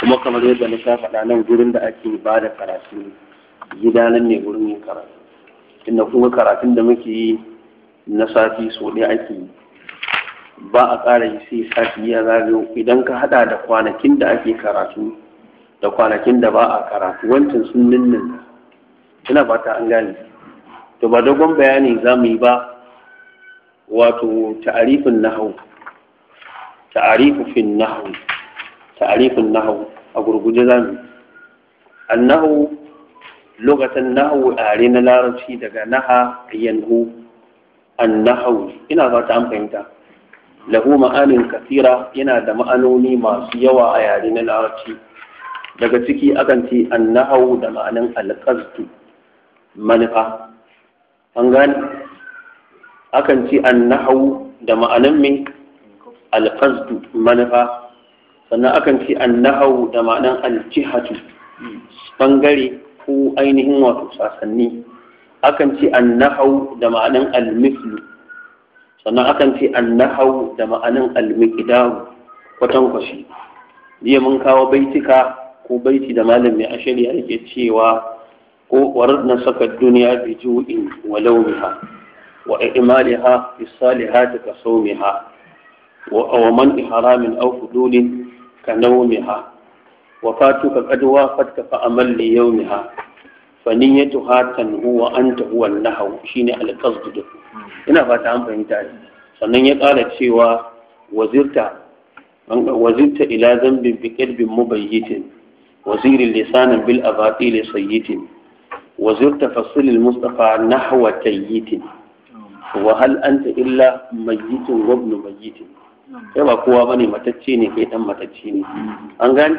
kuma kamar yadda na sha faɗa nan gurin da ake ba da karatu gida nan ne gurin yin karatu inda kuma karatun da muke yi na sati so ɗaya ake yi ba a ƙara yi sai sati ya zagayo idan ka haɗa da kwanakin da ake karatu da kwanakin da ba a karatu wancan sun ninnin ina ba ta an gane to ba dogon bayani za mu yi ba wato ta'arifin nahau Ta'arifin nahau ta'arifin nahawu a gurguje za mu annahu lokacin nahawu are na larabci daga naha a yanhu annahu ina fata an fahimta lahu ma'anin kasira yana da ma'anoni masu yawa a yare na larabci daga ciki akan ce annahu da ma'anin alqasdu manufa an gane akan ce annahu da ma'anin mai alqasdu manufa sannan akan ce annahu da ma'anan aljihatu bangare ko ainihin wato sasanni akan ce annahu da ma'anan almislu sannan akan ce annahu da ma'anan almiqdaru kwatankwashi jiya mun kawo baitika ko baiti da malam mai ashari yake cewa ko na saka duniya bi ju'in wa launiha wa i'maliha bi salihati ka sawmiha wa aw man ihramin aw fudulin ka naumiha وفاتك قد وافت فأمل ليومها فنيتها تنهو أنت هو النهو شيني على قصد ina fata an fahimta ne sannan ya ƙara cewa wazirta wazirta ila zambin bi qalbin mubayyitin wazirin lisanan bil abatil sayyitin wazirta fasil al mustafa nahwa tayyitin wa anta illa mayyitun sai ba kowa bane matacce ne kai dan matacce ne an gani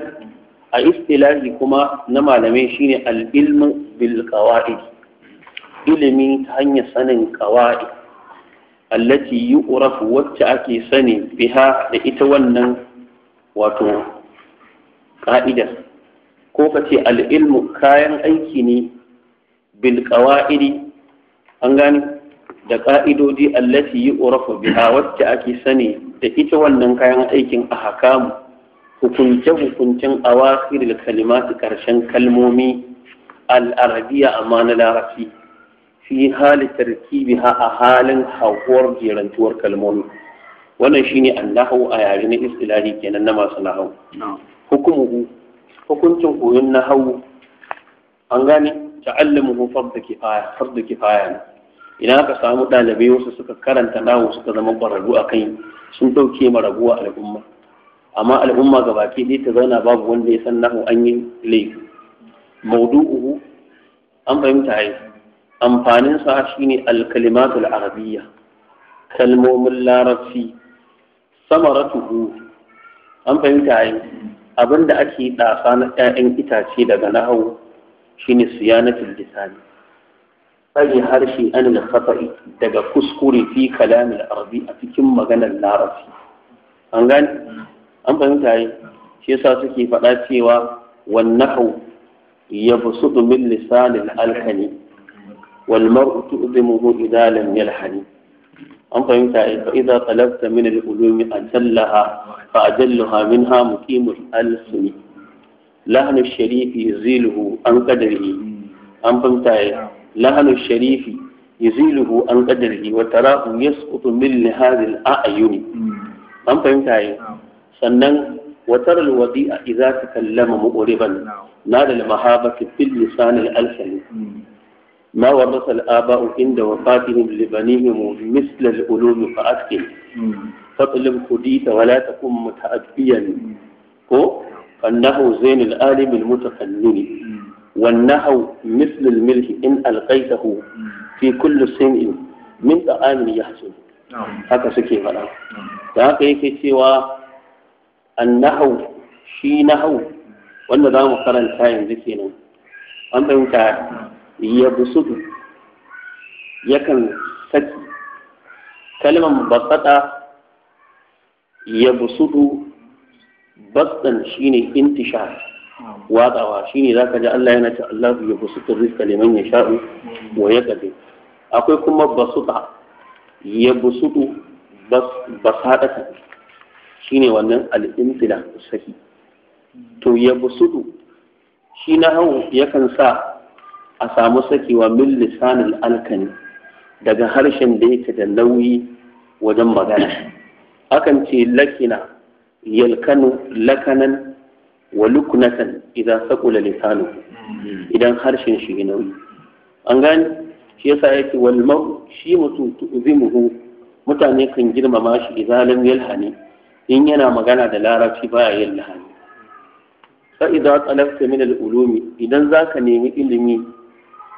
a istilahi kuma na malamai shine al-ilm bil qawaid ilimi ta hanyar sanin qawaid allati yu'rafu wacce ake sani biha da ita wannan wato ka'ida ko ka ce al-ilmu kayan aiki ne bil qawaid an gani da ka'idodi allati yu'rafu biha wacce ake sani da ita wannan kayan aikin a hakamu hukunce-hukuncen awakhiril kalimati ƙarshen kalmomi al'arabiya amma na larafi fi hali tarkibi ha a halin hauwar jerantuwar kalmomi wannan shine annahu a yare na istilahi kenan na masu hukuncin koyon nahau an gane ta'allamuhu fardu kifaya fardu kifaya ne Ina aka samu ɗalibai wasu suka karanta nawo suka zama ƙwararru a kai sun ɗauke ma a al'umma amma al'umma ga baki ɗaya ta zauna babu wanda ya san nahu an yi laifi maudu'uhu an fahimta ai amfanin sa shine al-kalimatul arabiyya kalmomin larabci samaratuhu an fahimta ai abinda ake ɗasa na 'ya'yan itace daga nahawu shine siyanatul lisani tsare harshe anil khata'i daga kuskure fi kalamin arabi a cikin maganar larabci an gani an fahimta yi shi yasa suke faɗa cewa wannahu yabsutu min lisanil alkani wal mar'u tu'dimuhu idza lam yalhani an fahimta yi fa idza talabta min al ulumi ajallaha fa ajalluha minha muqimul alsuni lahnu sharifi ziluhu an qadrihi an fahimta yi lahanu sharifi yuziluhu an qadrihi wa tarahu yasqutu min lihadil a'yuni an fahimta yi sannan وترى الوديع إذا تكلم مؤربا نال المهابة في اللسان الألسن ما ورث الآباء عند وفاتهم لبنيهم مثل العلوم فأتقن فاطلب خديت ولا تكن متأدبيا هو أنه زين العالم المتقنن والنهو مثل الملح إن ألقيته في كل سن من طعام يحسن haka suke faɗa da haka yake cewa annahau shi nahau wanda za mu karanta yanzu kenan an fahimta ya busudu yakan saki kalman basata ya busudu batsan shine intishad. watsawa shine ka ji Allah yana ce Allah ya busutu neman ya sha'u wa yaqdir akwai kuma basuta ya busutu shi shine wannan al sahi to ya busutu shi na hau yakan sa a samu sakewa min lisanin alkani daga harshen da yake da nauyi wajen magana akan ce lakina yalkanu lakanan wa luknatan idan saƙula lisanu idan harshen shi nauyi an gane shi yasa yake wal mau shi mutum tu'zimuhu mutane kan girmama shi idan lam yalhani in yana magana da larabci baya yalhani fa idza talabta min al ulumi idan zaka nemi ilimi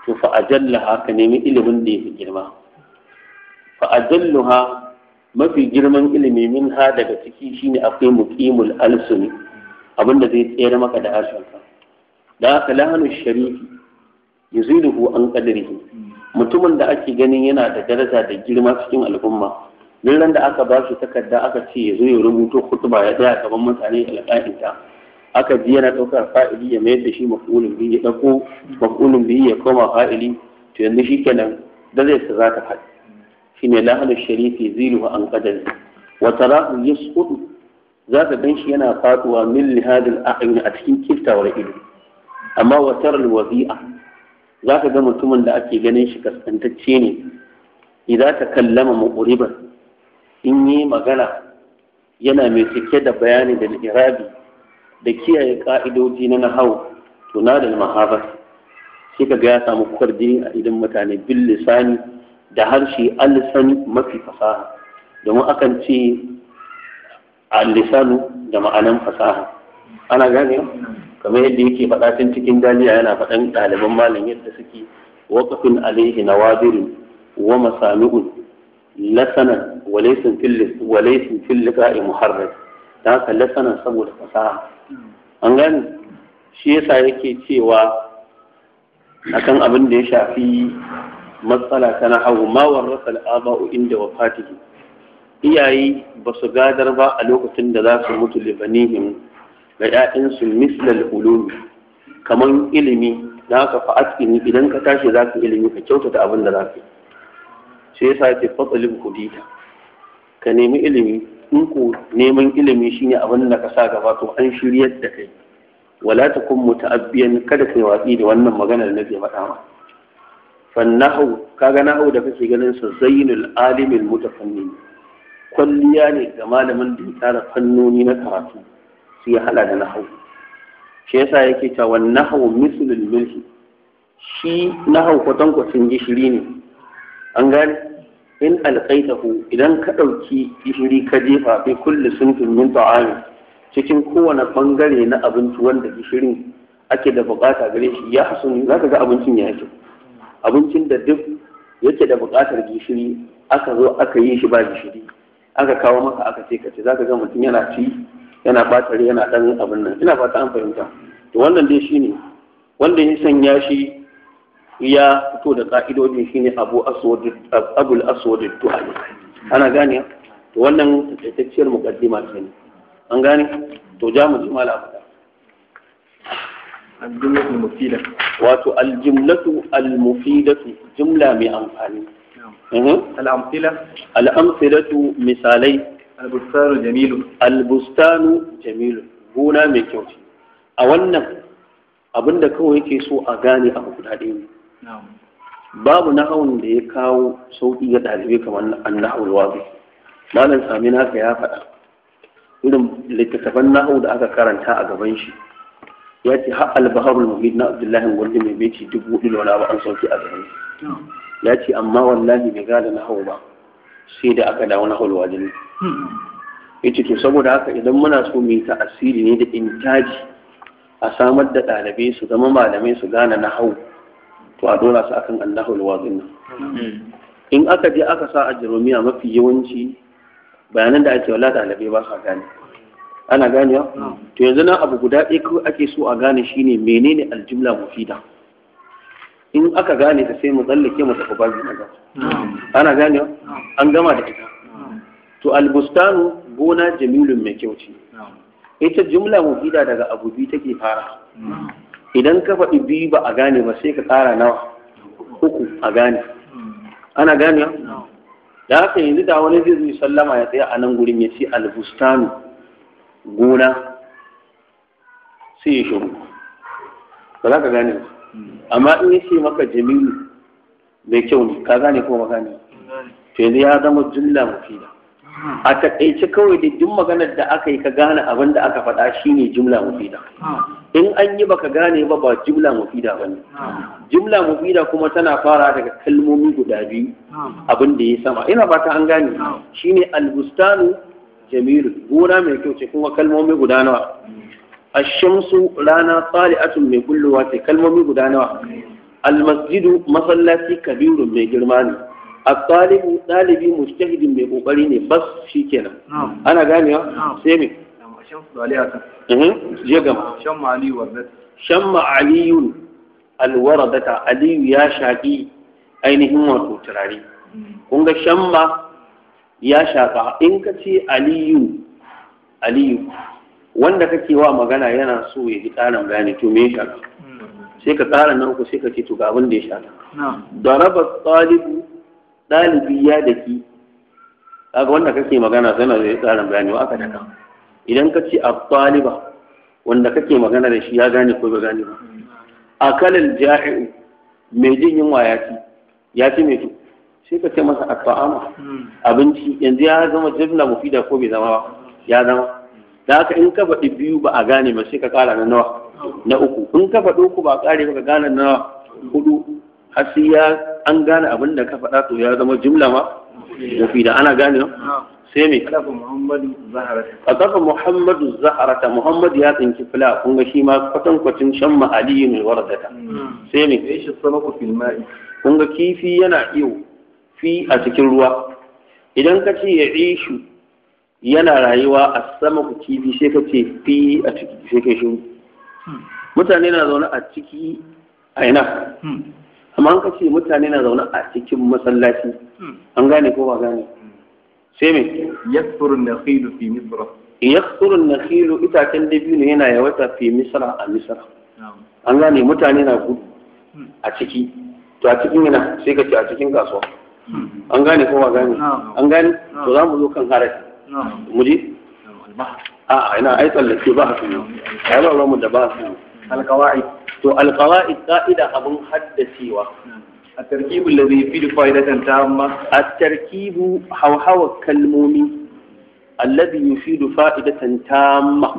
to fa ajallaha ka nemi ilimin da yake girma fa ajalluha mafi girman ilimi min ha daga ciki shine akwai muqimul alsuni abin da zai tsere maka da harshenka da aka lahanu sharifi yuziluhu an qadrihi mutumin da ake ganin yana da daraja da girma cikin al'umma duk da aka ba shi takarda aka ce ya zo ya rubuto kutuba ya tsaya gaban mutane alƙa'inta aka ji yana ɗaukar fa'ili ya mayar da shi maf'ulun biyu ya ɗauko maf'ulun biyu ya koma fa'ili to yanzu shi kenan da zai sa za ta faɗi ne lahanu sharifi zilu an qadari wa tarahu yasqutu za gan shi yana faduwa min lihadin a'yun a cikin kiftawar ido amma wa taral wazi'a za ka ga mutumin da ake ganin shi kaskantacce ne idan ta kallama mu'riban in yi magana yana mai cike da bayani da irabi da kiyaye ka'idoji na nahau to na da mahabar sai ka ga ya samu jini a idan mutane bil lisani da harshe alisan mafi fasaha domin akan ce al-lisanu da ma'anan fasaha ana gane kamar yadda yake faɗa tun cikin daliya yana faɗan ɗaliban malam yadda suke waqafin alaihi nawadirin wa masami'un lasanan walaysin fil walaysin fil liqa'i muharrar dan haka lasanan saboda fasaha an gane shi yasa yake cewa akan abin da ya shafi matsala ta nahawu ma mawar al-aba'u inda wafatihi iyaye ba su gadar ba a lokacin da za su mutu libanihim ga 'ya'yansu mislal ulumi kamar ilimi da haka ni idan ka tashi za ka ilimi ka kyautata abin da za ka yi sai yasa yake fatsalin kudita ka nemi ilimi in ko neman ilimi shine abin da ka sa gaba to an shiryar da kai wala ta takun muta'abbiyan kada kai watsi da wannan maganar nake faɗa ma fannahu kaga nahu da kake ganin sa zainul alimil mutafannin kwalliya ne ga malamin da ya tsara fannoni na karatu su ya hada da nahau shi yasa yake cewa nahau mislul milhi shi nahau kwatankwacin gishiri ne an gane in alqaitahu idan ka ɗauki gishiri ka jefa fi kulli sunfin min ta'ami cikin kowane bangare na abinci wanda gishirin ake da bukata gare shi ya za zaka ga abincin ya yake abincin da duk yake da bukatar gishiri aka zo aka yi shi ba gishiri aka kawo maka aka ce ka ce zaka ga mutum yana ci yana batare yana dan abin nan ina fata an fahimta to wannan dai shine wanda ya sanya shi ya fito da ka'idojin shine abu aswad abul aswad tuhani ana gane to wannan taitacciyar muqaddima ce ne an gane to ja mu ji mala wato al-jumlatu al المفيدة jumla mai amfani. Mhm. al'amfila al'amfilatu misalai albustanu jamilu albustanu jamilu gona mai kyau ce a wannan abin da kawai yake so a gane abu guda ɗaya ne babu nahawun da ya kawo sauƙi ga ɗalibai kamar annahawul wazi malam sami ya faɗa irin littattafan nahawu da aka karanta a gaban shi ya ce har albaharul muhid na abdullahi gwaldi mai beci dubu ɗin wani an sauki a gaban shi ya ce amma wallahi bai gada na hau ba sai da aka dawo na hau wajen ya ce to saboda haka idan muna so mu ta asiri ne da intaji a samar da ɗalibai su zama malamai su gane na hau to a dora su akan allahu alwazin nan in aka je aka sa a jiromiya mafi yawanci bayanan da ake wala ɗalibai ba sa gane ana ganewa mm. to yanzu na abu guda ɗaya kawai ake so a gane shine menene aljumla mufida in aka gane ta sai mu tsallake mu tafi babu na gaba ana gane an gama da ita to albustanu gona jamilun mai kyau ce ita jumla fida daga abu biyu take fara idan ka faɗi biyu ba a gane ba sai ka ƙara nawa uku a gane ana gane da haka yanzu da wani zai zai sallama ya tsaya a nan gurin ya ce albustanu gona sai ya shiru ba za ka gane ba amma in yake maka jamilu mai kyau ne ka gane ko magana to yanzu ya zama jumla mufida a takaice kawai da duk maganar da aka yi ka gane abin da aka faɗa shine jumla mufida in an yi baka gane ba ba jumla mufida ba ne jumla mufida kuma tana fara daga kalmomi guda biyu abin da ya sama ina fata an gane shine albustanu jamilu gona mai kyau ce kuma kalmomi guda nawa الشمس رانا طالعة من كل واتي كلمة من قدانا المسجد مصلاتي كبير من جرماني الطالب طالب مجتهد من قوقري بس شي كده انا غاني سيمي الشمس طالعة يا جماعة شم علي وردت شم علي الوردة علي يا شاكي أين هم turare kun ga shamma ya shaƙa in ka علي aliyu wanda kake wa magana yana so ya ji ƙarin gane to me shaka sai ka ƙara nan ku sai ka ce to ga abin da ya shaka raba talibu ɗalibi ya daki kaga wanda kake magana sai na zai ƙarin bayani wa aka daka idan ka ce a taliba wanda kake magana da shi ya gane ko ba gane ba akalal ja'i'u mai jin yunwa ya ci ya ci mai to sai ka ce masa a hmm. abinci yanzu ya zama jibla mufida ko bai zama ba ya zama da haka in ka faɗi biyu ba a gane ba sai ka ƙara na nawa na uku in ka faɗi uku ba ƙare ba ka gane na nawa hudu har sai ya an gane abin da ka faɗa to ya zama jumla ma da ana gane sai me kasafa muhammadu zaharata muhammad ya tsinki fila kun ga shi ma kwatankwacin kwacin shan ma'aliyu mai ta. sai me kun ga kifi yana iyo fi a cikin ruwa idan ka ce ya ishu yana rayuwa a sama ku kifi sai ka ce fi a ciki sai ka shiru hmm. mutane na zaune a ciki a ina hmm. amma an kace mutane na zaune a cikin masallaci hmm. an gane ko ba gane sai me yasfuru nakhilu fi misra yasfuru nakhilu itacen dabino yana yawata fi misra a misra an gane mutane na gudu a ciki to a cikin yana sai ka ce a cikin kasuwa an gane ko ba gane an gane to za mu zo kan harafi muji a ina ai tsallake ba su ai ba mu da ba su alqawaid to alqawaid qa'ida abun haddacewa التركيب الذي يفيد فائدة تامة التركيب هو الكلمومي الذي يفيد فائدة تامة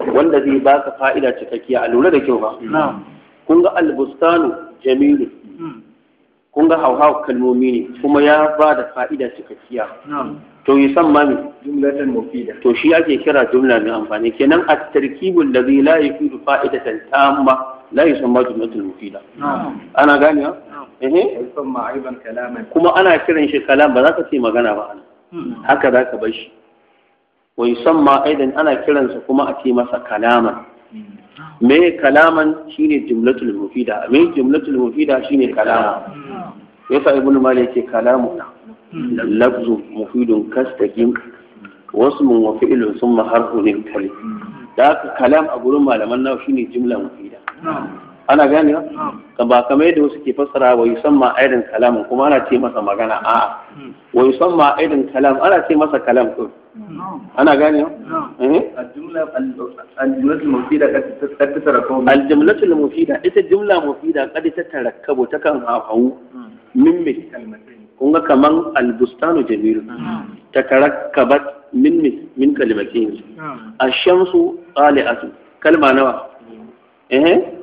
والذي باك فائدة تككية الأولى كيوها نعم كونغ البستان جميل كونغ هو هو كلمومي كما يا بعد فائدة تككية نعم to yi san mami jumlatan mufida to shi ake kira jumla mai amfani kenan at-tarkibul ladhi la yufidu fa'idatan tamma la yusamma jumlatul mufida ana gane eh yusamma aiban kalaman kuma ana kiran shi kalam ba za ka ce magana ba ana hmm. haka za ka bar shi wa yusamma aidan ana kiransa kuma a ce masa kalaman hmm. me kalaman shine jumlatul mufida me jumlatul mufida shine kalama hmm. yasa ibnu malik yake kalamuna اللفظ مفيد كاستقيم واسم وفعل ثم حرف يمتلئ ذاك كلام أقول ما لمن ناو شيني جملة مفيدة ana gane ka ba kamar yadda wasu ke fassara wa yusamma aidan kalam kuma ana ce masa magana a wa yusamma aidan kalam ana ce masa kalam ko ana gane eh? al-jumlatul mufida qad tatarakkabu ita jumla mufida qad tatarakkabu takan hawu kun ga kaman albustanu jabiru takarakkabat min min kalimatin ash-shamsu qali'atu kalma nawa eh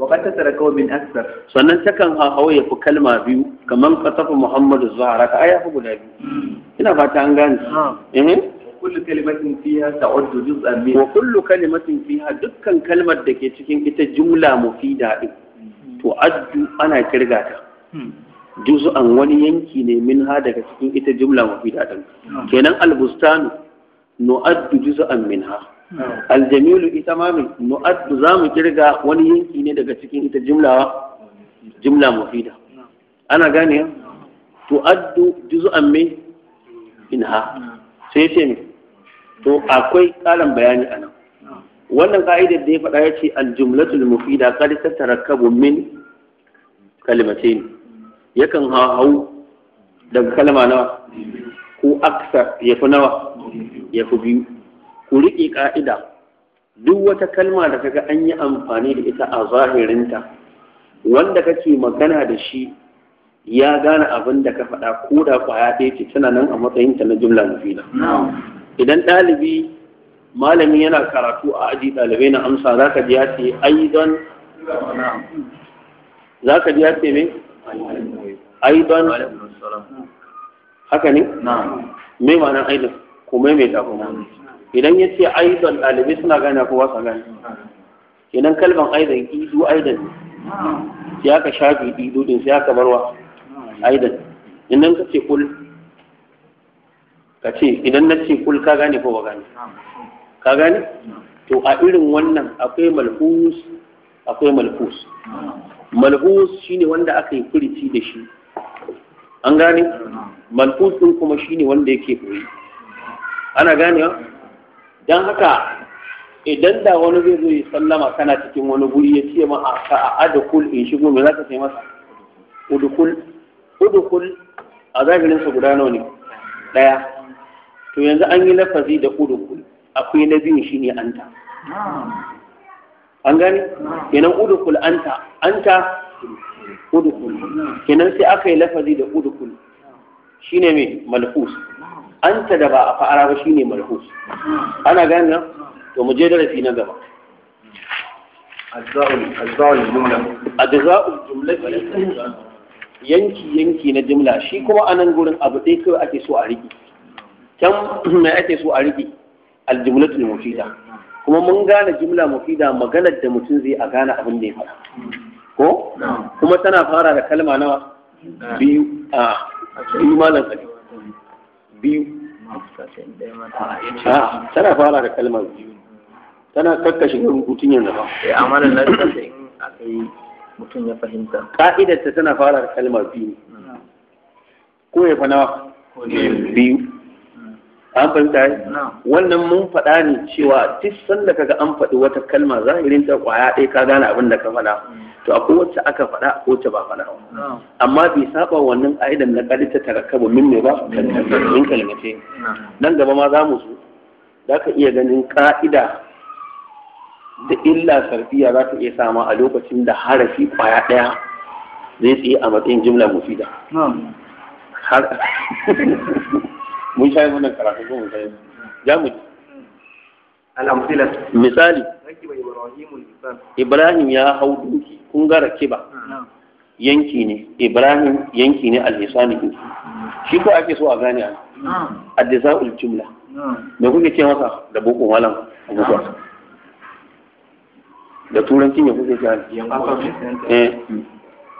وقد تتركه min أكثر sannan takan hawa ya fi kalma biyu kamar qatafu Muhammadu Zahara ka aya fi guda biyu hmm. ina fata an gane eh kullu kalimatin fiha ta'uddu juz'an min wa kullu kalimatin fiha dukkan kalmar da ke cikin ita jumla mufida din hmm. to addu ana kirga ta hmm. juz'an wani yanki ne min ha daga cikin ita jumla mafi din kenan albustanu nu'addu juz'an min ha aljamilu ita ma min nu'addu za mu kirga wani yanki ne daga cikin ita jumla jumla da. ana gane tu'addu juz'an min minha sai ce ne. to akwai kalan bayani a nan wannan ka'idar da ya faɗa ya ce aljumlatul mufida qad tatarakkabu min kalimatain yakan hau daga kalma nawa ko aksar ya fi nawa ya fi biyu ku riƙe ƙa'ida duk wata kalma da kaga an yi amfani da ita a zahirinta wanda kake magana da shi ya gane abin da ka faɗa ko da ƙwaya ɗaya ce tana nan a matsayinta na jumla mufida idan ɗalibi malami yana karatu a aji ɗalibai na amsa za ka ji ya ce aidon za ka ji ya ce mai. aidan haka ne me ma'anar aidan ko mai mai ta kuma idan ya ce aidan ɗalibai suna gane ko wasa gane idan kalban aidan idu aidan sai aka shafi idu din sai aka barwa aidan idan ka ce kul ka ce idan na ce kul ka gane ko ba gane ka gane to a irin wannan akwai malhus akwai malhus malhus shine wanda aka yi furici da shi an gane malhus din kuma shine wanda yake koyi ana ganewa dan haka idan da wani zai zo ya sallama kana cikin wani guri ya ce ma a ka a adukul in shigo me za ka sai masa udukul udukul a zahirin sa guda nawa ne daya to yanzu an yi lafazi da udukul akwai na biyu shine anta an gani kenan udukul anta anta udukul kenan sai aka yi lafazi da udukul shine mai malhus anta da ba a fa'ara ba shine malhus ana gani to mu je darasi na gaba ajza'ul jumla yanki yanki na jumla shi kuma a nan gurin abu ɗaya kawai ake so a riki can mai ake so a riki aljumlatul mufida kuma mun gane jumla mufida maganar da mutum zai a gane abin da ya faɗa ko kuma tana fara da kalma nawa biyu a biyu malam kadi biyu tana fara da kalma biyu tana kakkashe rubutun yanzu ba eh amma da lafiya in akai mutum ya fahimta ka'idar ta tana fara da kalma biyu ko ya fa nawa biyu an fahimta yi wannan mun faɗa ne cewa duk sanda kaga an faɗi wata kalma zahirin ta kwaya ɗaya ka gane abin da ka faɗa mm. to akwai wacce aka faɗa ko wacce ba faɗa amma bai saba wannan aidan na kalita rakabu min ne ba min kalmace nan gaba ma za mu zo za ka iya ganin ka'ida da illa sarfiya za ta iya sama a lokacin da harafi kwaya ɗaya zai tsaye a matsayin jimla mufida har mun sha wannan karatu ko mun sha za mu ji al'amfila misali ibrahim ya hau duki, kun ga kiba, yanki ne ibrahim yanki ne al-hisani shi ko ake so a gane an addisa'ul jumla me kuke ce masa da boko malam a mutuwa da turanci ya kuke ce eh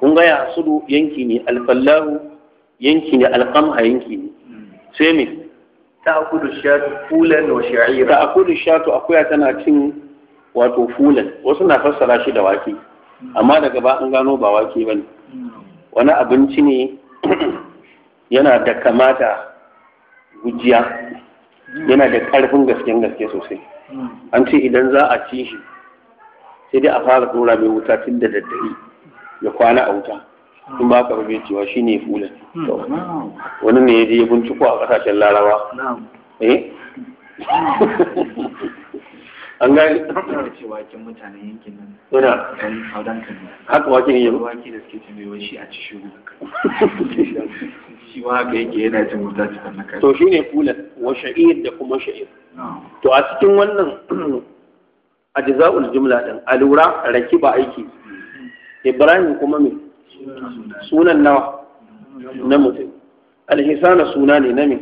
kun ga ya sudu yanki ne alfallahu yanki ne alqamha yanki ne sai me akudu shatu fulan wa sha'ira akudu shatu akuya tana cin wato fulan wasu na fassara shi da wake amma daga ba an gano ba wake ba ne. wani abinci ne yana da kamata gujiya yana da karfin gasken gaske sosai an ce idan za a ci shi sai dai a fara tura mai wuta tun da daddare ya kwana a wuta in ba ka bai cewa shi ne fulan wani ne ya je ya binciko a kasashen larawa eh an gani cewa kin mutanen yankin nan yana dan haudan kan haka wake ne yau wake da suke cin wai shi a ci shi shi ma haka yake yana cin wuta ta kan kai to shine fulan wa sha'ir da kuma sha'ir to a cikin wannan ajza'ul jumla din alura rakiba aiki ibrahim kuma me sunan nawa na mutum alhisana suna ne na me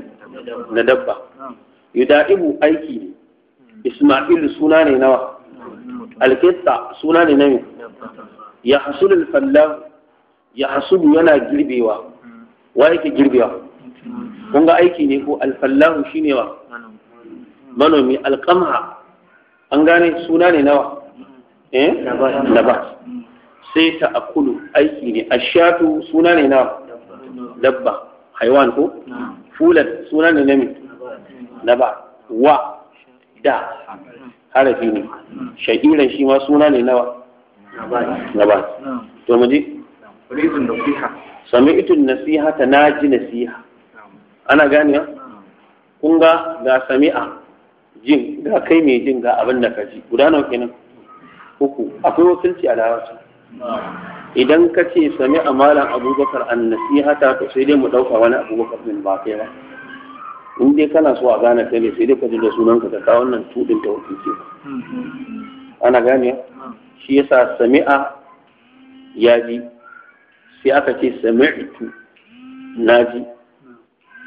na dabba yuda'ibu aiki ne isma'ilu suna ne nawa alkitta suna ne na me ya hasul fallah ya hasudu yana girbewa wa yake girbewa kun ga aiki ne ko alfallahu shine wa manomi alqamha an gane suna ne nawa eh nabat sai ta akulu aiki ne ashatu suna ne na dabba haiwan ko fulan suna ne na na ba wa da harafi ne Shaƙiran shi ma suna ne na na ba to mu ji sami'itun nasiha ta na ji nasiha ana gane kun ga ga sami'a jin ga kai mai jin ga abin da ka ji guda nawa kenan uku akwai wakilci a larabci idan ka ce sami malam abubakar an nasihata ka sai dai mu ɗauka wani abubakar min ba kai ba in dai kana so a gane kai ne sai dai ka ji da sunan ka ka wannan tudin ta ce ana gane shi yasa sami'a ya ji sai aka ce sami'tu na ji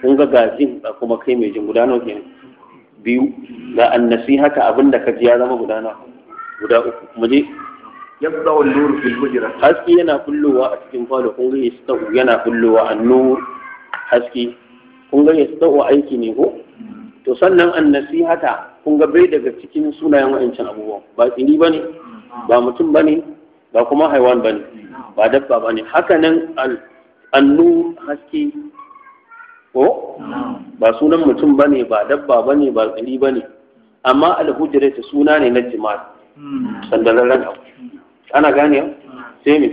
kun ga gajin da kuma kai mai jin guda nawa biyu ga annasihata abinda ka ji ya zama guda guda uku mu yabda nur fil hujra haske yana kullowa a cikin falo kun ga yastau yana kullowa annur haske kun ga aiki ne ko to sannan an nasihata kun ga bai daga cikin sunayen wa'ancin abubuwan ba tsini ba ne, ba mutum ba ne, ba kuma haiwan ne, ba dabba ba ne. haka nan annur haske ko ba sunan mutum ba ne, ba dabba ba ne, ba tsini ba ne. amma alhujra ta suna ne na jima'a sandalar ranar ana gane sai me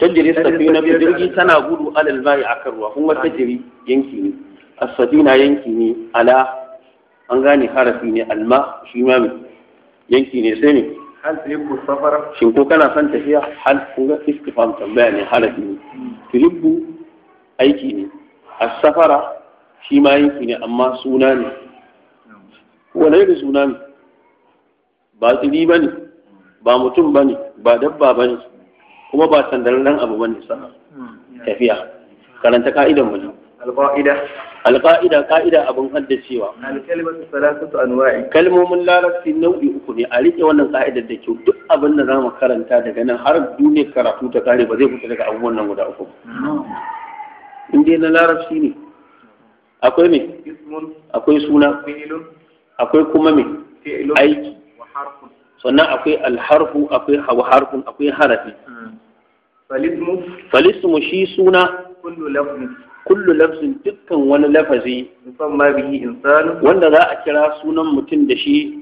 tajiri safina bi jirgi tana gudu alal bayi akan ruwa kuma tajiri yanki ne Asafi na yanki ne ala an gane harafi ne alma shi ma me yanki ne sai me hal safara shin ko kana son tafiya hal kun ga fam tambaya ne harafi ne tuhibbu aiki ne as shi ma yanki ne amma suna ne wala da suna ne ba tsiri ba ne ba mutum ba ne ba dabba ba ne kuma ba nan abu ba ne sana hmm. tafiya karanta ka'idan mu al-qa'ida al-qa'ida ka'ida abun haddacewa al kalmomin larabci nau'i uku ne a riƙe wannan ka'idar da ke duk abin da za mu karanta daga nan har duniyar karatu ta kare ba zai fita daga abubuwan nan guda uku hmm. in dai na larabci ne akwai me akwai suna akwai kuma me aiki wa harfun sannan akwai alharfu akwai harfun akwai harafi falismu shi suna kullu lafzin dukkan wani lafazi wanda za a kira sunan mutum da shi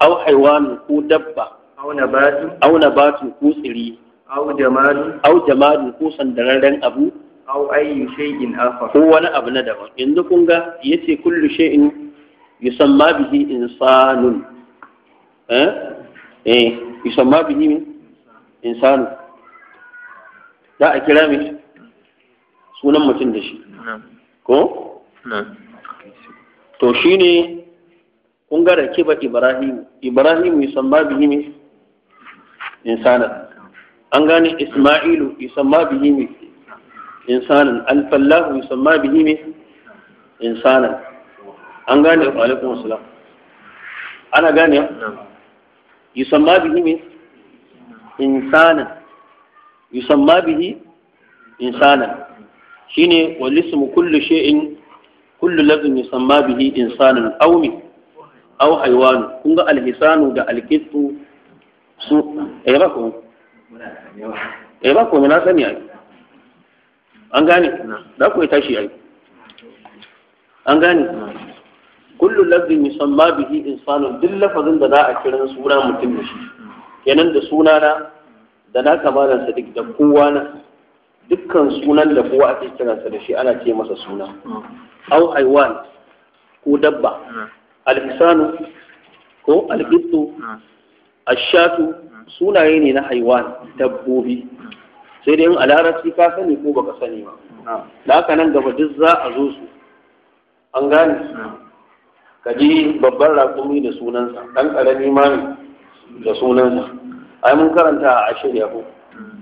au haywanu ko dabba au nabatun ko tsiri au jamadun ko sandararren abu au ayyu shay'in akhar ko wani abu na daban yanzu kun ga yace kullu shay'in yusamma bihi insanun eh bi yi min insanu da a kira mai sunan mutum da shi ko to shine kun ga rakiba ibrahim ibrahim bi yi min insana an gane isma'ilu bi yi min insanan alfallahu yusamma bihi min insanan an gane alaikum salam ana gane yusamma bihi me insanan yusamma bihi insanan shine wal ismu kullu shay'in kullu lafzin yusamma bihi insanan aw mi aw haywan kun alhisanu da alkitu su eh ba ko eh na sani ai an gane da ku tashi ai an gane kullu lafzin yusamma bihi insanun duk lafazin da za a kira suna mutum da shi kenan da suna na da na kamalan sadiq da kowa na dukkan sunan da kowa ake kiransa da shi ana ce masa suna aw haiwan ko dabba al al-insanu ko al alqittu ashatu sunaye ne na haiwan dabbobi sai dai a larabci ka sani ko baka sani ba da haka nan gaba duk za a zo su an gane ka ji babban raƙumi da sunansa ɗan ƙarami ma da sunansa ai mun karanta a ashir yahu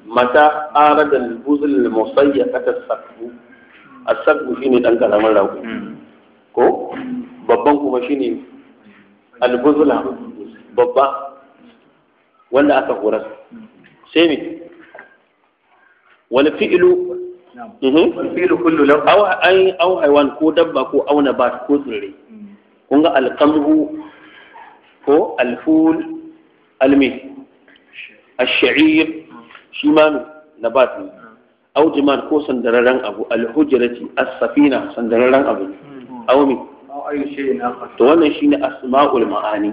mata da al-buzl ya kata sakku a sakku shi shine ɗan ƙaramin raƙumi ko babban kuma shi al albuzula babba wanda aka horar sai ne wani fi'ilu mhm. wani fi'ilu kullu lahu aw ay aw haywan ko dabba ko auna ba ko tsirrai kun ga alqamhu ko alful almi ash-sha'ir shi ma nabat ko sandararren abu alhujrati as sandararren abu Aumi. to wannan ne asma'ul ma'ani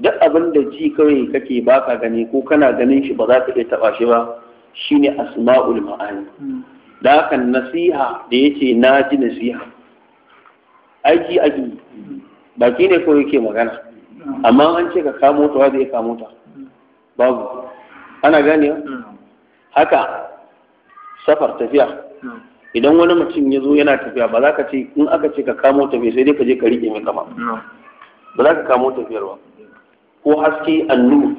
duk abin da ji kawai kake baka gani ko kana ganin shi ba za ka iya taba shi ba shine asma'ul ma'ani da nasiha da yace na ji nasiha aiki ake ba baki ne ko yake magana amma an ce ka kamo ta wa zai kamo ta babu ana gane haka safar tafiya idan wani mutum ya zo yana tafiya ba za ka ce in aka ce ka kamo tafiya sai dai ka je ka riƙe mai kama ba za ka kamo tafiyar ba ko haske annu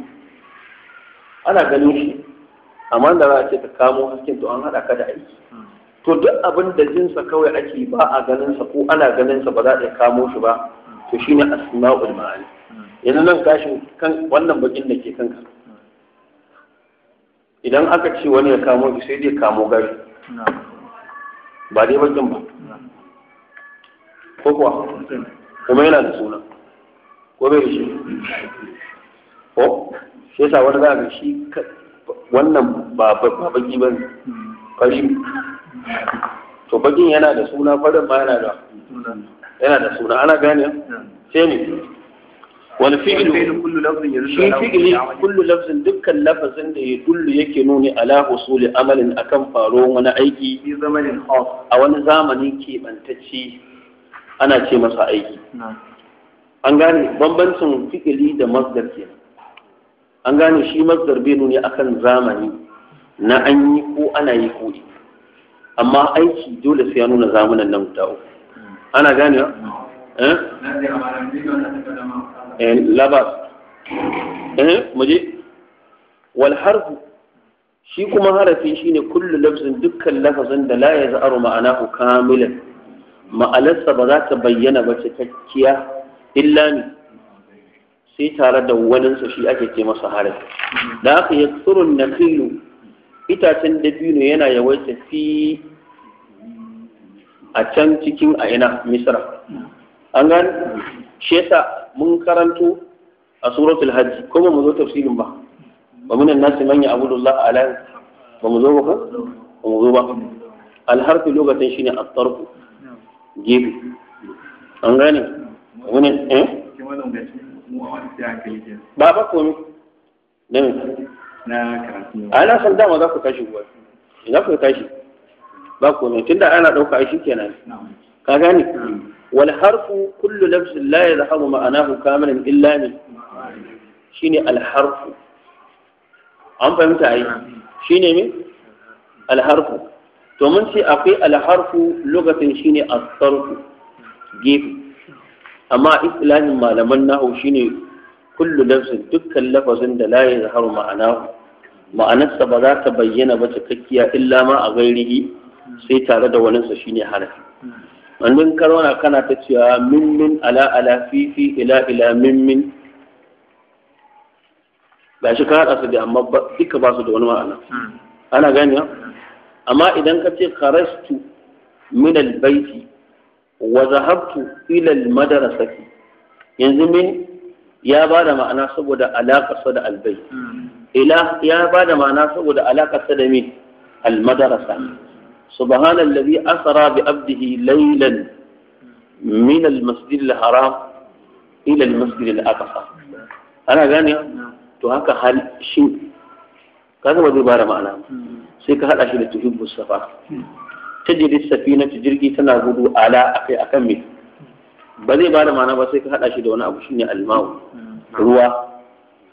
ana ganin shi amma da za a ce ka kamo hasken to an haɗa ka da aiki to duk abin da jinsa kawai ake ba a ganinsa ko ana ganinsa ba za a iya kamo shi ba to shine asma'ul ma'ani yanzu nan gashin kan wannan bakin da ke kanka idan aka ce wani ya kamo shi sai dai kamo gari. ba dai bakin ba ko kuwa kuma yana da suna ko bai da shi ko shi yasa wani za ka shi wannan ba baki ba ne fari to bakin yana da suna farin ma yana da yana da suna ana gane sai ne wal fi'lu kullu lafzin yadullu ala fi'li kullu lafzin dukkan lafazin da yadullu yake nuni ala husuli amalin akan faruwar wani aiki zamanin khas a wani zamani kebantacce ana ce masa aiki an gane bambancin fili da masdar ke an gane shi masdar bai nuni akan zamani na an yi ko ana yi ko amma aiki dole sai ya nuna zamunan nan guda ana gane eh? eh labas eh muje wal harfu shi kuma harafi shine kullu lafzin dukkan lafazin da la ma'ana ma'anahu kamilan ma'alarsa ba za ta bayyana ba cikakkiya illa ne sai tare da waninsa shi ake ce masa harafi da aka yi tsurun na filu itacen dabino yana yawaita fi a can cikin aina ina misra an gani shi mun karanto a suratul hajj ko ba mu zo tafsirin ba ba mun nasi man ya abudullah ala ba mu zo ba ko ba mu zo ba alharfi lokacin shine at-tarfu gefe an gane eh? wani eh ba ba komai dan na karatu a na san dama za ku tashi kuwa za ku tashi ba komai tunda ana ɗauka a shi kenan ka gane wal harfu kullu lafzin la yadhhabu ma'anahu kamilan illa ne shine al harfu an fahimta ai shine me al harfu to mun ce akwai al harfu lugatin shine as-sarfu gefe amma islahin malaman nahu shine kullu lafzin dukkan lafazin da la yazharu ma'ana ma'anarsa ba za ta bayyana ba cikakkiya illa ma a gairihi sai tare da waninsa shine harafi wannan karona kana ta cewa mimmin min ala ala fifi ila ila mimmin... min ga shi ka su da amma duka ba su da wani ma'ana ana gani amma idan ka ce kharastu min albaiti wa zahabtu ila almadrasati yanzu min يا بعد ما أنا سبود علاقة صدى البيت إله يا بعد ما أنا سبود علاقة صدى مين المدرسة سبحان الذي أسرى بأبده ليلا من المسجد الحرام إلى المسجد الأقصى أنا غني تو هل شيء شو كذا ودي بارا ما أنا سيكا حال أشيلة تحب السفا تجري السفينة تجري كي تنا على أقي أكمل ba zai ba da ma'ana ba sai ka haɗa shi da wani abu shine alma'u ruwa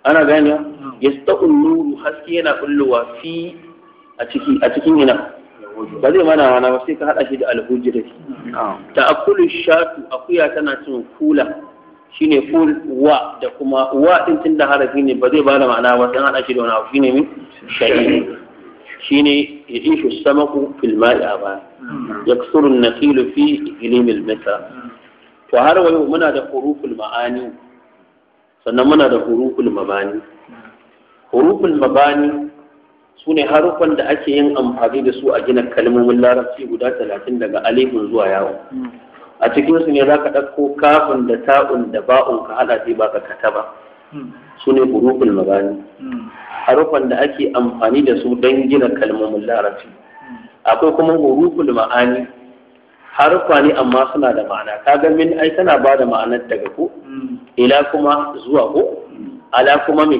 ana gani ya sta'un nuru haske yana kullowa fi a ciki a cikin ina ba zai mana ma'ana ba sai ka haɗa shi da alhujjati ta akulu shatu akuya tana cin kula shine ful wa da kuma wa din tun da harafi ne ba zai ba da ma'ana ba sai haɗa shi da wani abu shine min shahidi shine ya ishu samaku fil ma'i a baya yaksuru an-naqilu fi al misa to har wayo muna da huruful ma'ani sannan muna da huruful mabani huruful mabani su ne harufan da ake yin amfani da su a gina kalmomin larabci guda talatin daga alifin zuwa yawo a cikin su ne za ka ɗauko kafin da ta'un da ba'un ka haɗa sai ba ka kata ba su ne huruful mabani harufan da ake amfani da su don gina kalmomin larabci akwai kuma huruful ma'ani harufa ne amma suna da ma'ana kaga min ai tana ba da ma'anar daga ko ila kuma zuwa ko ala kuma me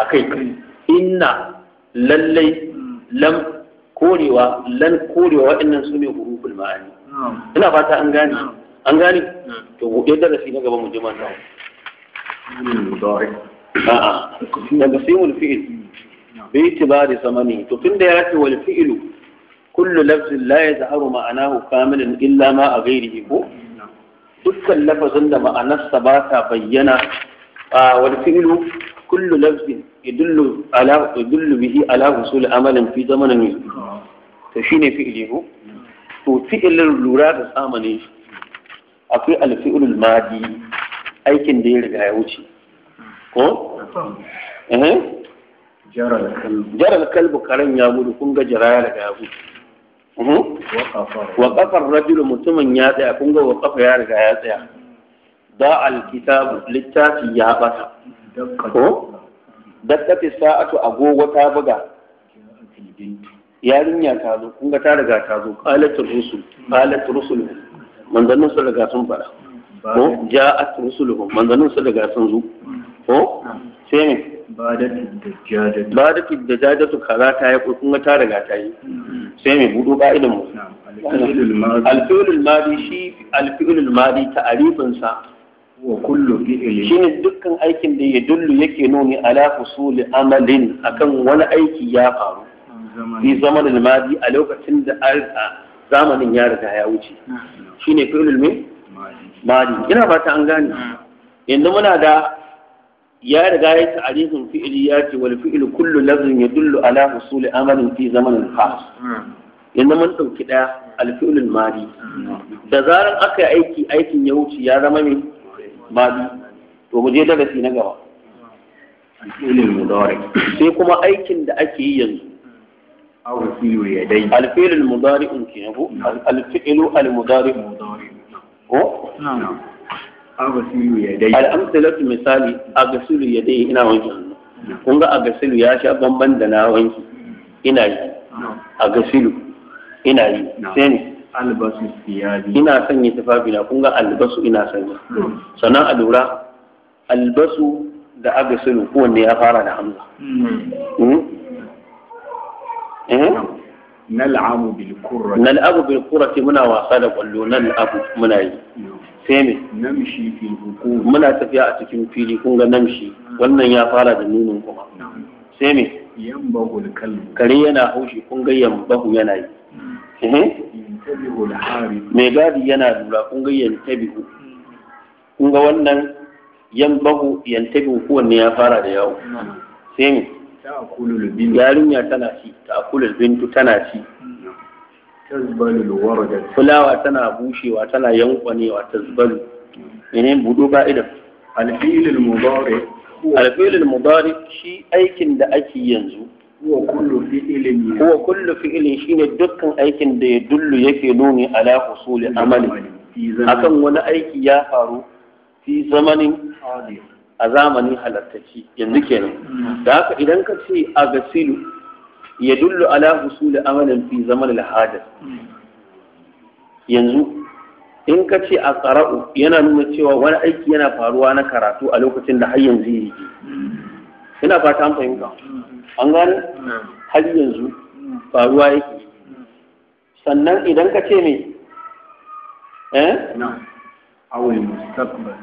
akai inna lallai lam korewa lan korewa waɗannan su ne ma'ani ina fata an gane an gane to buɗe darasi na gaba mu ji man nan a'a daga sai wal fi'il bi itibari samani to tunda ya ce wal fi'ilu kullu lafzin la ya zaharu ma'anahu kamilin illa ma a gairihi ko dukkan lafazin da ma'anarsa ba ta bayyana a wal fi'lu kullu lafzin idullu bihi ala husul amalin fi zamanin to shine fi'li ko to fi'ilin lura da zamanin shi akwai alfi'ul madi aikin da ya riga ya wuce ko eh jaral kalbu karen ya gudu kun ga jara ya riga ya gudu wa kafar rajulu mutumin ya tsaya kun ga wa kafa ya riga ya tsaya da alkitabu littafi ya bata ko dakkati sa'atu agogo ta buga yarinya ta zo kun ga ta riga ta zo qalat rusul qalat rusul manzannin sun riga sun fara ko ja'at rusuluhum manzannin su riga sun zo ko sai ne ba da da jaja su kaza ta yi kuma ta riga ta yi sai mai budo ka'idan mu alfi'lul madi shi alfi'lul madi ta'arifin sa wa kullu fi'lin shine dukkan aikin da ya dullu yake nuni ala husuli amalin akan wani aiki ya faru bi zamanin madi a lokacin da zamanin ya riga ya wuce shine fi'lul madi ina ba ta an gane yanzu muna da ya riga ya ta'arifin fi'ili ya ce wal fi'il kullu lafzin yadullu ala husuli amalin fi zamanin khas yanzu mun ɗauki ɗaya alfi'ulul madi da zaran aka yi aiki aikin ya wuce ya zama mai madi to mu je darasi na gaba alfi'ulul mudari sai kuma aikin da ake yi yanzu alfi'ulul mudari in ke ko alfi'ulu almudari"un. ko aghsilu yadayya al-amsalatu misali aghsilu yadayya ina wanke hannu kun ga aghsilu ya sha bamban da na wanke ina yi aghsilu ina yi sai ne albasu siyabi ina sanya tufafi na kun ga albasu ina sanya sannan a lura albasu da aghsilu kowanne ya fara da hamza nal'amu bil qurrati nal'amu bil qurrati muna wasa da kwallo nal'amu muna yi sai muna tafiya a cikin fili kun ga namshi wannan ya fara da nunin kuma sai kare yana haushi kun ga yambahu yana yi mai gadi yana lura kun ga yantabihu kun ga wannan yambahu yantabihu kowanne ya fara da yawo sai yarinya tana ci ta akulul bintu tana ci fulawa tana bushewa tana yankwanewa tazbalu menene budo ka'idan alfilil mudari alfilil mudari shi aikin da ake yanzu huwa kullu fi'ilin huwa kullu fi'ilin shine dukkan aikin da ya dullu yake nuni ala husuli amali akan wani aiki ya faru fi zamanin a zamanin halartaci yanzu kenan mm. da haka idan ka ce a Ya dullu ala husul amalin fi zaman al-hadas yanzu in ka ce a tsara'u yana nuna cewa wani aiki yana faruwa na karatu a lokacin da har yanzu yake ina fata an fahimta an gane har yanzu faruwa yake sannan idan ka ce me eh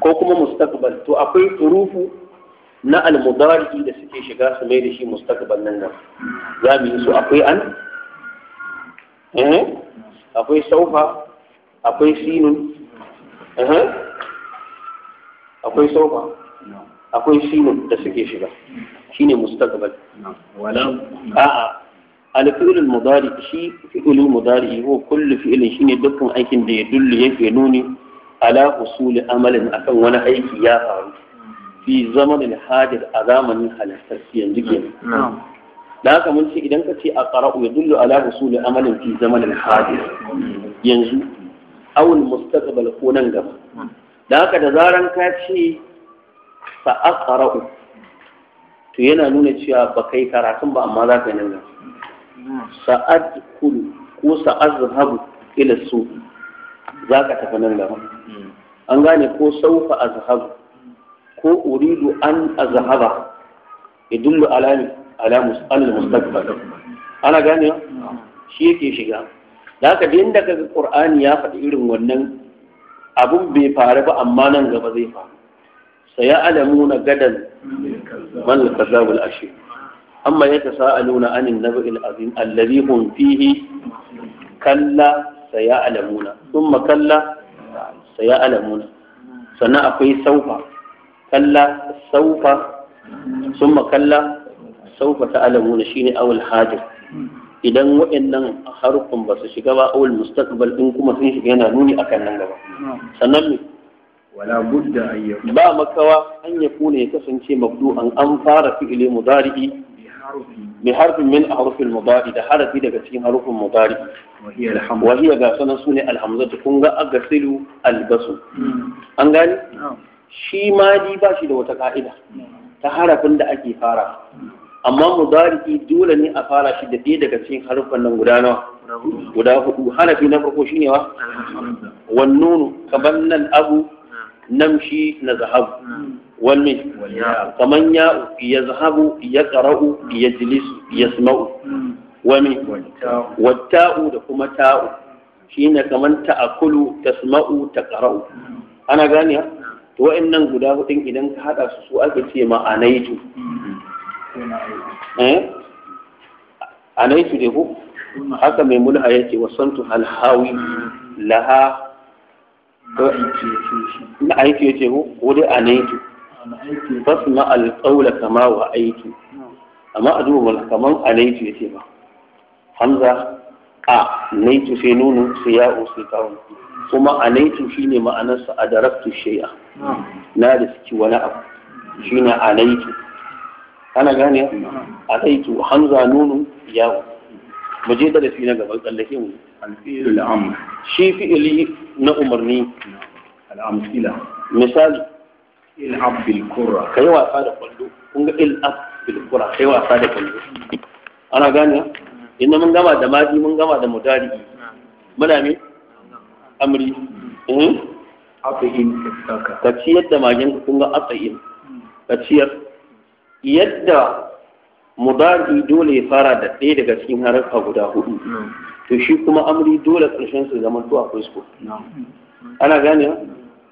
ko kuma mustaqbal to akwai turufu na almudari da suke shiga su mai da shi mustaqbal nan nan za mu yi su akwai an eh akwai saufa akwai sinun eh akwai saufa akwai sinun da suke shiga shine mustaqbal wala a'a alfi'il mudari shi fi'il mudari ko kullu fi'ilin shine dukkan aikin da ya dulli yake nuni ala husuli amalin akan wani aiki ya faru fi zamanin a zamanin halittarki yanzu ke da haka mun ce idan ka ce a ƙara'u ya dullu ala ne amalin fi zamanin hajjar yanzu awul mustaqbal ko nan gaba da haka da zaran ka ce fa ƙara'u, to yana nuna cewa ba kai karatun ba amma za ka yi nan gaba sa'ad kulu ko sa'ad zahabu ila za ka tafi nan gaba hmm. an gane ko saufa zahabu ko uridu an azhaba idun bi alami alamus alal mustaqbal ana gane shi yake shiga da haka da daga kaga qur'ani ya faɗi irin wannan abun bai faru ba amma nan gaba zai faru سيعلمون غدا من الكذاب الأشر أما يتساءلون عن النبأ العظيم الذي هم فيه كلا سيعلمون kalla, كلا alamuna. Sannan akwai سوف kalla saufa summa kalla saufa ta'lamuna shine awul hadir idan waɗannan harufan ba su shiga ba awul mustaqbal din kuma sun shiga yana nuni akan nan gaba sannan me wala budda an yakuna ba makawa an yakuna ya kasance mabdu'an an fara fi'ili mudari'i bi harfin min ahrufil mudari da harafi daga cikin harufin mudari wa hiya ga sanan sune alhamzatu kun ga agasilu albasu hmm. an gani shi madi ba shi da wata ka'ida ta harafin da ake fara amma mudariki dole ne a fara shi da daga cikin harufan nan guda nawa guda hudu harafi na farko ne wa wan kaman nan abu namshi na zahabu Wannan, kamar kaman ya ya zahabu ya qara'u ya jilisu ya sma'u wani wata'u da kuma ta'u shine kaman ta'akulu ta taqra'u ana gane ha to wa'annan guda hudun idan ka hada su su ake ce ma anaitu eh anaitu dai ko haka mai mulha yake wasantu alhawi laha na aiki yake ko ko dai anaitu fasma alqawla kama wa aitu amma a duba kaman anaitu yake ba hamza a naitu sai nunu sai ya sai ta'un kuma a naitu shine ma'anarsa a daraktu shay'a hmm. na da suke wani abu ne a naitu ana gane a naitu hamza nunu ya mu je da na gaban tsallake mu alfi'il amr shi fi'ili na umarni al'amsila misali il'ab bil qurra kai wasa da kwallo kun ga il'ab bil Ka kai wasa da kwallo ana gane inda mun gama da maji mun gama da mutari muna me amri eh atsayin ka ciyar da magin ka kun ga atsayin ka ciyar yadda mudari dole ya fara da ɗaya daga cikin harafa guda hudu to shi kuma amri dole ƙarshen su zama tuwa fusko ana gane ha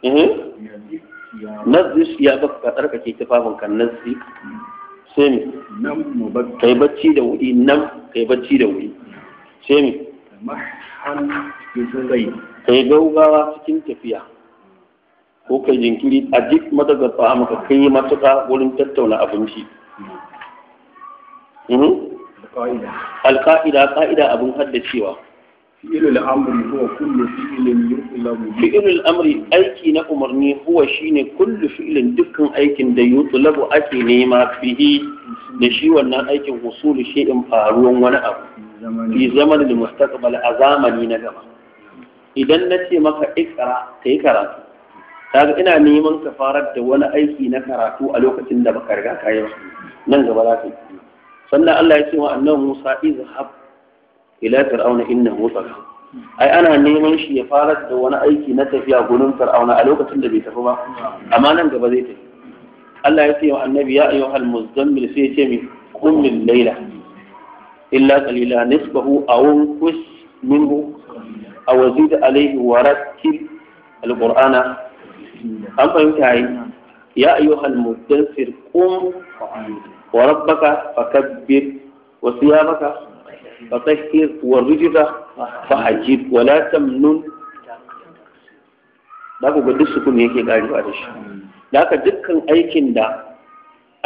eh? nazis ya baka tsarkake tufafin kan nazis sai ne kai bacci da wuri nan Ka yi bacci da wuri sai mi kai gaugawa cikin tafiya ko kai jinkiri a duk madagar ta maka kai matuƙa wurin tattauna abinci hmm. Hmm? alƙa'ida ƙa'ida abin haddacewa fi'ilul amri aiki na umarni huwa shine kullu fi'ilin dukkan aikin da yutlabu ake nema fihi da shi wannan aikin shi shay'in faruwan wani abu fi zaman da mustaqbal a zamani na gaba idan na ce maka ikra kai karatu kaga ina neman ka farar da wani aiki na karatu a lokacin da baka riga ka ba nan gaba za ka yi sannan Allah ya ce wa annabi Musa izhab ila fir'auna innahu tagha ai ana neman shi ya fara da wani aiki na tafiya gurin fir'auna a lokacin da bai tafi ba amma nan gaba zai tafi Allah ya ce wa annabi ya ayyuhal muzammil sai ya ce mi qum min layla illa qalila nisbahu aw kus minhu aw zid alayhi wa rattil alqur'ana an fahimta yi ya ayyuhal mudaththir qum wa rabbaka fakabbir wa siyamaka فطهر والرجل فحجب ولا تمنن da ku duk sukun yake ba da shi da haka dukkan aikin da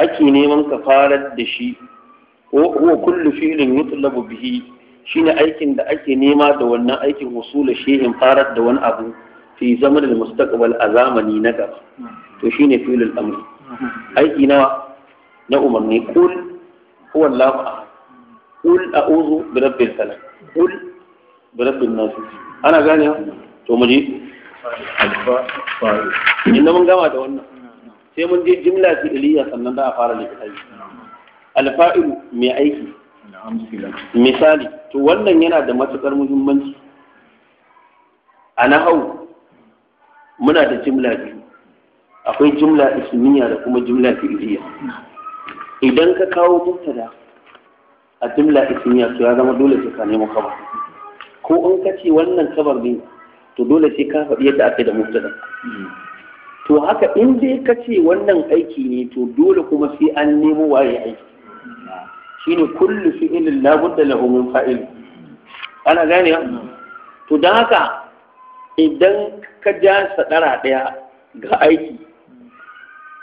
ake neman ka farar da shi huwa kullu fi'lin yutlabu bihi shine aikin da ake nema da wannan aikin wasula shehin farar da wani abu fi zaman da mustaqbal a zamani na gaba to shine filin amri aiki na na umarni kul huwa Allahu qul a'udhu bi rabbil falaq qul bi rabbin nas ana gane to mu je inda mun gama da wannan sai mun je jimla fi'liya sannan za a fara littafi alfa'ilu mai aiki misali to wannan yana da matukar muhimmanci a hau. muna da jimla biyu akwai jimla ismiya da kuma jimla fi'liya idan ka kawo mubtada a jimla ismiya to ya zama dole sai ka nemo kabar ko in ka ce wannan kabar ne to dole sai ka faɗi yadda aka yi da mubtada to haka in dai ka ce wannan aiki ne to dole kuma sai an nemo waye aiki shine kullu fi'ilin ilin budda lahu min fa'il ana gane to don haka idan ka ja sadara daya ga aiki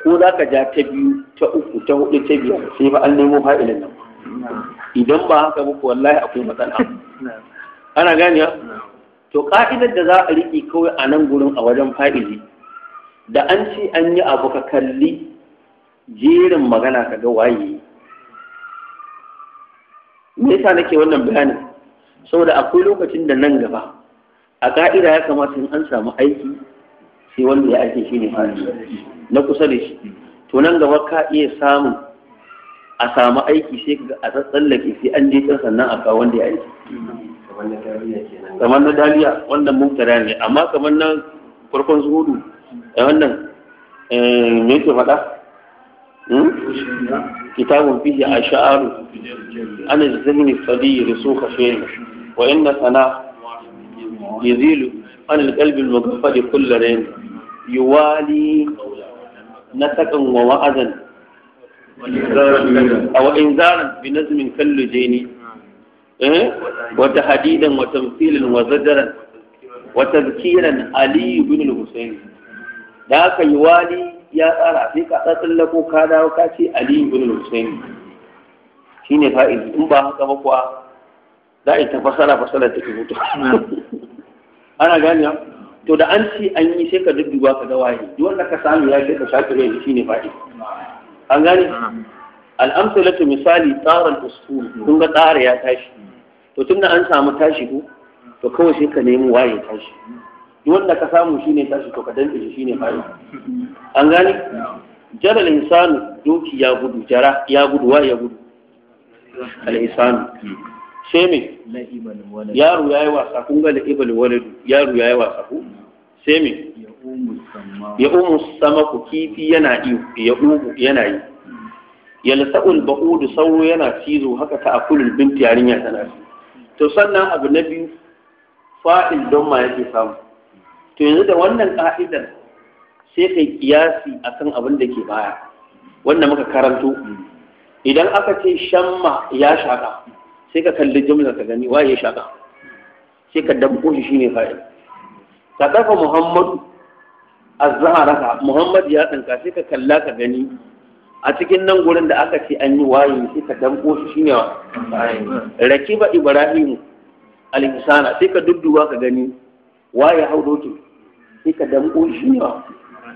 ko za ka ja ta biyu ta uku ta hudu ta biyar sai ba an nemo fa'ilin nan idan ba haka ba wallahi akwai matsala ana gani to ka'idar da za a riƙe kawai a nan gurin a wajen fa'ili da an ce an yi abu ka kalli jerin magana ka ga waye me yasa nake wannan bayani saboda akwai lokacin da nan gaba a ka'ida ya kamata in an samu aiki sai wanda ya ake shi ne na kusa da shi to nan gaba ka iya samun a samu aiki sai ga a tsallake sai an je can sannan a kawo wanda ya aiki kamar na daliya wannan da ne amma kamar na farkon zuhudu a eh, wannan eh, me ke faɗa hmm? kitabun fihi a sha'aru ana zazzabi fadi da su kashe wa inna sana zilu an alƙalbin magafa da kullare yuwali na takan wa wa'azan أو إنذارا بنزم كاللجين وتحديدا وتمثيلا وزجرا وتذكيرا علي بن الحسين ذاك يوالي ya tsara sai ka tsallako ka dawo ka ce Ali ibn Husayn shine fa'il in ba haka ba kuwa za a yi fasara fasara ta rubuta ana gani to da an ce an yi sai ka dudduba ka ga waye duk ka samu ya ce ka shafi rai shine fa'il an gane lati misali tsarar usul kun ga tsara ya tashi to tun da an samu tashi ko to kawai sai ka nemi waye tashi duk wanda ka samu shine tashi to ka danta shi shine fari an gane jaral insanu doki ya gudu jara ya gudu waye ya gudu al insanu sai me yaro yayi wasa kun ga la ibal walad yaro yayi wasa ko sai me ya umu ku kifi yana yi ya ugu yana yi ba'u da sauro yana cizo haka ta a akulul binti yarinya tana ci to sannan abu na biyu fa'il don ma yake samu to yanzu da wannan ka'idar sai kai kiyasi akan abin da ke baya wanda muka karanto idan aka ce shamma ya shaka sai ka kalli jumla ka gani waye ya shaka sai ka dabbo shi shine fa'il ka dafa muhammadu azharaka muhammad ya tsanka sai ka kalla ka gani a cikin nan gurin da aka ce an yi wayi sai ka danko shi shine wa rakiba ibrahim alhisana sai ka dudduba ka gani waye hau doki sai ka danko shi ne wa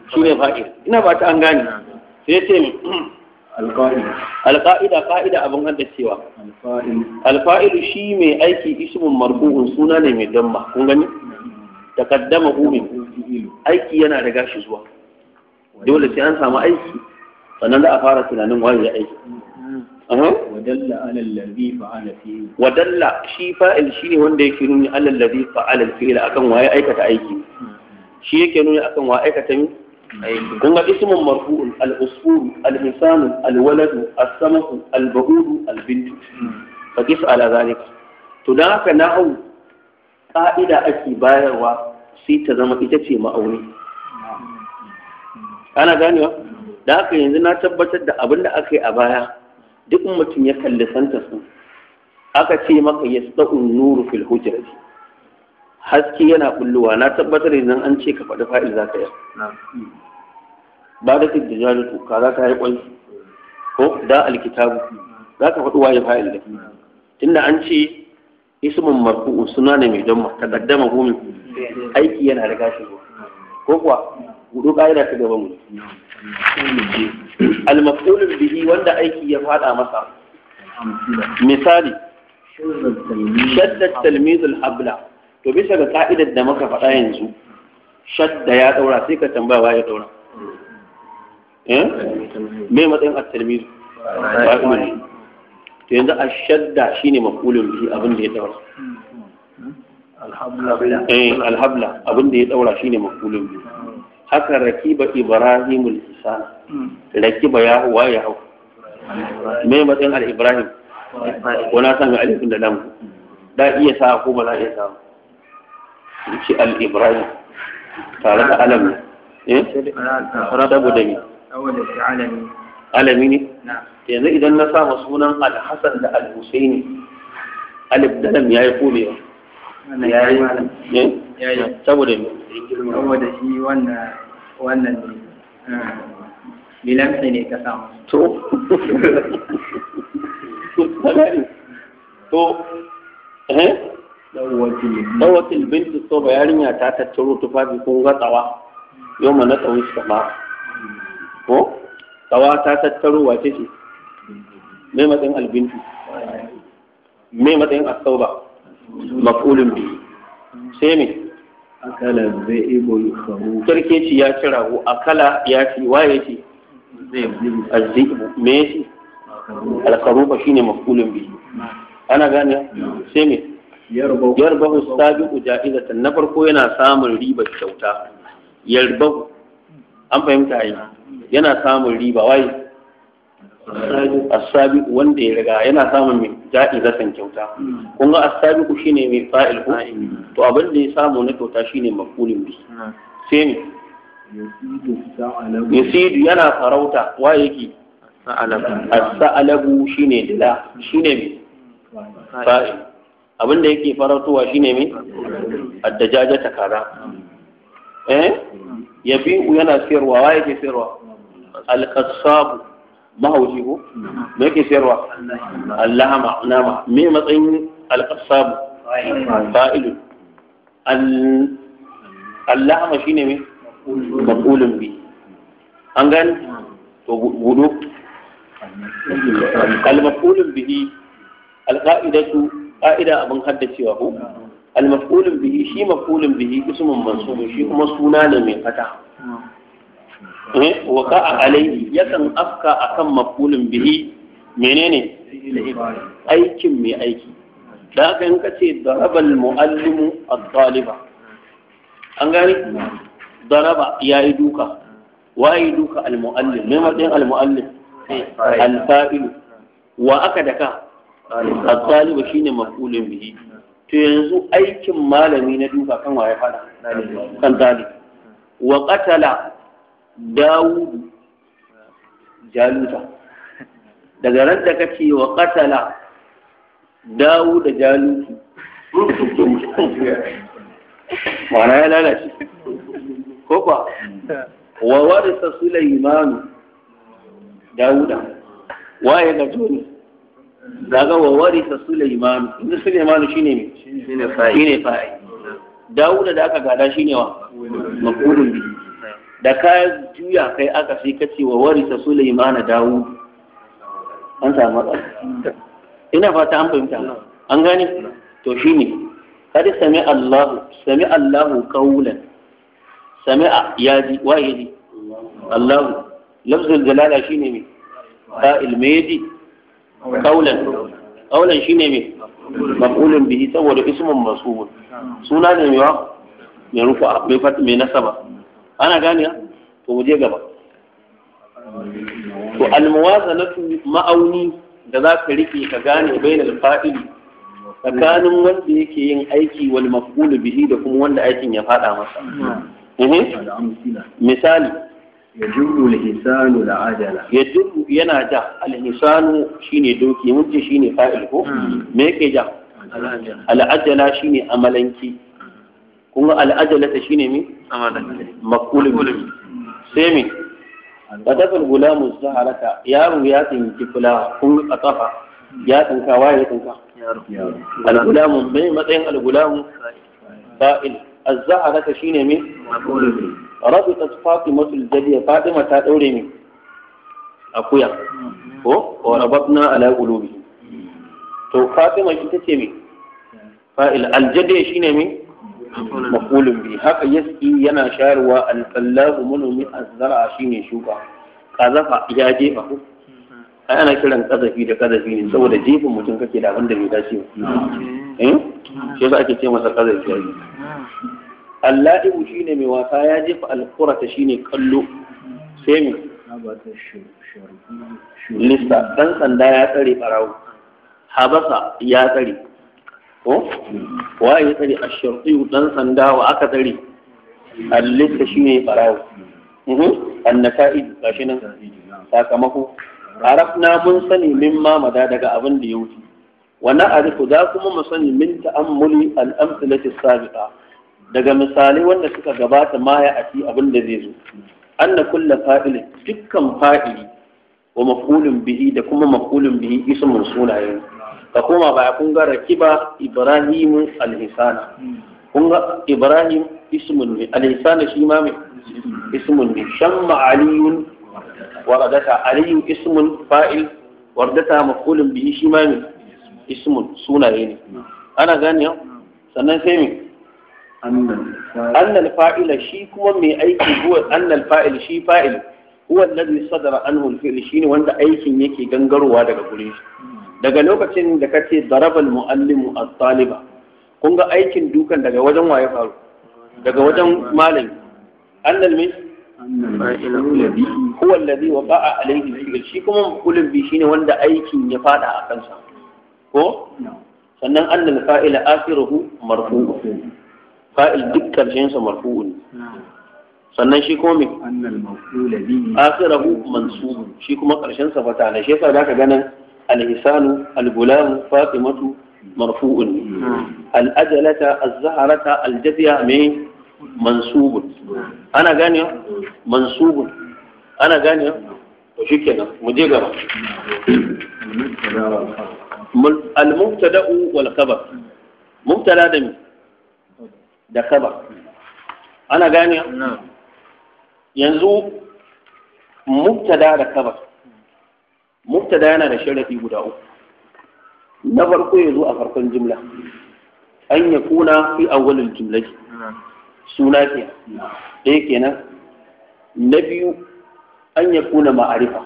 shine fa'il ina ba ta an gane sai ce alƙa'ida ƙa'ida abin hada cewa alfa'ilu shi mai aiki ismun marfu'un suna ne mai damma kun gani taqaddama umin, aiki yana da gashi zuwa dole sai an samu aiki sannan za a fara tunanin waye ya aiki wadalla alal fa'ala fi'l wadalla shi fa'il shine wanda yake nuni alal ladhi fa'ala fi'l akan waye aikata aiki shi yake nuni akan waye aikata mi kun ga ismun marfu'un al-usfur al-hisan al-walad as-samak al-ba'ud al-bint hmm. fa kif ala zalika to dan haka na hau. ƙa'ida ake bayarwa sai ta zama ita ce ma'auni ana ganewa da haka yanzu na tabbatar da abin da aka yi a baya duk mutum ya kalli santa su aka ce maka ya sa'un nuru fil hujrati haske yana bulluwa na tabbatar yanzu an ce ka faɗi fa'il za ka yi ba da duk da jalutu ka za ka yi ƙwai. ko da alkitabu za ka faɗi waye fa'il da tunda an ce ismun marfu'un suna ne mai don damma taqaddama gumi aiki yana da gashi ko kuwa hudu ka'ida ta gaba mu al-maf'ul bihi wanda aiki ya fada masa misali shadda talmiz al-habla to bisa ga ka'idar da muka faɗa yanzu shadda ya daura sai ka tambaya ya daura eh me matsayin at-talmiz to yanzu a shadda shine maf'ulun bihi abin da ya daura alhabla eh, abin ya daura shine maf'ulun bihi haka rakiba ibrahim al-isan hmm. rakiba ya huwa ya hau me matsayin al-ibrahim wala san ga alifin da lam da iya sa ko ba za iya sa shi al-ibrahim tare da alam ne eh saboda me awala ta'alami alami ne yanzu idan na sama sunan alhassan da alhusaini alif da lam yayi ba, yayi saboda saboda shi wannan ne bilamsa eh, ne ka samu to to eh dawatil binti ba yarinya ta tattaro tufafi kun gatsawa yau ma na tsawon shi ba ko kawa ta tattaro wace ce mai matsayin albintu mai matsayin asauba maf'ulun bi sai mai akala zai ibo yufahu kirkeci ya ci rago akala ya ci waye ce azzibu me ya ce shi shine maf'ulun bi ana gane sai mai yarbahu sabiqu ja'izatan na farko yana samun ribar kyauta yarbahu an fahimta yi yana samun riba wai asabi wanda ya riga yana samun mai ja'i zasan kyauta kun ga asabi ku shine mai fa'il ku to abin da ya samu na kyauta shine mafulin bi sai ne yusidu yana farauta wa yake as-sa'alabu shine dila shine mai fa'il abin da yake farautowa shine mai addajajata kaza eh yabi'u yana sayarwa wa yake sayarwa alqassabu mahauji ko me yake sayarwa allahama nama me matsayin al Allah ma shine me maqulun bi an gan to gudu al maqulun bihi al qa'idatu qa'ida abin haddacewa ko المفعول به شي مفعول به اسم منصوب شي كما سونا ne mai fata وقع عليه yakan afka akan maf'ulun bihi menene aikin mai aiki da aka yanka ce darabal muallimu ad-taliba an gani daraba yi duka wayi duka al-muallim me matsayin al-muallim al-fa'ilu wa aka daka al-taliba shine maf'ulun bihi to yanzu aikin malami na duka kan waye fada kan zalibi wa qatala dawud jaluta daga ran da kace wa qatala dawud da jalutu ya lalace ko ba wa warisa sulaiman dawuda waye ga joni zaga wa warisa Sulaiman inda Sulaiman shine me shine fa'i shine fa'i Dawud da aka gada shine wa maqulun bi da ka juya kai aka sai ka ce wa warisa Sulaiman Dawud an samu ina fata an fahimta an gane to shine kad sami Allahu! sami Allahu qawlan sami'a yaji wa yaji Allahu lafzul jalala shine me fa'il me kaulan kaulan shine me maf'ulun bihi saboda ismun mas'ul suna ne mewa mai rufa mai fat mai nasaba ana gane to mu je gaba to almuwazanatu ma'auni da za ka rike ka gane bainal fa'il tsakanin wanda yake yin aiki wal maf'ul bihi da kuma wanda aikin ya fada masa misali yajudu yana da ajala yajudu yana alhisanu shine doki mun shine fa'il ko me yake ja al'ajala shine amalanki kun al'ajala ta shine me amalanki maqulun sai me بدأ الغلام الزهرة يا ريات كفلا كل أطفى يا تنكا واي تنكا الغلام من متين الغلام فائل الزهرة شين من ta rabitat masu jadiya fatima ta daure ni akuya ko wa rabatna ala qulubi to fatima ita ce me fa'il aljadiya shine me maqulun bi haka yaski yana shayarwa al-qallahu manumi az-zar'a shine shuka kazafa ya jefa ai ana kiran kazafi da kazafi ne saboda jefin mutum kake da abin da bai dace ba hmm. eh shi yasa ake ce masa kazafi Alla'ibu shi ne mai wasa ya jefa ta shi ne kallo sai mai lista ɗan sanda ya tsare ɓarawo habasa ya tsare ko wa ya tsare a shirɗiyu ɗan sanda wa aka tsare allista shi ne ɓarawo mhm. annata'id ga shi nan sakamako arafna mun sani min mamada daga abin da ya wuce wa na'arifu za kuma mu sani min ta'ammuli al-amsalati sabiqa daga misali, wanda suka gabata ma ya ati abin da zai zo an na kulla fa'ili dukkan fa'ili wa maf'ulun bihi da kuma maf'ulun bihi ismun sunayen ka koma ba kun ga rakiba ibrahimu alhisana kun ga ibrahim ismun ne alhisana shi ma mai ismun ne shamma aliyun wardata aliyu ismun fa'il wardata maf'ulun bihi shi ma mai ismun sunaye ne ana gani sannan sai mai annal fa'ila shi kuma mai aiki huwa annal fa'il shi fa'il huwa alladhi sadara anhu al-fi'l wanda aikin yake gangarowa daga gure shi daga lokacin da kace darabal muallimu at-taliba kun ga aikin dukan daga wajen waye faru daga wajen malami annal mai huwa alladhi waqa'a alayhi al shi kuma maqulun bi shine wanda aikin ya faɗa a kansa ko sannan annal fa'ila fa'il duk karshen sa marfu'un sannan shi kuma me annal maf'ul bihi akhirahu mansub shi kuma karshen sa fata ne shi yasa zaka ganin al-hisanu al-gulam fatimatu marfu'un al-ajalata az-zaharata al-jadiya me mansubun ana gane mansubun ana gane to shikenan mu je gaba al-mubtada'u wal khabar mubtada da me da kaba, ana gane yanzu Muktada da kaba, muktada yana da sharafi guda uku na farko ya zo a farkon jimla an ya kuna fi awwalil jumlati suna ke ɗaya kenan na biyu an ya kuna ma'arifa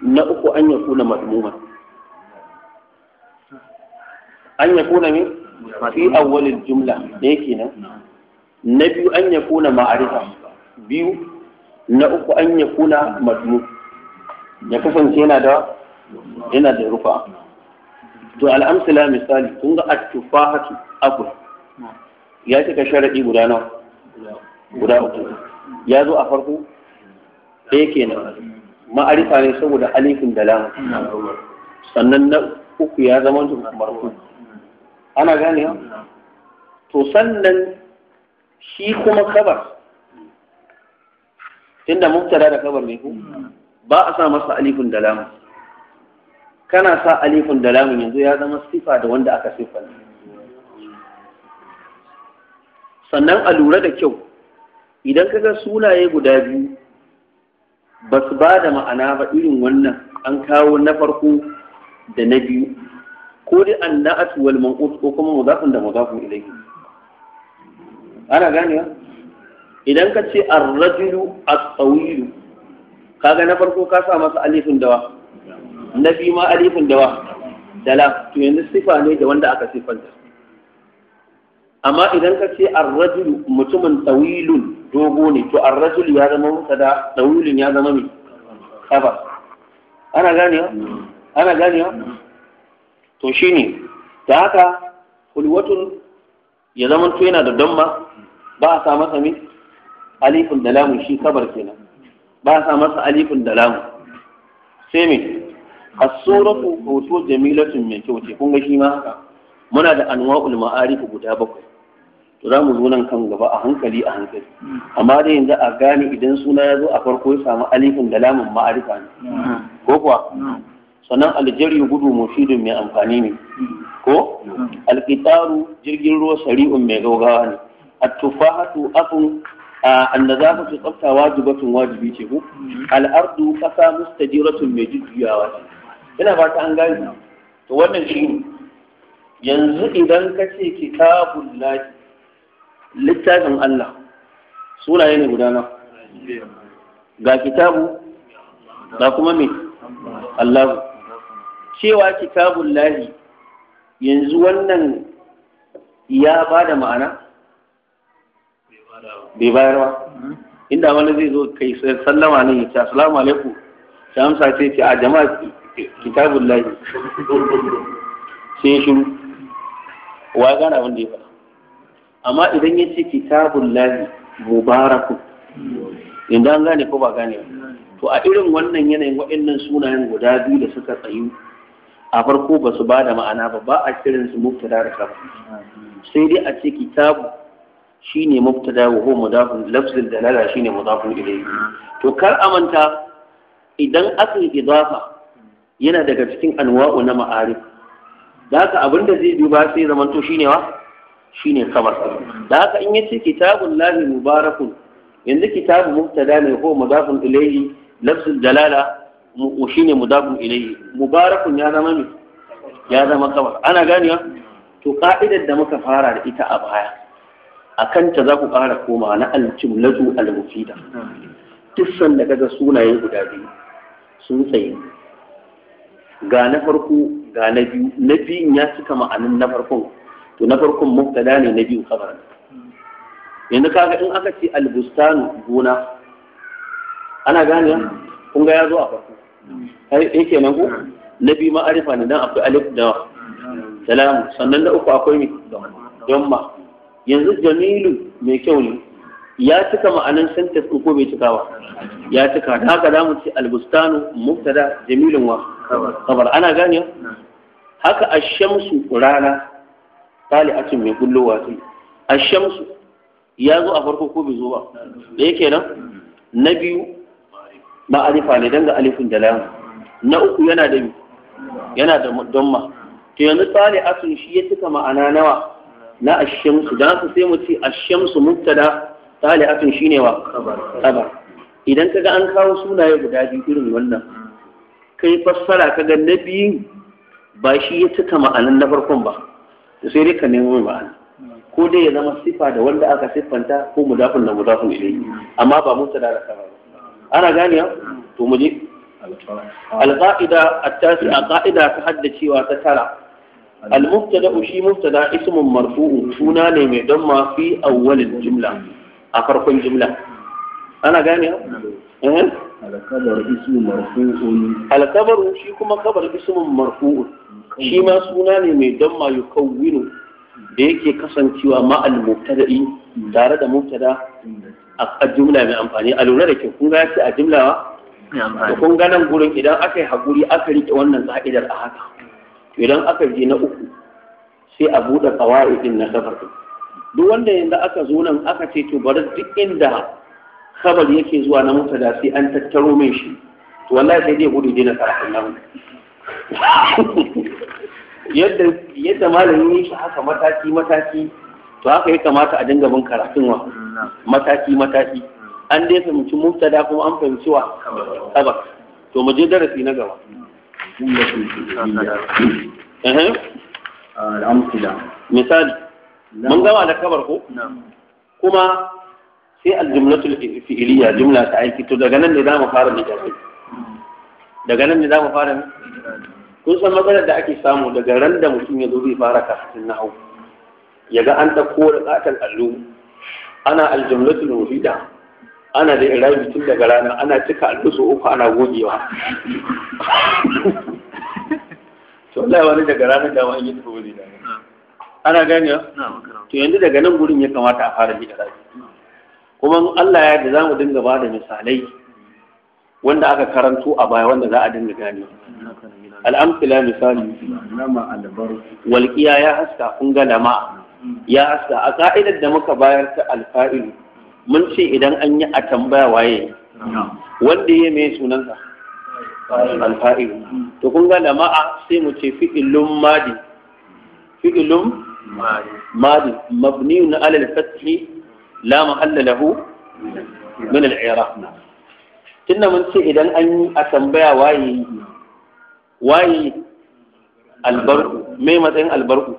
na uku an ya kuna madmuma an ya kuna min? fi awwalil jumla da yake nan na biyu an ya kuna ma'arifa biyu na uku an ya kuna madmu ya kasance yana da yana da rufa to al'amsala misali kun ga at-tufahatu aqul ya cika sharaɗi guda nawa guda uku ya zo a farko ɗaya kenan ma'arifa ne saboda alifin da lamu sannan na uku ya zama marfu ana gane to sannan shi kuma kabar tunda mubtada da kabar mai ku ba a sa masa alifin da lamun kana sa alifin da lamun yanzu ya zama sifa da wanda aka sifa sannan a lura da kyau idan kaga sunaye guda biyu ba su ba da ma'ana ba irin wannan an kawo na farko da na biyu ko dai a wal manqut ko kuma mudafun da mudafun ilayhi ana ganewa idan ka ce ar-rajulu as-tawil kaga na farko ka sa masa alifin dawa na biyu ma alifin dawa dala to yanzu sifa ne da wanda aka sifanta amma idan ka ce ar-rajulu mutumin tawilun dogo ne to ar-rajulu ya zama da tawilun ya zama mai Ana ana ganewa ana ganewa to shi ne, da haka hulwatun ya zama to yana da damma ba a sa masa ne alifin da lamun shi kabar kenan ba a sa masa alifin da lamun sai me as-suratu hoto jamilatun mai kyau ce kun ga shi ma haka muna da anwa'ul ma'arif guda bakwai to za mu zo nan kan gaba a hankali a hankali amma dai yanzu a gane idan suna ya zo a farko ya samu alifin da lamun ma'arifa ne mm. ko kuwa mm. sannan aljari gudu mufidun mai amfani ne ko alkitaru jirgin ruwa sari'un mai gaugawa ne A tufa at za afun annazafatu tsafta wajibatun wajibi ce ko al'ardu kasa qasa mustajiratun mai jujjuyawa ce ina ba ta an gani to wannan shi yanzu idan ka ce kitabul lahi littafin Allah sunaye ne gudana ga kitabu ga kuma me Allah cewa kitabun lahi yanzu wannan ya ba da ma'ana? bai bayar ba inda wani zai zo kai sallama ne ta salamu alaikum ta amsa ce ce a jama'a kitabun lahi sai ya shiru wa gana wanda ya faɗa amma idan ya ce kitabun lahi mubaraku inda an gane ko ba gane to a irin wannan yanayin waɗannan sunayen guda biyu da suka tsayu a farko ba su ba da ma'ana ba ba a kirin su mubtada da kafa sai dai a ce kitabu shine mubtada wa huwa mudafun lafzul dalala shine mudafun ilayhi to kar amanta idan aka yi idafa yana daga cikin anwa'u na ma'arif da haka abin da zai duba sai zaman to shine wa shine kamar da haka in yace kitabun lahi mubarakun yanzu kitabu mubtada ne ko mudafun ilayhi lafzul dalala shi ne mudabu ilayhi mubarakun ya zama mai ya zama kawar ana ya to ka'idar da muka fara da ita a baya a kanta za ku ƙara koma na al lazu al-mufida duk da kaga sunaye guda biyu sun tsaye ga na farko ga na biyu na biyun ya cika ma'anin na farkon to na farkon mubtada ne na biyu kabar yanzu kaga in aka ce al-bustanu gona ana ganewa kun ga ya zo a farko Eh ke nan ku hmm. na biyu ma'arifa ne don akwai alif da salamu sannan na uku akwai mi jamma yanzu jamilu mai kyau ne ya cika ma'anan sentence ko bai cika ba ya cika da haka za mu ce albustanu muktada, jamilun wa kabar ana gane haka a shamsu rana tali'atun mai wasu. A Shamsu. ya zo a farko ko bai zo ba da yake nan na biyu ba alifa ne ga alifin da lamu na uku yana da yana da damma to yanzu tsali asun shi ya cika ma'ana nawa na ashamsu da haka sai mu ce ashamsu mubtada tsali asun shine wa khabar idan kaga an kawo sunaye guda biyu irin wannan kai fassara kaga na biyu ba shi ya cika ma'anan na farkon ba sai dai ka nemo ma'ana ko dai ya zama sifa da wanda aka siffanta ko mudafin da mudafin ilayhi amma ba mutu da ba. ana gane to mu je alqaida at-tasi alqaida ta hadda cewa ta tara المبتدا shi مبتدا اسم مرفوع suna ne mai don ma fi awwalil jumla a farkon jumla ana gane eh alkabar ismu marfu'un alkabar shi kuma kabar ismun marfu'un shi ma suna ne mai don ma yukawwinu da yake kasancewa ma al mubtada'i tare da mubtada a jumla mai amfani a lura da ke kun ga shi a jumlawa da kun ga nan gurin idan aka yi haƙuri aka riƙe wannan ka'idar a haka to idan aka je na uku sai a buɗe ƙawa'idin na safar duk wanda yanzu aka zo nan aka ce to bari duk inda khabar yake zuwa na da sai an tattaro min shi to wallahi sai dai gudu dina karatun nan yadda yadda malamin yake haka mataki mataki to haka ya kamata a dinga bin karatun wa mataki mataki an dai fahimci mubtada kuma an fahimci wa sabak to mu je darasi na gaba misali mun gama da kabar ko kuma sai aljumlatul fi'iliya jumla ta aiki to daga nan ne za mu fara mijafai daga nan ne za mu fara kun san matsalar da ake samu daga ran da mutum ya zo zai fara karatun na hau ya ga an ɗauko da ƙaton allo ana aljumlatul mufida ana da irabi tun daga rana ana cika allo su uku ana gogewa to Allah wani daga ranar da wani yadda ba da ana gane to yanzu daga nan gurin ya kamata a fara bi irabi kuma Allah ya da zamu dinga ba da misalai wanda aka karanto a baya wanda za a dinga ganewa al'amfila misali walƙiya ya haska kun ga lama ya asa a ka'idar da muka bayar ta alfa'ilu mun ce idan an yi a tambaya waye wanda ya mai sunansa alfa'ilu to kun ga lama'a sai mu ce fi'ilun madi fi'ilun madi Mabni na alal fathi la mahalla lahu min al tunda mun ce idan an yi a tambaya waye waye albarku me matsayin albarku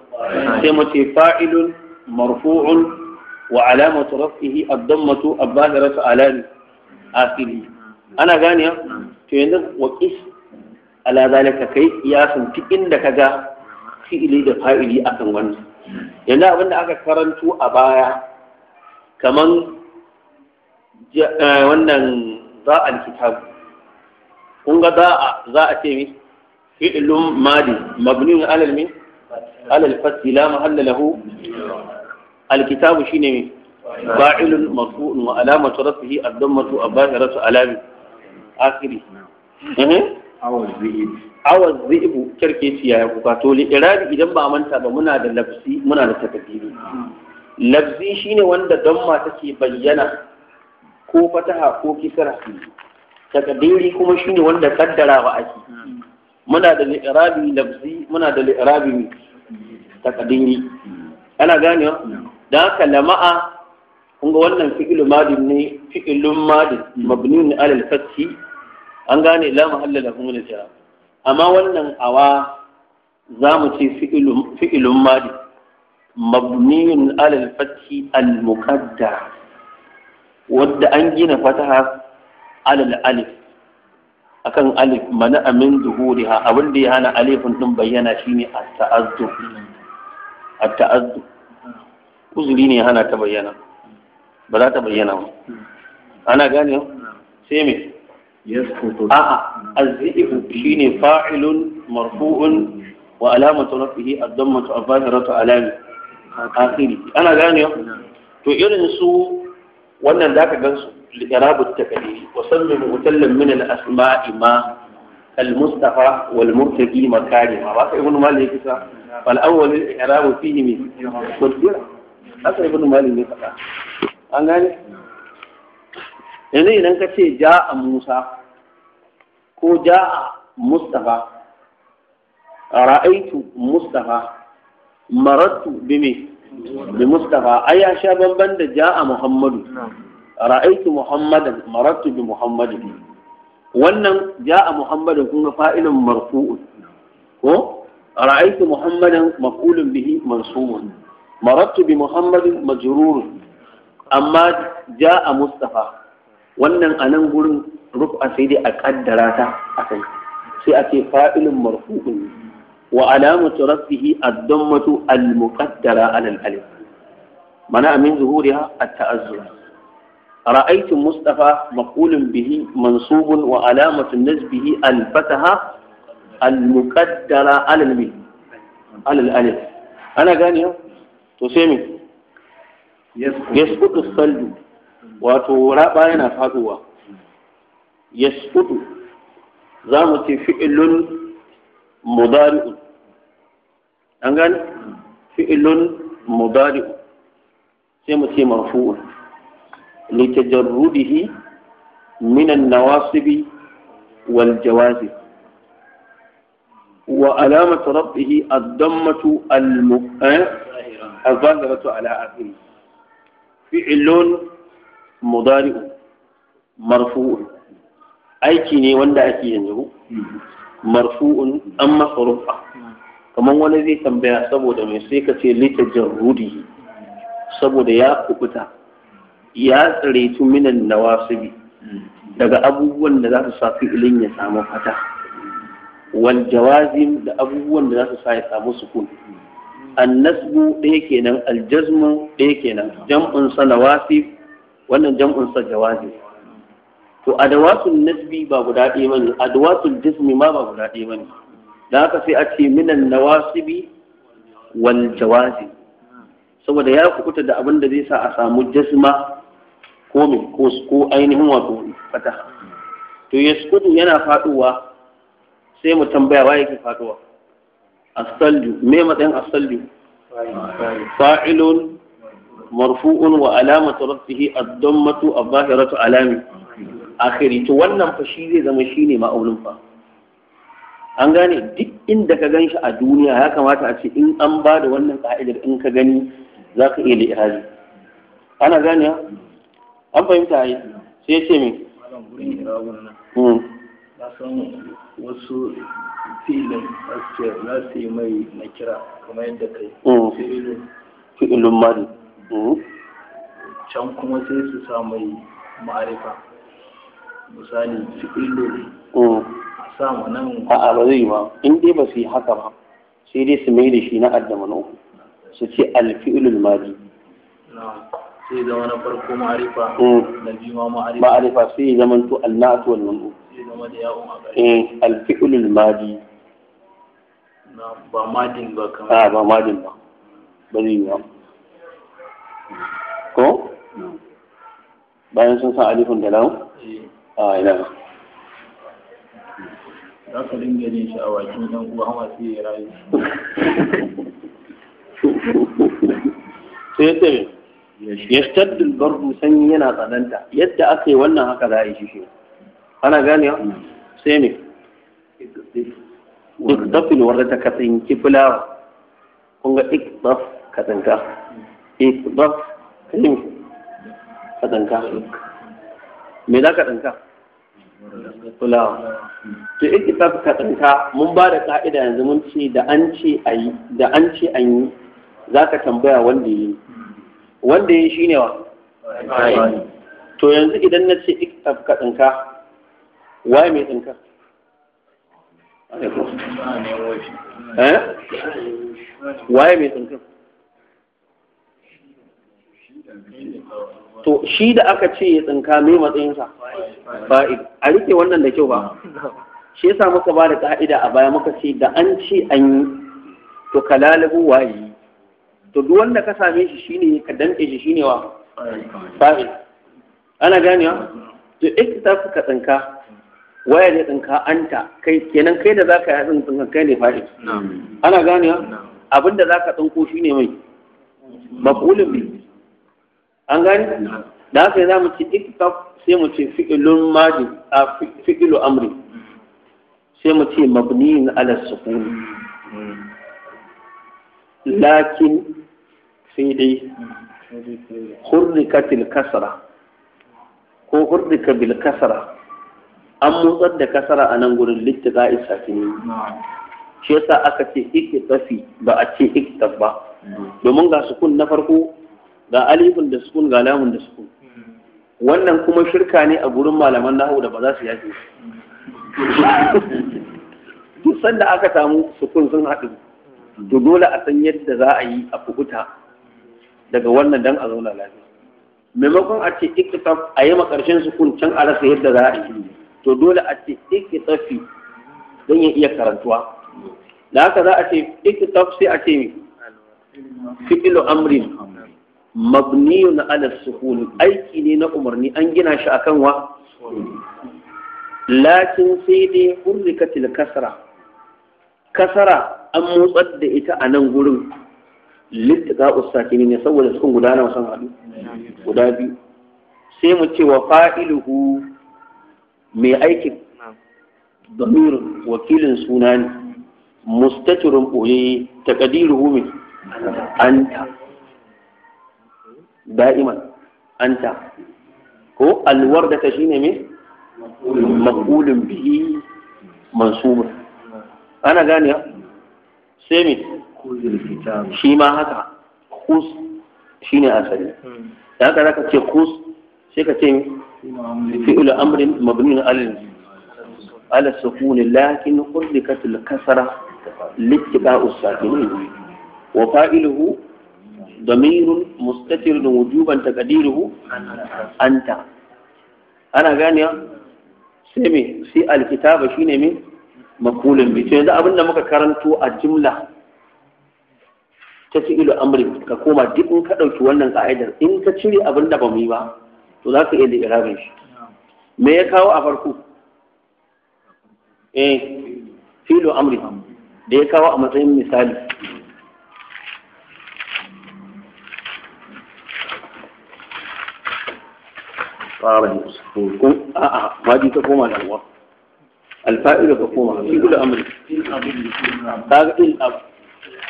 sai mu ce fa'ilun marfu'un wa alamatu raf'ihi ad-dammatu abahiratu alami asili ana gane ya to yanzu wa qis ala zalika kai ya fi inda da kaga fi'ili da fa'ili akan wannan yanzu abinda aka karantu a baya kaman eh, wannan za kitab kun ga za a ce mi فعل ماضي مبني على المين على الفتح لا محل له الكتاب شيني فاعل مرفوع وعلامة رفعه الضمة الظاهرة علامة آخره awa zibu kyarke ya kuka to irabi idan ba manta ba muna da lafzi muna da takadiri lafzi shine wanda damma take bayyana ko fataha ko kisra takadiri kuma shine wanda kaddara ba ake muna da li'irabi lafzi muna da li'irabi takadiri ana gane wa? da haka lama'a kun ga wannan fi'ilu madin ne fi'ilun madin mabnun alal fathi an gane la mahalla lahu min al amma wannan awa za mu ce fi'ilun madin mabnun alal fathi al muqaddar wadda an gina fataha alal alif akan alif mana amin zuhuriha abin da ya hana alifin din bayyana shine at-ta'azzu at-ta'azzu uzuri ne hana ta bayyana ba za ta bayyana ba ana gane sai me yasqutu a'a az-zi'u shine fa'ilun marfu'un wa alamatu rafihi ad-dammatu abahiratu alami akhiri ana gane to irin su wannan zaka su. لإراب التكاليف وصمم مغتلا من الأسماء ما المصطفى والمرتقي مكارم هذا ابن مالي مالك فالأول الإعراب فيه من كثيرة هذا ابن مالي فقط an gane yanzu جاء موسى كو جاء مصطفى رأيت مصطفى ja بمي بمصطفى أي شابا بند جاء محمد bi ra'aitu muhammadan marattu bi muhammadin wannan ja'a muhammadan kun ga fa'ilun marfu'un ko ra'aitu muhammadan maf'ulun bihi mansumun marattu bi muhammadin majrurun amma ja'a mustafa wannan a nan gurin rufa sai dai a kaddara ta a kai sai a ce fa'ilun marfu'un wa alamatu rabbihi ad-dammatu al-muqaddara ala al-alif mana min zuhuriha at-ta'azzur رأيت مصطفى مقول به منصوب وعلامة نسبه الفتحة المقدرة على النبي على الألف أنا قاني تسمي يسقط الصلب وتورا باينا فاتوا يسقط زامة فعل مضارع أنا قاني فعل مضارع سيما مرفوع لتجرده من النواصب والجوازب وعلامة ربه الضمة الظاهرة على آخره فعل مضارع مرفوع aiki ne wanda ake yanzu marfu'un an kamar wani zai tambaya saboda mai sai ka ce lita jarrudi saboda ya kubuta ya tsare tu minan nawasibi daga abubuwan da za su sa fi'ilin ya samu fata wal jawazim da abubuwan da za su sa ya samu sukun nasbu ɗaya kenan aljazmu ɗaya kenan jam'un sa nawasib wannan jam'un sa jawazim to adawatul nasbi ba guda ɗaya bane adawatul jazmi ma ba guda ɗaya bane da aka sai a ce minan nawasibi wal jawazim saboda ya kukuta da abin da zai sa a samu jazma ko min ko ainihin wato fata to yasqutu yana faduwa sai mu tambaya waye ke faduwa as me matsayin as fa'ilun marfu'un wa alamatu rafihi ad-dammatu adh-dhahiratu alami akhiri to wannan fa shi zai zama shine ma'aunin fa an gane duk inda ka ganshi a duniya ya kamata a ce in an ba da wannan ka'idar in ka gani za ka iya li'ihari ana gane an fahimta yi sai ya ce min hmm. wasu filin za su yi mai na kira kamar yadda kai fi'ilun mari can kuma sai su sa mai ma'arifa misali fi'ilu hmm. a sa ma nan a'a ba zai ba in dai ba su yi haka ba sai dai su mai da shi na addama na uku su ce alfi'ilul mari sai zama farko ma'arifa hmm. na biyu ma ma'arifa ma'arifa sai zama to wal mamdu sai zama a eh, al madi ba madin ba ah, ba madin ba ba zai ko bayan sun san alifin da lam eh. a ah, ina za ka dinga jin sha'awa kin dan yashtaddu al-bardu sanyi yana tsananta yadda aka yi wannan haka za a yi shi ana gane sai ne iqdafil wanda ta katsin kifla kun ga iqdaf katsinka iqdaf kalmi katsinka me za ka tsinka fulawa to ka katsinka mun ba da ka'ida yanzu mun ce da an ce ayi da an ce an yi za ka tambaya wanda yi wanda ya shi ne wa to yanzu idan na ce ka tsinka waye mai tsinka eh? waye mai tsinka to shi da aka ce ya tsinka mai matsayinsa ba a rike wannan da kyau ba shi yasa muka ba da ka'ida a baya muka ce da an ce an yi to kalalibu waye to duk wanda ka same shi shine ka danke shi shine wa fa'il ana wa? to iktaf ka tsinka waya ne tsinka anta kai kenan kai da zaka yi tsin tsinka kai ne fa'il ana ganewa abinda zaka tsinko shine mai maqulun bi an gane da haka za mu ci iktaf sai mu ce fi'ilun maji a fi'ilu amri sai mu ce mabniyin ala sukuni lakin sai dai hurrikatil kasara ko hurrika bil kasara an motsar da kasara a nan gurin littiga isafini shi yasa aka ce tafi ba a ce ikitaf ba domin ga sukun na farko ga alifin da sukun ga lamun da sukun wannan kuma shirka ne a gurin malaman nahu da ba za su yaje? duk sanda aka samu sukun sun haɗu to dole a san yadda za a yi a fukuta daga wannan dan a zauna lafiya maimakon a ce ikitaf a yi makarshen sukun can a yadda za a yi to dole a ce ikitafi don ya iya karantuwa da haka za a ce ikitaf sai a ce fi'ilu amrin na ala sukun aiki ne na umarni an gina shi akan wa lakin sai dai hurrikatil kasara kasara an motsar da ita a nan gurin littaka ustakini ne saboda sukun gudana wasan sun guda biyu sai mu ce wa fa'iluhu mai aikin damirin wakilin suna ne mustaturin ɓoye taƙadiruhu mai anta da'iman anta ko alwar da ta shine mai biyu bihi mansubun ana gane sai mai shi ma haka kus shi ne asali hmm. da haka zaka ce kus sai ka ce fi'ul amrin mabnin alil ala sukuni lakin hurdikat al kasra liqa usakin wa fa'iluhu damirun mustatir da wujuban taqdiruhu anta ana gani sai me sai al kitaba shine me makulun bi to yanzu abinda muka karanto a jimla. ta fi ilo amrin ka koma duk in ka ɗauki wannan ka'idar in ka cire abin da ba mu yi ba to za ka iya da irabin shi me ya kawo a farko eh Filo amri da ya kawo a matsayin misali a'a ma ta koma da uwa alfa'ilu ka koma Filo amri kaga in abu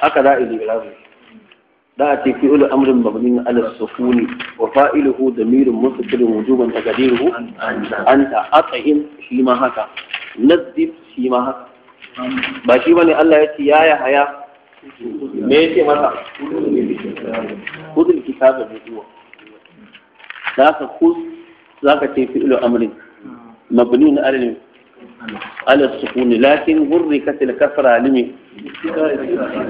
haka za a yi da a ce fi'ul amrin mabni ala sukuni wa fa'iluhu damirun mustaqilun wujuban taqdiruhu anta at'im shi ma haka nazzif shi ma haka ba shi bane Allah ya ce ya ya haya me yake masa kudul kitaba bi zuwa zaka kus zaka ce fi'ul amrin mabni ala alif sukuni lakin gurri katil kafra limi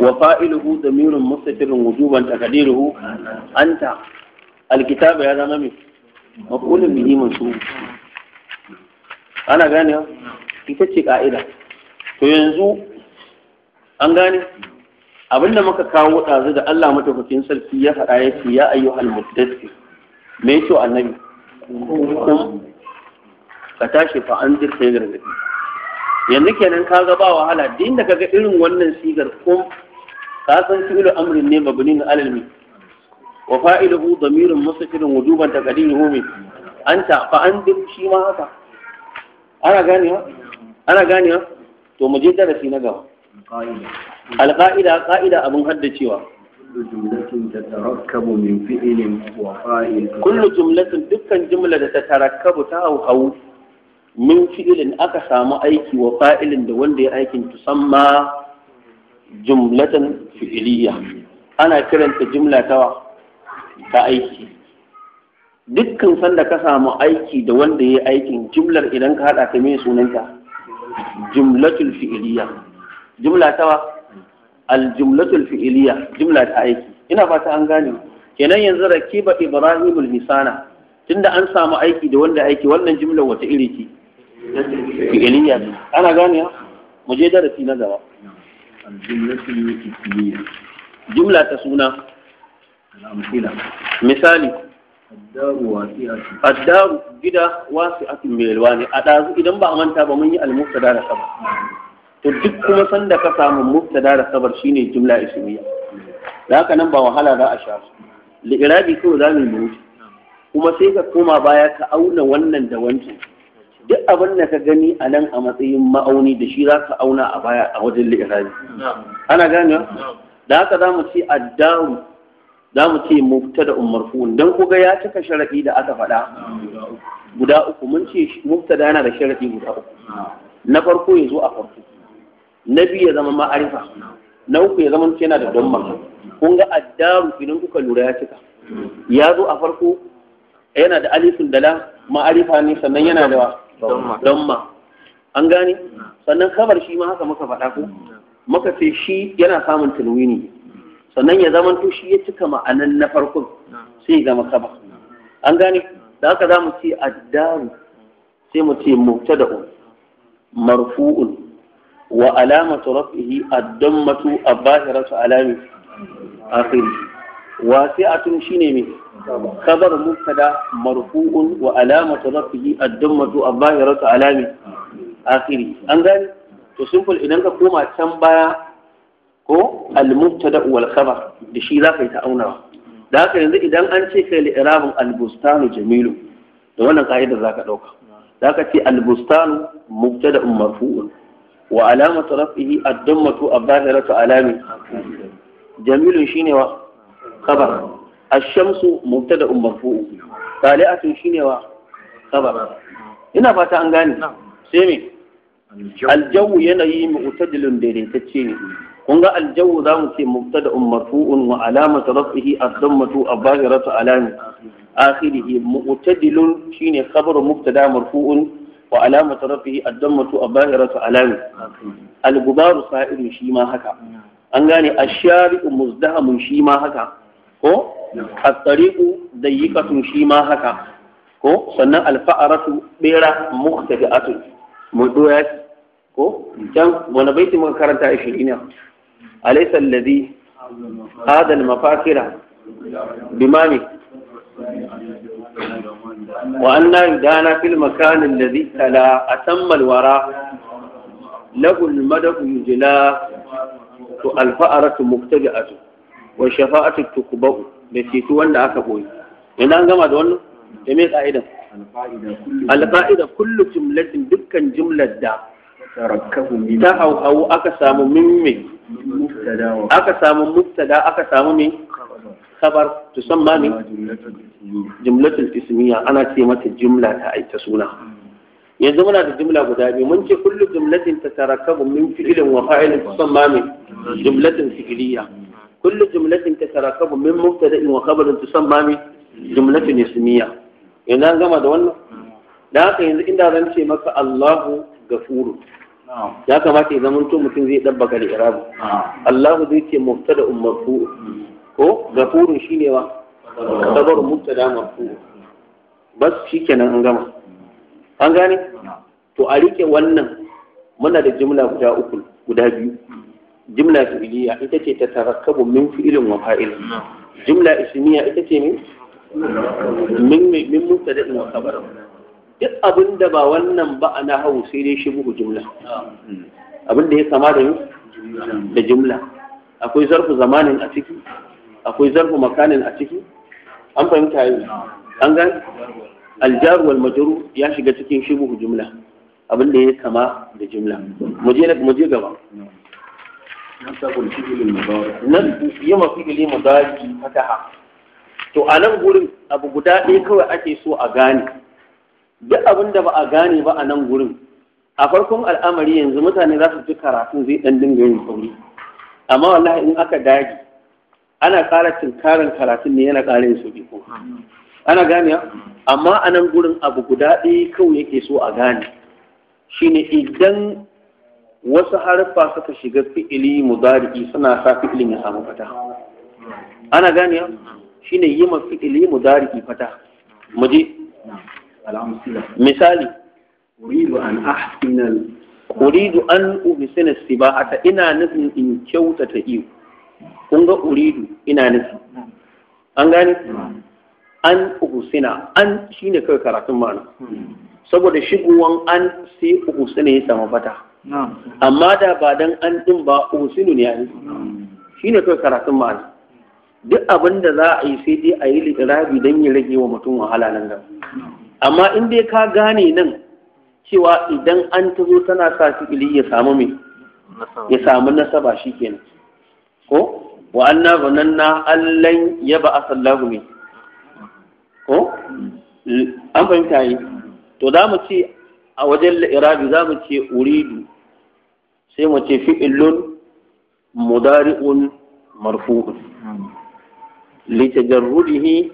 wa fa'iluhu damirun mustatirun wujuban takadiruhu anta alkitaba ya zama mai makulin muhimmin su ana gane ita ce ka'ida to yanzu an gane abinda muka kawo ɗazu da Allah matafafin sarki ya faɗa ya ce ya ayyuhal muddatsi me yake annabi ka tashi fa an zir sai gargaɗi yanzu kenan ka ga ba wahala din da kaga irin wannan sigar ko ka san fi'lu amrin ne mabni na alal mi wa fa'iluhu damirun mustaqilun wujuban taqdiruhu min anta fa an zir shi ma haka ana gane ana ganewa to mu je darasi na gaba alqa'ida qa'ida abin haddacewa جملة تتركب من فعل وفاعل كل جملة دكا جملة تتركب تاو أو min fi'ilin aka samu aiki wa fa'ilin da wanda ya aikin tusamma jumlatan fi'iliya ana kiranta jumla ta ta aiki dukkan sanda ka samu aiki da wanda ya aikin jumlar idan ka haɗa ta mai sunanta jumlatul fi'iliya jumla ta aljumlatul fi'iliya jumla ta aiki ina fata an gane kenan yanzu rakiba ibrahimul misana tunda an samu aiki da wanda aiki wannan jumlar wata iri ce fi'iliya ana gane mu je darasi na gaba jumla ta suna misali addaru gida wasu akin melwa ne a ɗazu idan ba a manta ba mun yi almuftada da sabar to duk kuma sanda ka samu muftada da sabar shine jumla ismiya da haka nan ba wahala za a sha su li'irabi kawai za mu yi kuma sai ka koma baya ka auna wannan da wancan duk abin da ka gani a nan a matsayin ma'auni da shi za ka auna a baya a wajen li'irabi ana gane da haka za mu ce addaru za mu ce mubtada marfu'un don kuga ya cika sharaɗi da aka faɗa guda uku mun ce da yana da sharaɗi guda uku na farko ya zo a farko na biyu ya zama ma'arifa na uku ya zama yana da domma kun ga addaru idan kuka lura ya cika ya zo a farko yana da alifin dala ma'arifa ne sannan yana da ma, an gane sannan kabar shi ma haka muka faɗa ko muka ce shi yana samun tilwini sannan ya zama to shi ya cika ma'anan na farkon sai ya zama kabar an gane da haka za mu ce addaru sai mu ce mubtada'un marfu'un wa alamatu raf'ihi ad-dammatu abahiratu alami akhiri wasi'atun shine me kabar mubtada marfu'un wa alamatu rafihi ad-dammatu abahiratu alami akhiri an gani to simple idan ka koma can baya ko al-mubtada wal khabar da shi zaka yi ta'aunawa da haka yanzu idan an ce kai li'irabin al-bustanu jamilu da wannan ka'idar zaka dauka da haka ce al-bustanu mubtada marfu'un wa alamatu rafihi ad-dammatu abahiratu alami jamilun shine wa khabar ash-shamsu mubtada marfu sali'atun shine wa khabar ina fata an gane sai me aljawu yanayi mu'tadilun daidaitacce ne kun ga aljawu za mu ce mubtada marfu'un wa alamatu raf'ihi ad-dammatu abahiratu alami akhirihi mu'tadilun shine khabaru mubtada marfu'un wa alamatu raf'ihi a dammatu abahiratu alami al-gubaru sa'irun shi ma haka an gane ash-shari'u muzdahamun shi ma haka ko yi tariqu dayyikatun shi ma haka ko sannan al-fa'aratu bira muqtadi'atu mudoyat ko dan wani baiti muka karanta a shi ina alaysa alladhi hada al-mafakira bimani wa anna yudana fil makan alladhi tala atamma al-wara lahu al-madu yujla to al-fa'aratu muqtadi'atu wa shafa'atu tukba'u da ceto wanda aka koyi. yanzu an gama da wannan da me al alqa'ida kullu jumlatin dukkan jumlar da ta hauhawu aka samu min me aka samu mubtada aka samu me khabar tusamma me jumlatul ismiya ana ce mata jumla ta aita suna yanzu muna da jumla guda biyu mun ce kullu jumlatin ta tatarakabu min fi'lin wa fa'ilin tusamma min jumlatin fi'liya kullu jumlatin tatarakabu min mubtada'in wa khabarin tusamma min jumlatin ismiya yanzu an gama da wannan da haka yanzu inda zan ce maka Allahu gafuru ya kamata ya zama mutum zai dabbaka da irabu Allahu zai ce mubtada ummarfu ko gafurun shine wa kabar mubtada marfu bas shikenan an gama an gane to a rike wannan muna da jumla guda uku guda biyu jimla fi'iliya ita ce ta tarakkabu min fi'ilin wa fa'il jimla ismiya ita ce min min min mubtada'in wa khabar duk abin da ba wannan ba ana hawo sai dai shi buhu jimla abin da ya kama da da jimla akwai zarfu zamanin a ciki akwai zarfu makanin a ciki an fahimta yi an gan aljaru wal majru ya shiga cikin shi buhu jimla abin da ya kama da jimla mu je gaba nan yi ma fi'ili mudari fataha to a nan gurin abu guda ɗaya kawai ake so a gane duk abin da ba a gane ba a nan gurin a farkon al'amari yanzu mutane za su ji karatun zai ɗan dinga yin sauri amma wallahi in aka dage ana ƙara tunkarin karatun ne yana ƙara yin sauƙi ko. ana gane amma a nan gurin abu guda ɗaya kawai yake so a gane shine idan wasu harfa suka shiga fi'ili mudari'i suna sa fi'ilin ya samu fata ana gane ne yi ma fi'ili mudari'i fata muje misali uridu an ahsina uridu an a sibahata ina nufin in kyautata iyo kun ga uridu ina nufi an gane an uhsina an shine kai karatun ma'ana hmm. saboda shigowan an sai uhsina ya samu fata amma da ba dan an din ba usinu ne ai shine kai karatun ma'ana duk abin da za a yi sai dai a yi rabi don ya rage wa mutum wahala nan gaba amma in dai ka gane nan cewa idan an ta zo tana sa fi'ili ya samu mai ya samu nasaba kenan ko wa anna zananna allan yaba asallahu me ko mm. an fahimta yi mm. to za mu ce a wajen la'irabi za mu ce uridu sai mu ce fi'ilun mudari'un marfu'un lita min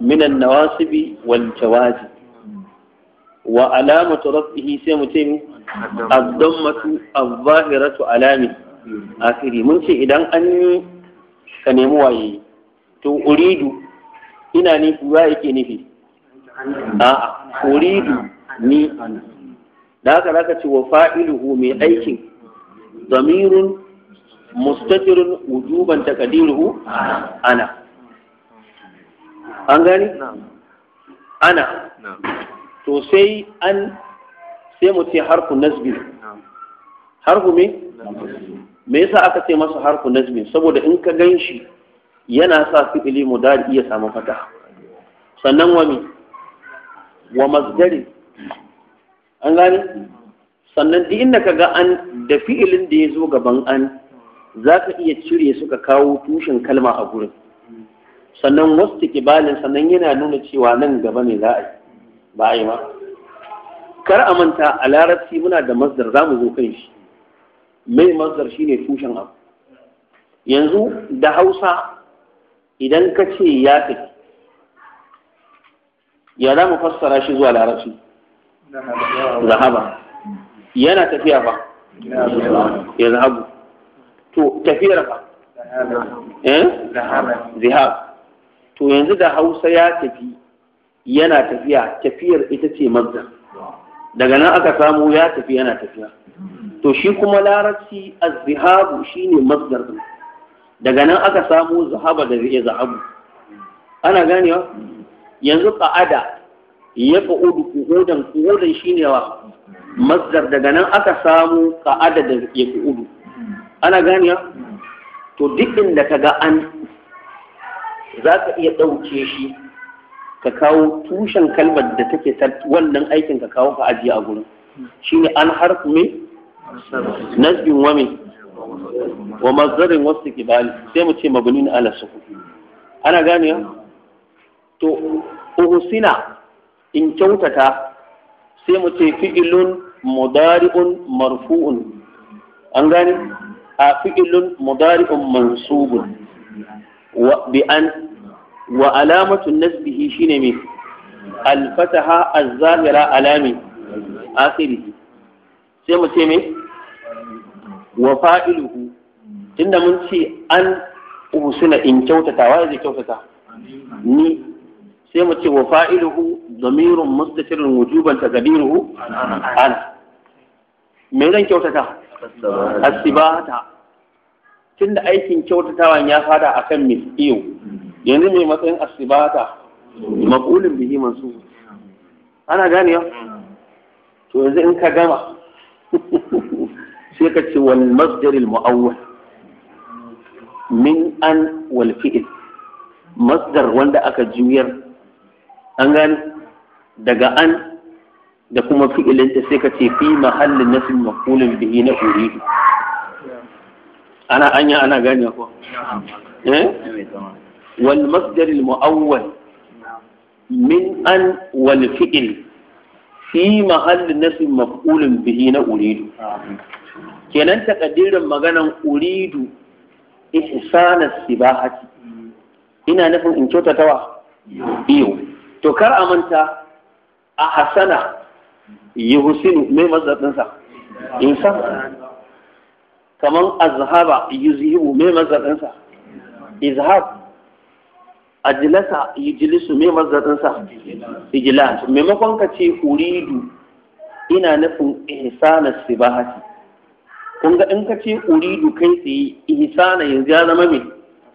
minan nawasibi wal jawazi wa alamatu rafihi sai mu ce ad-dammatu adh alami akhiri mun ce idan an yi ka nemi waye to uridu ina nufi wa yake nufi a'a uridu ni da haka zaka ce wa fa'iluhu mai aikin zamirun mustatirun wujuban taqdiruhu ana an gani ana to sai an sai mu ce harfu nasbi harfu me me yasa aka ce masa harfu nasbi saboda in ka ganshi yana sa fi'ili mudari iya samu fata sannan wa wa masdari an gani sannan duk inda kaga an da fi'ilin da ya zo gaban an za ka iya cire suka kawo tushen kalma a gurin sannan wasu kibalin sannan yana nuna cewa nan gaba ne za a ba a yi ma kar a manta a larabci muna da masdar za mu zo kan shi mai masdar shine tushen abu yanzu da hausa idan ka ce ya tafi ya za mu fassara shi zuwa larabci zahaba yana tafiya fa ya zahabu to tafiyar fa eh? zahaba to yanzu da Hausa ya tafi yana tafiya tafiyar ita ce mazda daga nan aka samu ya tafi yana tafiya to shi kuma larabci zahabu zihabu shine mazda. daga nan aka samu zahaba da zai zahabu ana ganewa yanzu ka'ada ya ƙa'udu ƙuhudan ƙuhudan shi ne wa mazdar daga nan aka samu ka adadin ya ƙuhudu ana ya to duk inda ka ga an za ka iya ɗauke shi ka kawo tushen kalmar da take wannan aikin ka kawo ka ajiye a gurin shi ne an harfi me nasbin wa mai wa mazdarin wasu kibali sai mu ce mabni na ala suku ana ganiya to uhusina. in kyautata sai mu ce fi'ilun mudari'un marfu'un an gane a fi'ilun mudari'un mansubun wa bi an wa alamatun nasbihi shine me alfataha az-zahira alami akhiri sai mu ce me wa fa'iluhu tunda mun ce an usuna in kyautata wa zai kyautata ni sai mu ce wa fa'iluhu damirun mustatirun wujuban ta taqdiruhu ana me zan kyautata asibata tunda aikin kyautatawan ya fada akan misiyo yanzu mai matsayin asibata maqulun bihi masu ana ganewa to yanzu in ka gama sai ka ce wal masdar al mu'awwal min an wal fi'l masdar wanda aka juyar an gani daga an da kuma fi'ilinta sai ka ce fi mahallin nasin maqulun bihi na uridu ana anya ana gani ko eh wal masdar al muawwal min an wal fi'il fi mahallin nasin maqulun bihi na uridu kenan takaddirin maganan uridu ihsana sibahati ina nufin in kyautatawa iyo to kar a manta a hasana yi husin mai mazaɗinsa insan kamar azhaba yi zihu mai mazaɗinsa izhab ajilasa yi jilisu mai mazaɗinsa ijilas maimakon ka ce uridu ina nufin ihsana sibahati kun ga in ka ce uridu kai tsaye ihsana yanzu ya zama mai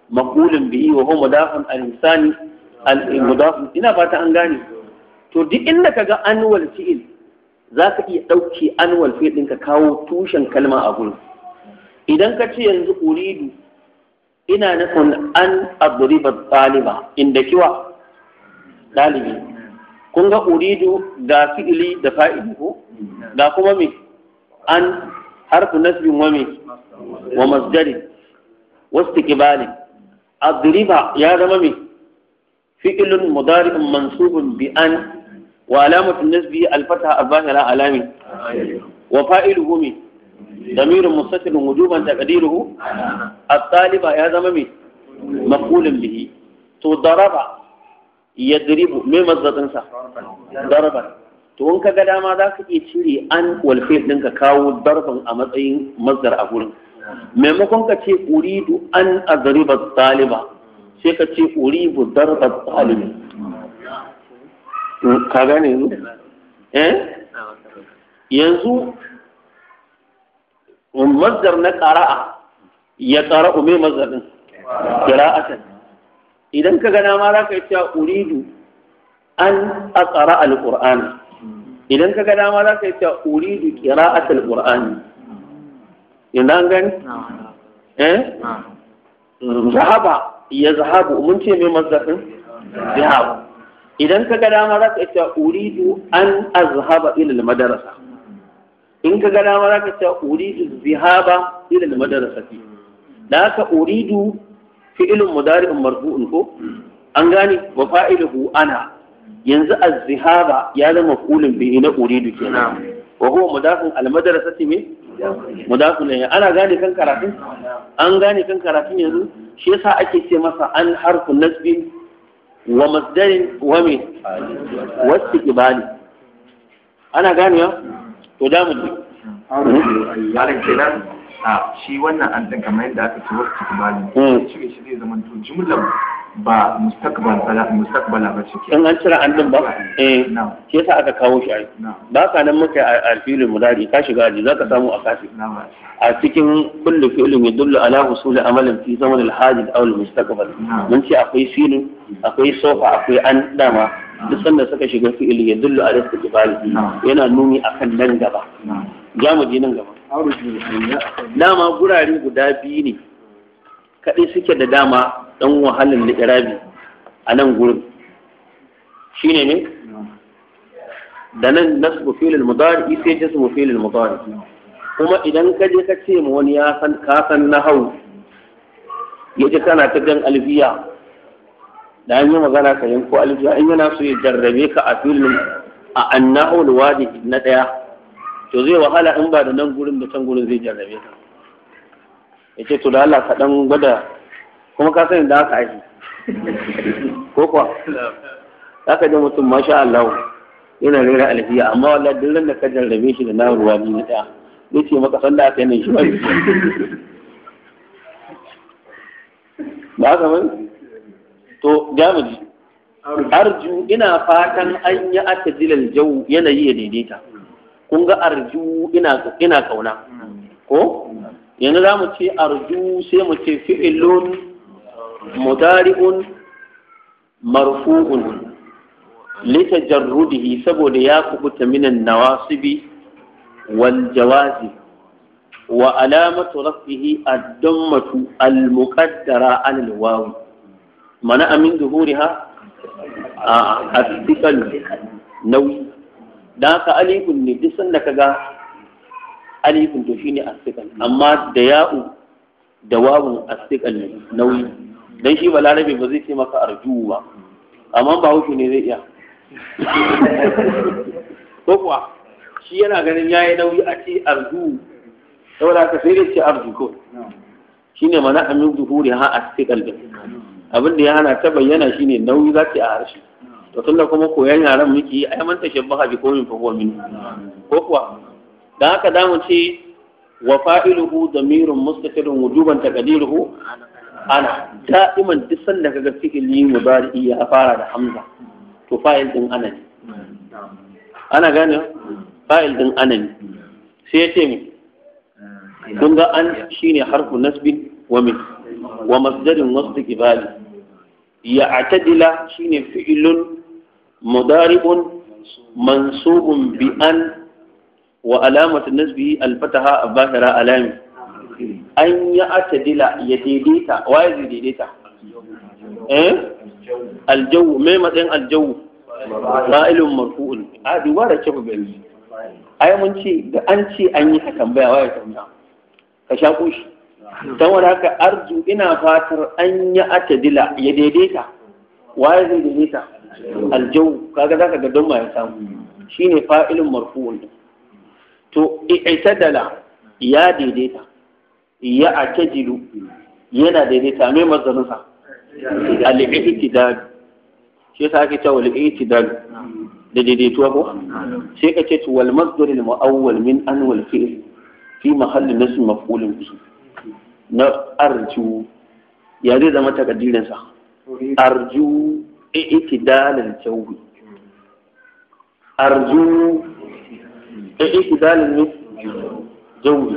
makulin bihi wa homo dafan al insani al-mudaf ina fata an gane to duk inda kaga annual fi'il ka iya dauke annual fi'il ka kawo tushen kalma a gurin idan ka ce yanzu uridu ina nufin an adriba Daliba. inda kiwa ɗalibi kun ga uridu ga fi'ili da fa'ili ko ga kuma me an harfu nasbin wa me wa masjari wasu tikibali adriba ya zama me fi'ilun mudari'un mansubun bi an wa alamatun nasbi alfata abahira alami wa fa'iluhu mi damirun mustatirun wujuban taqdiruhu at-taliba ya zama mi maqulun bihi to daraba yadribu me mazzatin sa daraba to in ka ga dama za ka iya cire an walfil din ka kawo darban a matsayin mazdar a gurin maimakon ce an azriba taliba sai ka ce dar darba zalimi hmm, ka gane yanzu eh yanzu mazdar na qara'a ya tsara mai mazdarin qira'atan idan ka gana ma za ka yi cewa uridu an tsara al idan ka gana ma za ka yi cewa uridu kira a quran yanzu Idan gani eh zahaba ya zahabu mun ce mai mazdarin zahabu idan ka ga dama za ka ce uridu an azhaba ila madarasa in ka ga dama za ka ce uridu zihaba ila madarasa fi da ka uridu fi'ilun mudari'un marfu'un ko an gane wa fa'iluhu ana yanzu az-zihaba ya zama kulun bihi na uridu kenan wa huwa mudafun al ce me mudakulin ana gane kan karatun an gane kan karatun yanzu shi yasa ake ce masa an harfu nasbi wa masdarin wa me wasu ibali ana gane ya to da mu ji a shi wannan an ɗin kamar yadda aka ce wasu cikin hmm. cire shi zai zama to jumlar ba mustakbal mustakbala ba ce in an cire an ɗin ba eh shi yasa aka kawo shi ai ba ka nan muka a filin mudari ka shiga aji zaka samu a kafi a cikin kullu fi'lin yadullu ala husuli amalin fi zaman al-hadith aw al-mustaqbal mun ce akwai filin akwai sofa akwai an dama duk sanda suka shiga fi'il yadullu ala istiqbal yana nuni akan nan gaba za mu je nan gaba dama gurare guda biyu ne kaɗai suke da dama ɗan wahalin da irabi a nan gurin shi ne ne da nan nasu filin mudari sai jismu filin mudari kuma idan ka je ka ce ma wani ya san kasan na hau ya ji kana ta jan alfiya. da an yi magana ka yanko alfiya in yana so ya jarrabe ka a filin a annahu alwaji na ɗaya to zai wahala in ba da nan gurin da can gurin zai jarrabe ka ce to da Allah ka dan gwada kuma ka sani da haka aiki ko kuwa ka ji mutum masha Allah yana rera alfiya amma wala duk ran da ka jarrabe shi da na ruwa ni na Zai ce maka san da aka yi shi ba ba ka ba to jami'i arju ina fatan an yi jilal jau yanayi ya daidaita kun ga arju ina ina kauna ko yana za mu ce arju sai mu ce fi'ilun mudari'un marfu'un litajarrudihi saboda ya kubuta minan nawasibi wal jawazi wa alamatu rafihi ad-dammatu al-muqaddara 'ala al-waw mana amin duhuriha a asikan nauyi da haka alifun ne duk sanda ka ga alifun to shine astiqal amma da ya'u da wawun astiqal ne nauyi dan shi balarabe ba zai ce maka arju ba amma ba haushi ne zai iya ko kuwa shi yana ganin yayi nauyi a ce arju saboda ka sai dai ce arju ko shine mana amin zuhuri ha astiqal din abin da ya hana ta bayyana shine nauyi zaki a harshe to tunda kuma koyan yaran muke yi ai man tashabbaha bi qawmin fa huwa minhu ko kuwa dan haka da mu ce wa fa'iluhu damirun mustatirun wujuban taqdiruhu ana da'iman duk sanda kaga fi'ili mudari ya fara da hamza to fa'il din ana ne ana gane fa'il din ana ne sai ya ce mi kun ga an shine harfu nasbin wa min wa masdarin wasu ibali ya atadila shine fi'ilun مضارب منصوب بأن وعلامة نسبه الفتحة الظاهرة علامة أن يعتدل يديديتا وايزي ديديتا الجو ما مثلا الجو فاعل مرفوع هذه وارة شبه بيقول أي من شيء da شيء أن يحكم بها ka tambaya تقول tambaya أرجو إنا فاتر أن wani haka arzu ina aljau kaga zaka ga don ma ya samu Shi fa’ilin fa'ilun da to dala ya daidaita ya jilu yana daidaita mai mazanusa sa al shi yasa ake cewa al-i'tidal da daidaituwa ko sai ka ce to wal masdar al min an wal fi'l fi mahallin nasu maf'ulun su na arju ya zai zama takaddirin sa arju i'tidalul jawi arju i'tidalul jawi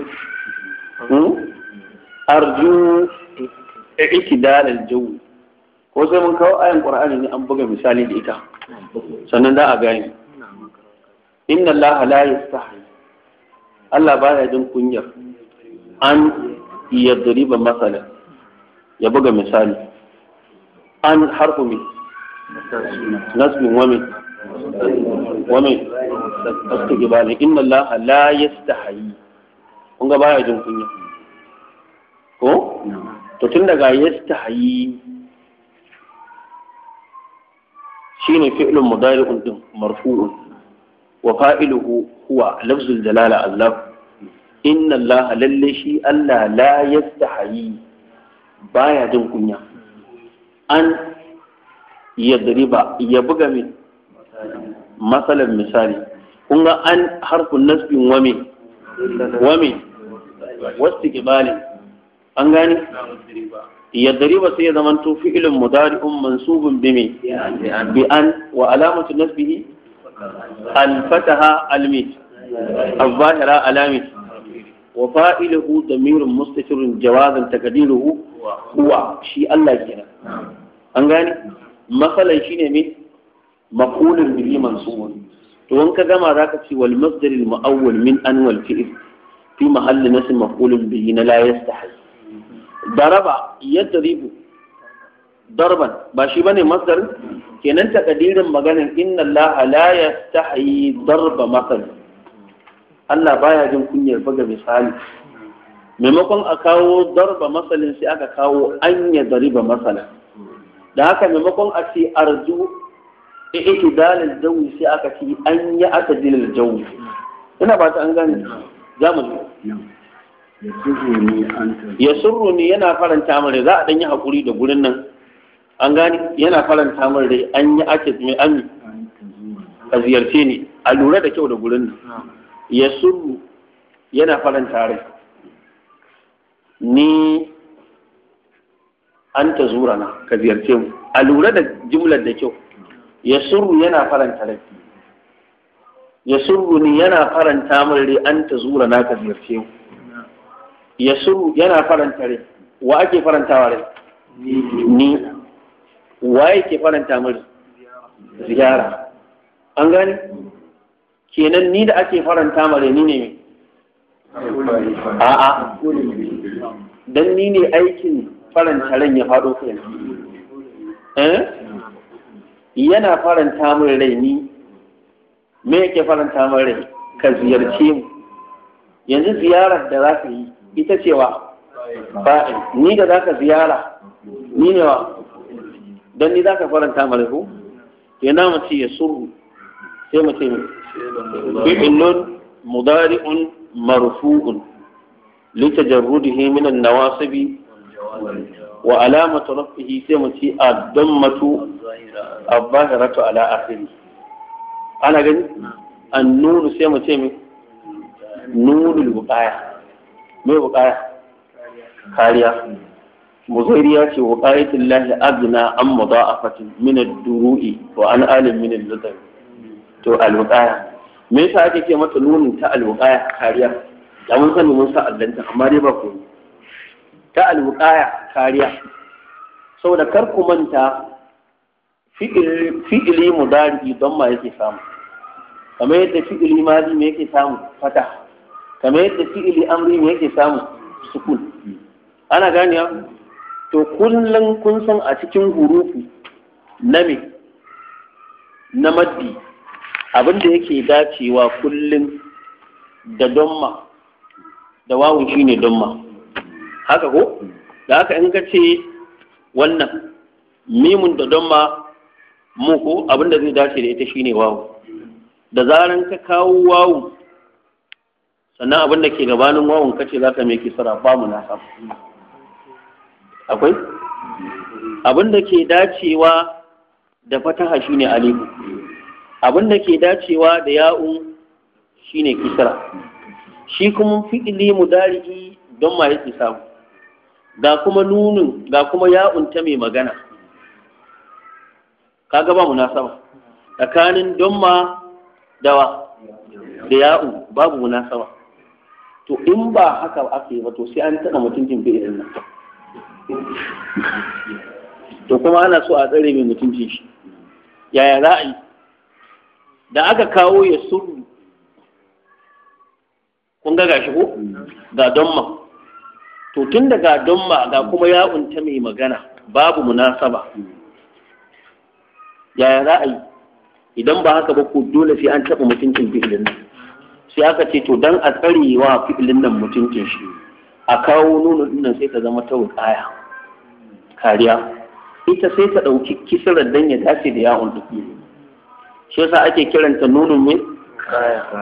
arju i'tidalul jawi ko sai mun kawo ayan qur'ani ne an buga misali da ita sannan za a gane inna allaha la Allah baya jin kunyar an yadriba masalan ya buga misali an nasbin wame wame astaghfirullah inna allaha la yastahi kun ga baya jin kunya ko to tun daga yastahi shine fi'lun mudari'un din marfu'un wa fa'iluhu huwa lafzul dalala allah inna allaha lalle shi allah la yastahi baya jin kunya an ya ya buga min matsalar misali kun ga an harfin nasbin wame wame wasu kibalin an gani? ya ba sai ya zama to fi'ilun mudari'un bin bimi bi an wa alamatu nasbihi alfataha almi الظاهرة علامة وفائله ضمير مستتر جوازا تقديره هو شيء الله كنا gani? masalan shine me maqulun bihi mansubun to in ka gama zaka ce wal masdar al muawwal min an wal fi'l fi mahalli nasb maqulun bihi la yastahi daraba yadda yadribu darban ba shi bane masdar kenan takadirin maganin inna allaha la yastahi darba masal Allah baya jin kunyar buga misali maimakon a kawo darba masalin sai aka kawo anya dariba masalan da haka maimakon a ce arzu eh, eh, dalil jawi sai aka ce an yi dalil jawi ina ba ta an gane za mu ya surru ne yana faranta min za a dan yi hakuri da gurin nan an gane yana faranta min da an yi aka mai an a ziyarce ni a lura da kyau da gurin nan ya surru yana faranta rai ni an ta zura na, ka ziyarce mu a lura da jumlar da kyau ya surru yana faranta rai ya surru ni yana faranta min rai an ta zura na, ka ziyarce mu ya surru yana faranta rai wa ake farantawa rai ni wa yake faranta min ziyara an gani. kenan ni da ake faranta min rai ni ne a'a dan ni ne aikin faranta ran ya faɗo yanzu? Eh? yana faranta mun rai ni me yake faranta mun rai ka ziyarce mu yanzu ziyarar da za ka yi ita cewa ba ni da za ka ziyara ni ne wa don ni za ka faranta mun rai ko yana mace ya suru sai mace fi'ilun mudari'un marfu'un litajarrudihi min an-nawasibi wa alamatu rafihi sai mu ci addammatu abbahiratu ala akhiri ana gani nuru sai mu ce mi nurul buqaya me buqaya kariya muzairi ya ce wuqayatul lahi adna am mudaafatin min ad-duru'i wa an alim min al to al-buqaya me yasa ake ce mata nunin ta al kariya da mun san mun sa allanta amma dai ba ku. ta alwuƙaya kariya saboda kar ku manta mu mudari don ma yake samu kamar yadda fi'ili mali me yake samu fata kamar yadda fi'ili amri me yake samu sukun ana ganiya to kullum kun san a cikin hurufu na me na maddi abinda yake dacewa kullum da donma da wawun shine donma haka ko da haka in ka ce wannan mimun da don ma mu ko abin da zai dace da ita shine wawu da zaran ka kawo wawu sannan abin da ke gabanin wawun ce za ka mai kisara ba mu samu? akwai abin da ke dacewa da fataha shine alifu abin da ke dacewa da ya'un shine kisra shi kuma fi'ili mudari'i don ma yake samu ga kuma nunin ga kuma ya'un ta mai magana kaga ba munasaba tsakanin damma dawa da ya'un babu munasaba to in ba haka aka yi ba to sai an taɓa mutuncin fi irin nan to kuma ana so a tsare mai mutuncin shi yaya za a yi da aka kawo ya suru kun ga gashi ko ga damma to tun daga don ma ga kuma ya unta mai magana babu munasaba yaya za a yi idan ba haka ba ku, dole sai an taɓa mutuncin fi'ilin nan sai aka ce to dan a tsarewa fi'ilin nan mutuncin shi a kawo nuna dinnan sai ta zama ta wuƙaya kariya ita sai ta ɗauki kisirar dan ya dace da yawon duki shi yasa ake kiranta nunin mai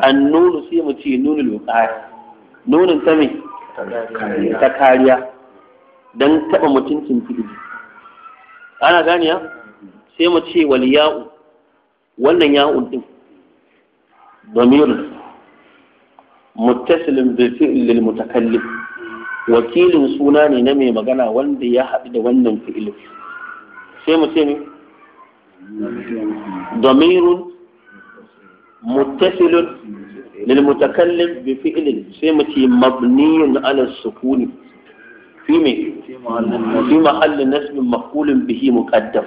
an nunu sai mu ce nunul wuƙaya nunun ta me ta kariya don taɓa mutuncin kiri ana ganiya sai mu ce wal ya'u wannan ya'u din domin muttasilin bil fi'il mutakallim wakilin suna ne na mai magana wanda ya haɗu da wannan fi'ilin sai mu ce ne domin متصل للمتكلم بفعل سمتي مبني على السكون في في محل نسب مفعول به مقدم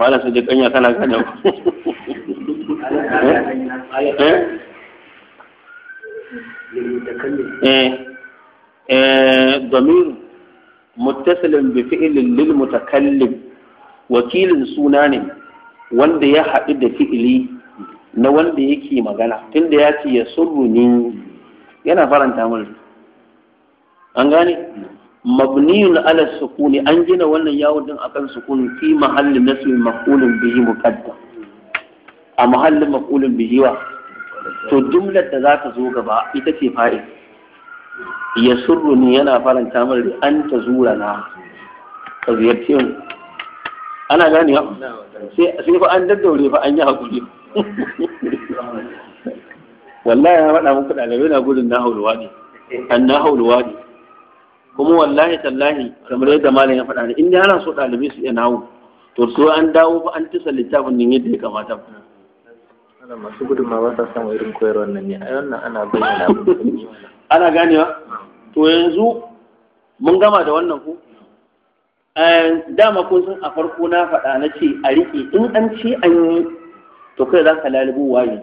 قال su je kanya kana gane ضمير متصل بفعل للمتكلم وكيل سنان وند يا فعلي na wanda yake magana tunda ya ce ya surru ni yana faranta mul an gane mabniyun ala sukuni an gina wannan yawo din akan sukuni fi mahallin nasbi maqulun bihi muqaddam a mahallin maqulun bihi wa to jumlar da za ta zo gaba ita ce fa'i ya surru ni yana faranta mul an ta zura na ka ziyarce ana gane sai fa an daddaure fa an yi hakuri wallahi ya faɗa muku ɗalibai na gudun na hauluwa ne an na hauluwa ne kuma wallahi tallahi kamar yadda malam ya faɗa ne in ana so ɗalibai su iya nawo to su an dawo ba an tisa littafin nan yadda ya kamata masu gudun ma ba sa samun irin koyarwar nan ne a wannan ana bayyana ana ganewa to yanzu mun gama da wannan ku eh, dama kun san a farko na faɗa na ce a riƙe in an ce an yi to kai za ka lalubo waye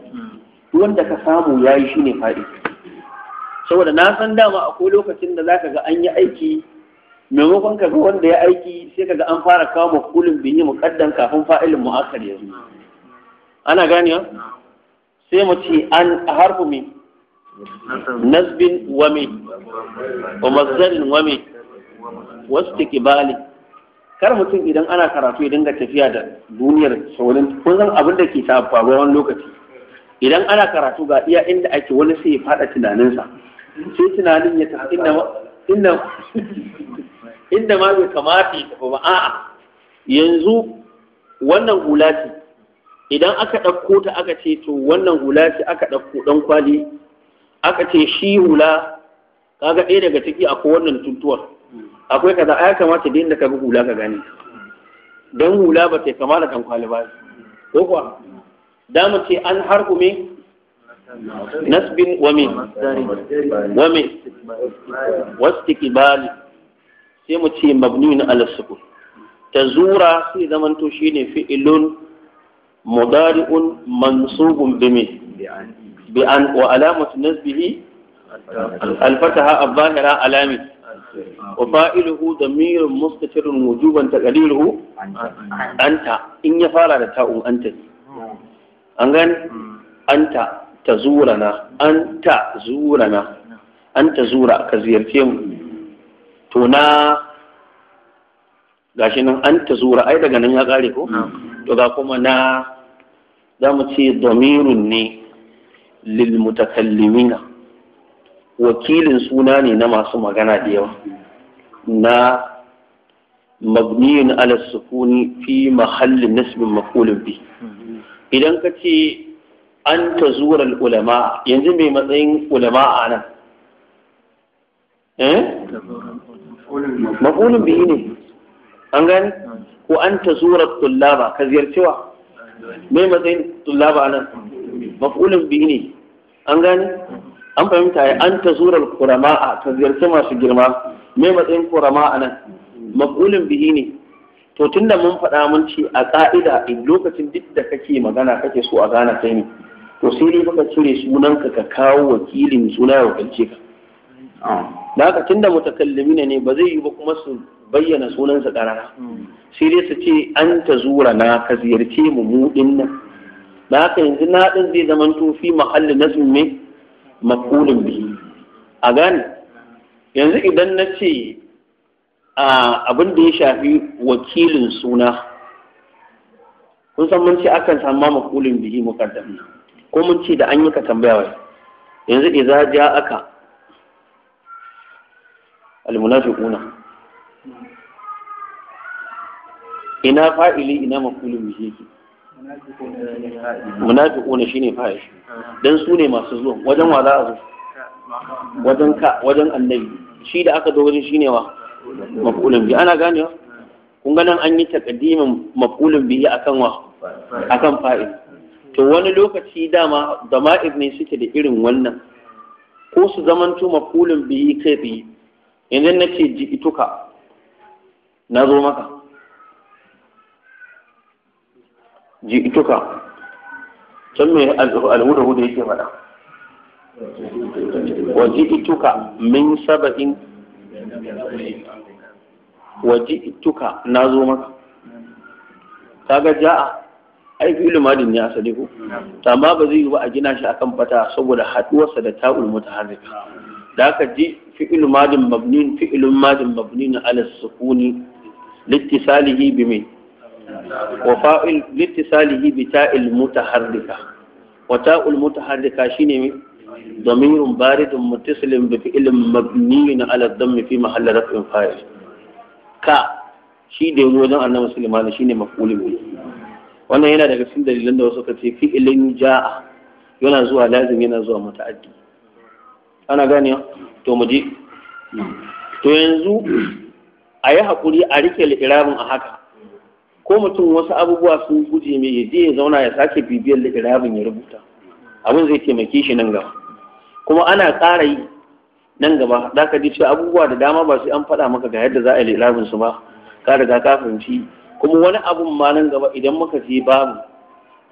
wanda ka samu ya yi shi ne faɗi saboda na san dama akwai lokacin da zaka ga an yi aiki maimakon ka ga wanda ya aiki sai ka ga an fara kawo makulin bin yi kafin fa'ilin mu'akkar ya ana ana gane sai mu ce an harfu mi nasbin wame wa mazdarin wame wasu tikibali kar mutum idan ana karatu ya dinga tafiya da duniyar saurin kun san abin da ke faruwa wani lokaci idan ana karatu ga iya inda ake wani sai ya fada tunaninsa sai tunanin ya tafi inda inda inda ma bai kamata ya tafi ba a'a yanzu wannan hula ce idan aka ɗauko ta aka ce to wannan hula ce aka ɗauko ɗan kwali aka ce shi hula kaga ɗaya daga ciki akwai wannan tuntuwar akwai kaza ya kamata da ka bi hula ka gane don hula ba ta kama da kankwali ba ko kuwa da mu ce an harku me nasbin wa me wa me wastiqbali sai mu ce na ala sukun tazura sai zamanto shine fi'ilun mudari'un mansubun bimi bi an wa alamatu nasbihi الفتحة الظاهرة علامة وفائله ضمير مستتر وجوبا تقليله أنت إن يفعل على تاء أنت أنغن أنت تزورنا أنت زورنا أنت زور كزيرتيم تنا gashi nan an ta zura ai daga nan ya kare ko to ga kuma na za mu ce damirun ne lil mutakallimina wakilin suna ne na masu magana da yawa na mabniyun ala sukuni fi mahallin nasibin maqulun bi idan ka ce an ta zuwa ulama yanzu mai matsayin ulama a nan eh maqulun bi ne an gani ko an ta zuwa tullaba ka ziyarcewa mai matsayin tullaba a nan maqulun bi ne an gani an fahimta ya an ta zurar kurama'a ta ziyarci masu girma mai matsayin kurama'a nan Maƙulin bihi ne to tunda mun faɗa mun ce a ƙa'ida in lokacin duk da kake magana kake so a gana kai ne to sai dai baka cire sunanka ka kawo wakilin suna ya wakilce ka da haka tunda ne ba zai yi ba kuma su bayyana sunansa ƙarara sai dai su ce an ta zura na ka ziyarce mu mu nan da haka yanzu na ɗin zai zamanto fi mahallin na mai Makulin bihi a gane yanzu idan na ce abin da ya shafi wakilin suna kun san mun ce akan samu makulin bihi muqaddam ko mun ce da an yi ka tambaya wai yanzu idza aka almunafiquna ina fa'ili ina makulin bihi yake munafiquna shine fahish dan su ne masu zuwa wajen wa za a zo wajen ka wajen annabi shi da aka zo wajen shine wa maf'ulun bi ana gane kun ga nan an yi takaddimin maf'ulun bi akan wa akan fa'il to wani lokaci dama da ne suke da irin wannan ko su zamanto maf'ulun bi kai biyu? yanzu na ce ji ituka na zo maka ji'tuka can me alhuda huda yake faɗa wa ji'tuka min saba'in wa ji'tuka na zo maka kaga ja'a ai fi madin ne asali ko ma ba zai yi ba a gina shi akan fata saboda haduwarsa da ta ulmuta harika da aka ji fi madin mabni fi'lun madin mabni ala sukuni littisalihi bi mai وفاء لاتصاله بتاء المتحركة وتاء المتحركة شيني ضمير بارد متصل بفعل مبني على الضم في محل رفع فاعل Ka shi da yazo wajen annabi sulaiman shine maf'ul bihi wannan yana daga cikin dalilan da wasu ka ce fi'ilin ja'a yana zuwa lazim yana zuwa muta'addi ana gane to to yanzu a yi hakuri a rike li'irabin a haka ko mutum wasu abubuwa sun guje mai ya je ya zauna ya sake bibiyar littafin ya rubuta abin zai taimake shi nan gaba kuma ana ƙara yi nan gaba za ka ji abubuwa da dama ba sai an faɗa maka ga yadda za a yi littafin su ba ka riga ka fahimci kuma wani abun ma nan gaba idan muka je babu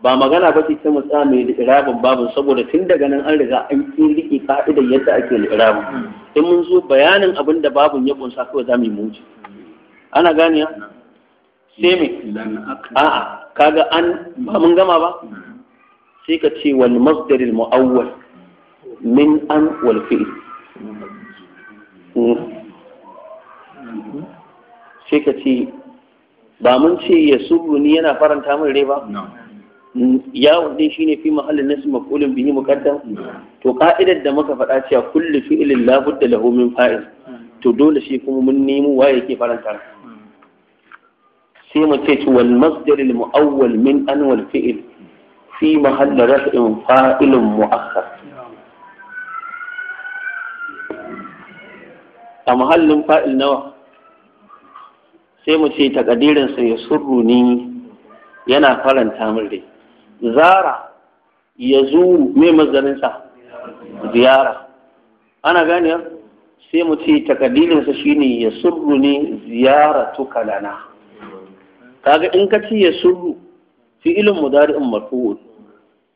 ba magana ba ce ta mutsa mai littafin babu saboda tun daga nan an riga an riƙe ka'idar yadda ake littafin in mun zo bayanin abin da babun ya ƙunsa kawai za mu yi muji ana gane sai me a'a kaga an ba mun gama ba mm. sai ka ce wal masdaril mu'awwal min an wal fi'l mm. sai ka ce ba mun ce ya ni yana faranta min rai ba mm, yawon shi ne fi mahallin nasu maf'ulun bihi muqaddam to ka'idar da muka faɗa cewa kullu fi'lin la budda lahu min fa'il to dole shi kuma mun nemo waye yake faranta sai mu ce ci wal masdar al muawwal min an wal fi'l fi mahall raf'in fa'il muakhar a mahallin fa'il nawa sai mu ce takadirinsa ya yasurru ni yana faranta min rai zara ya me mai sa ziyara ana ganiyar sai mu ce sa shine ya ni ziyaratu kalana kaga in ka ce ya surru fi'ilun mudari'un marfu'un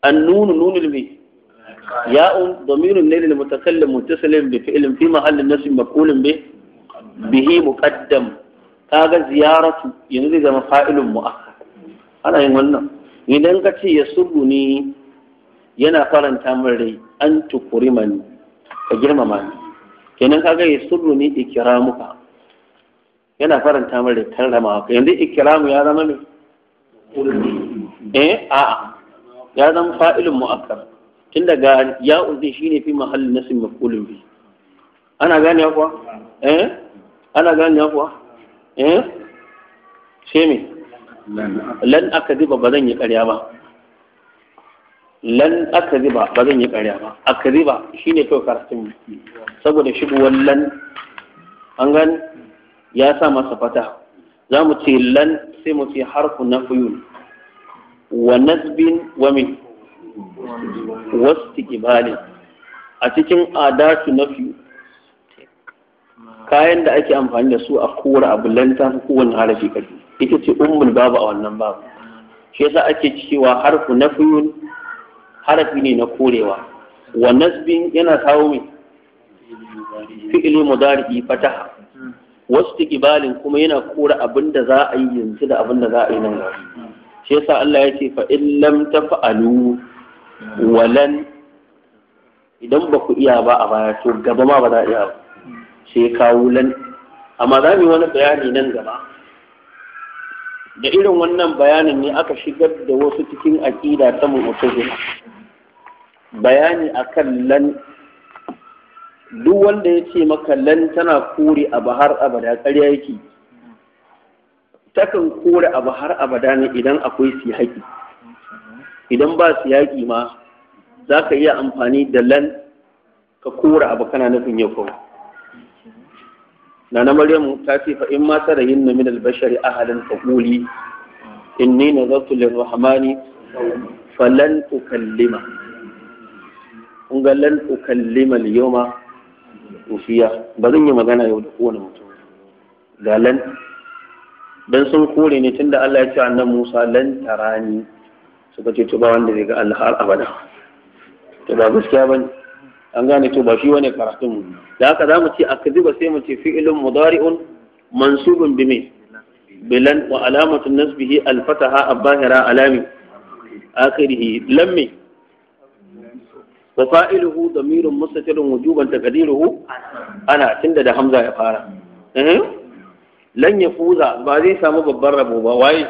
an nunu nunul mai un damirun ne lil mutakallim mutasallim bi fi'lin fi mahallin nasb maf'ulun bi bihi muqaddam kaga ziyaratu yanzu zai zama fa'ilun mu'akkar ana yin wannan idan ka ce ya surru ni yana faranta min rai an tukurima mani, ka girmama ni kenan kaga ya surru ni muka. yana faranta mai da karrama ka yanzu ikiramu ya zama ne eh a'a ya zama fa'ilun mu'akkar tun daga ya uzi shine fi mahallin nasin maf'ulun bi ana gane kuwa eh ana gane kuwa eh sai me lan akadiba ba zan yi ƙarya ba lan akadiba ba zan yi ƙarya ba akadiba shine kawai karatun saboda shigowar lan an gane ya sa masa fata za mu ce lan sai mu ce harfu na fuyul wa nasbin wa min wasu a cikin adatu na fiyu kayan da ake amfani da su a kowar abu lanta kowane harafi karfi ita ce umul babu a wannan babu shi yasa ake cewa harfu na fiyun harafi ne na korewa wa nasbin yana kawo mai fi'ili mudari'i fataha wasu ibalin kuma yana kora abin da za a yi yanzu da abin da za a yi nan shi yasa Allah ya ce fa in lam tafa'alu walan idan ba ku iya ba a baya to gaba ma ba za a iya ba sai kawo lan amma za mu yi wani bayani nan gaba da irin wannan bayanin ne aka shigar da wasu cikin aƙida ta mu'tazila bayani akan lan duk wanda ya ce maka lan tana kore abu har abada ƙarya yake takan kore abu har abada ne idan akwai siyaki idan ba siyaki ma za ka iya amfani da lan ka kore abu kana nufin ya kuma na na maryamu ta ce fa in ma sarayin na min albashari ahalin na inni nazartu lirrahmani falan ukallima kun ga lan ukallima al-yawma sufiya ba zan yi magana yau da kowane mutum Ga lan dan sun kore ne tunda Allah ya ce annabi Musa lan tarani suka ce to ba wanda zai ga Allah har abada to ba gaskiya bane an gane to ba shi wane karatun mu da haka zamu ce akziba sai mu ce fi'lun mudari'un mansubun bi me bilan wa alamatu nasbihi al-fataha al-bahira alami akhirih lam fa'iluhu damirun mustatirun wujuban taqdiruhu ana tunda da hamza ya fara eh lan yafuza ba zai samu babban rabo ba waye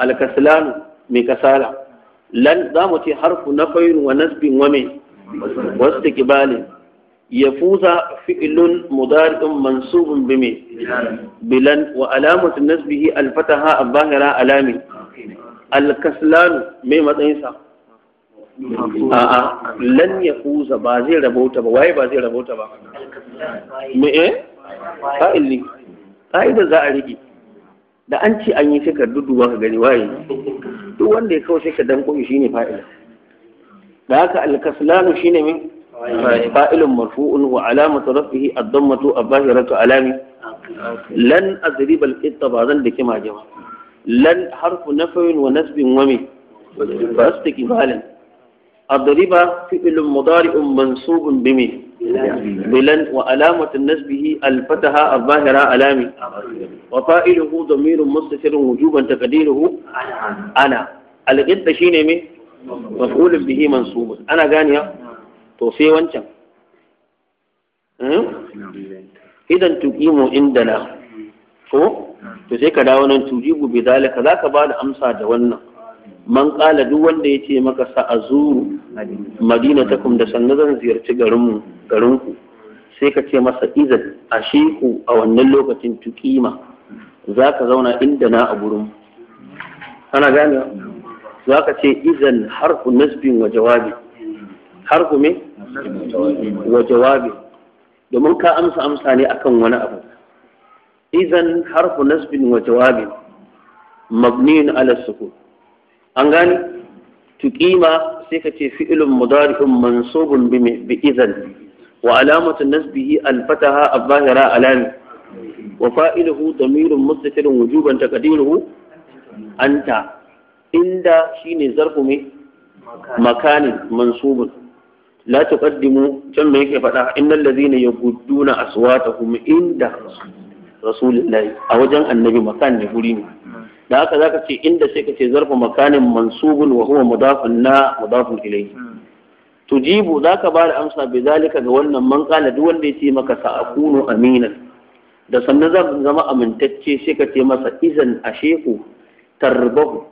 alkaslanu mai kasala lan za mu ce harfu nafayin wa nasbin wa mai wastiqbalin yafuza fi'lun mudari'un mansubun bi mai bilan wa alamatu nasbihi alfataha abahira alami alkaslanu mai matsayinsa a'a lan ya fuza ba zai rabauta ba waye ba zai rabauta ba me eh fa'il ne ka'ida za a riƙe. da an ce an yi sai ka duduwa ka gani waye duk wanda ya kawo sai ka danko shi ne fa'il da haka al-kaslanu shine min fa'ilun marfu'un wa alamatu rafihi ad-dammatu abahiratu alami lan a al-qitta ba zan da kima jama. lan harfu nafyin wa nasbin wa ta واستقبالا الضريبة فعل مضارع منصوب بمي بلن وعلامة نسبه الفتحة الظاهرة علامي وفائله ضمير مستتر وجوبا تقديره أنا الغد شيني مي مفعول به منصوب أنا غانيا توفي وانشا إذا تقيم عندنا ko to sai ka dawo nan tujibu bi zalika zaka ba da amsa da wannan man ƙala duk wanda ya ce maka sa'azuru madina ta da sannan zan ziyarci garinmu garinku sai ka ce masa izan a sheku a wannan lokacin tukima za ka zauna inda na a gurin ana gane za ka ce izan harfu nasbin wa jawabi harfu me wa jawabi domin ka amsa amsa ne akan wani abu izan harfu nasbin wa jawabi mabniyin ala sukun an gani tuƙima sai ka ce fi'ilun mudari'un mansubun bi biizan, wa alamatu nasbihi alfataha fataha al-zahira alami wa fa'iluhu damirun mustatirun wujuban taqdiruhu anta inda shine zarfu mai makanin mansubun la tuqaddimu can me yake faɗa innal ladhina yaqudduna aswatahum inda rasulillahi a wajen annabi makan ne guri ne da haka zaka ce inda sai ka ce zarfa makanin mansubun wa huwa mudafun na mudafun ilayhi tujibu zaka ba da amsa bi zalika ga wannan man kala duk wanda yace maka sa'akunu aminan da sannan zan zama amintacce sai ka ce masa izan asheku tarbahu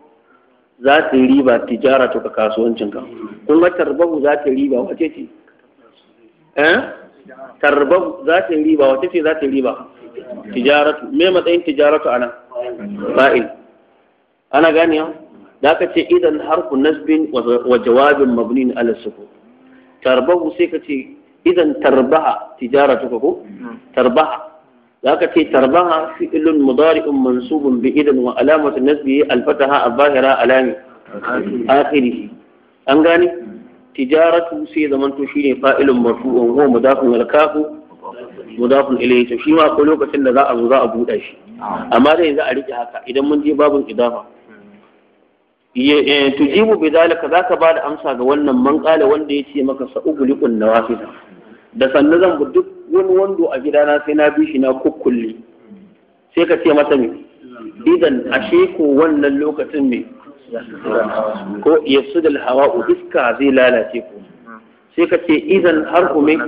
za ta yi riba tijara to ka kasuwancin ka kun ga tarbahu za ta riba wace ce eh tarbahu za ta riba wace ce za ta riba tijaratu me matsayin tijaratu ana fa'il ana gani ganiya da aka ce idan harfu nasbin wa jawabin mabnin ala suku tarbahu sai ka ce idan tarbaha tijaratu kako? tarbaha da aka ce tarbaha fi ilun mudari'un mansubun bi idan wa alamatu nasbi ya alfataha a bahira alami Akiri. an gani tijaratu sai zamanto shine fa'ilun marfu'un wa mudafun alkafu mudafun ilayhi to shi ma akwai lokacin da za a zo za a buɗa shi amma dai za a rike haka idan mun je babun idafa eh, tujibu bi zalika zaka ba da amsa ga wannan man kala wanda ya ce maka sa'uguliqun nawafida da sannan zan duk wani wando a gidana sai na bi shi na kukkulle sai ka ce masa me idan ashe ko wannan lokacin me ko yasudul hawa'u iska zai lalace ku sai ka ce idan harku min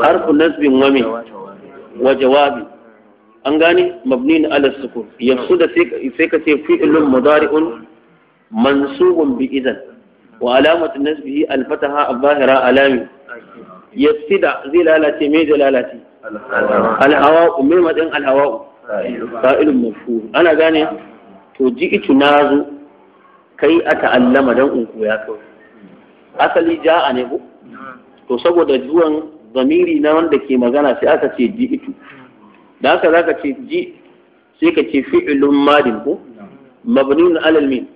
harku nasbin wami. wa jawabi an gane mabnin ala sukun yanzu da sai ka ce fi'lun mudari'un mansubun bi idan wa alamatu nasbi al-fataha al-zahira alami yasida zai lalace me zai lalace alhawa'u mai matsayin alhawa'u hawau fa'ilun ana gane to ji na nazo kai a ta'allama don in koya kawai asali ja ne ko to saboda zuwan zamiri na wanda ke magana sai aka ce ji itu da haka ce ji sai ka ce fi'ilun madin ko mabnun alal min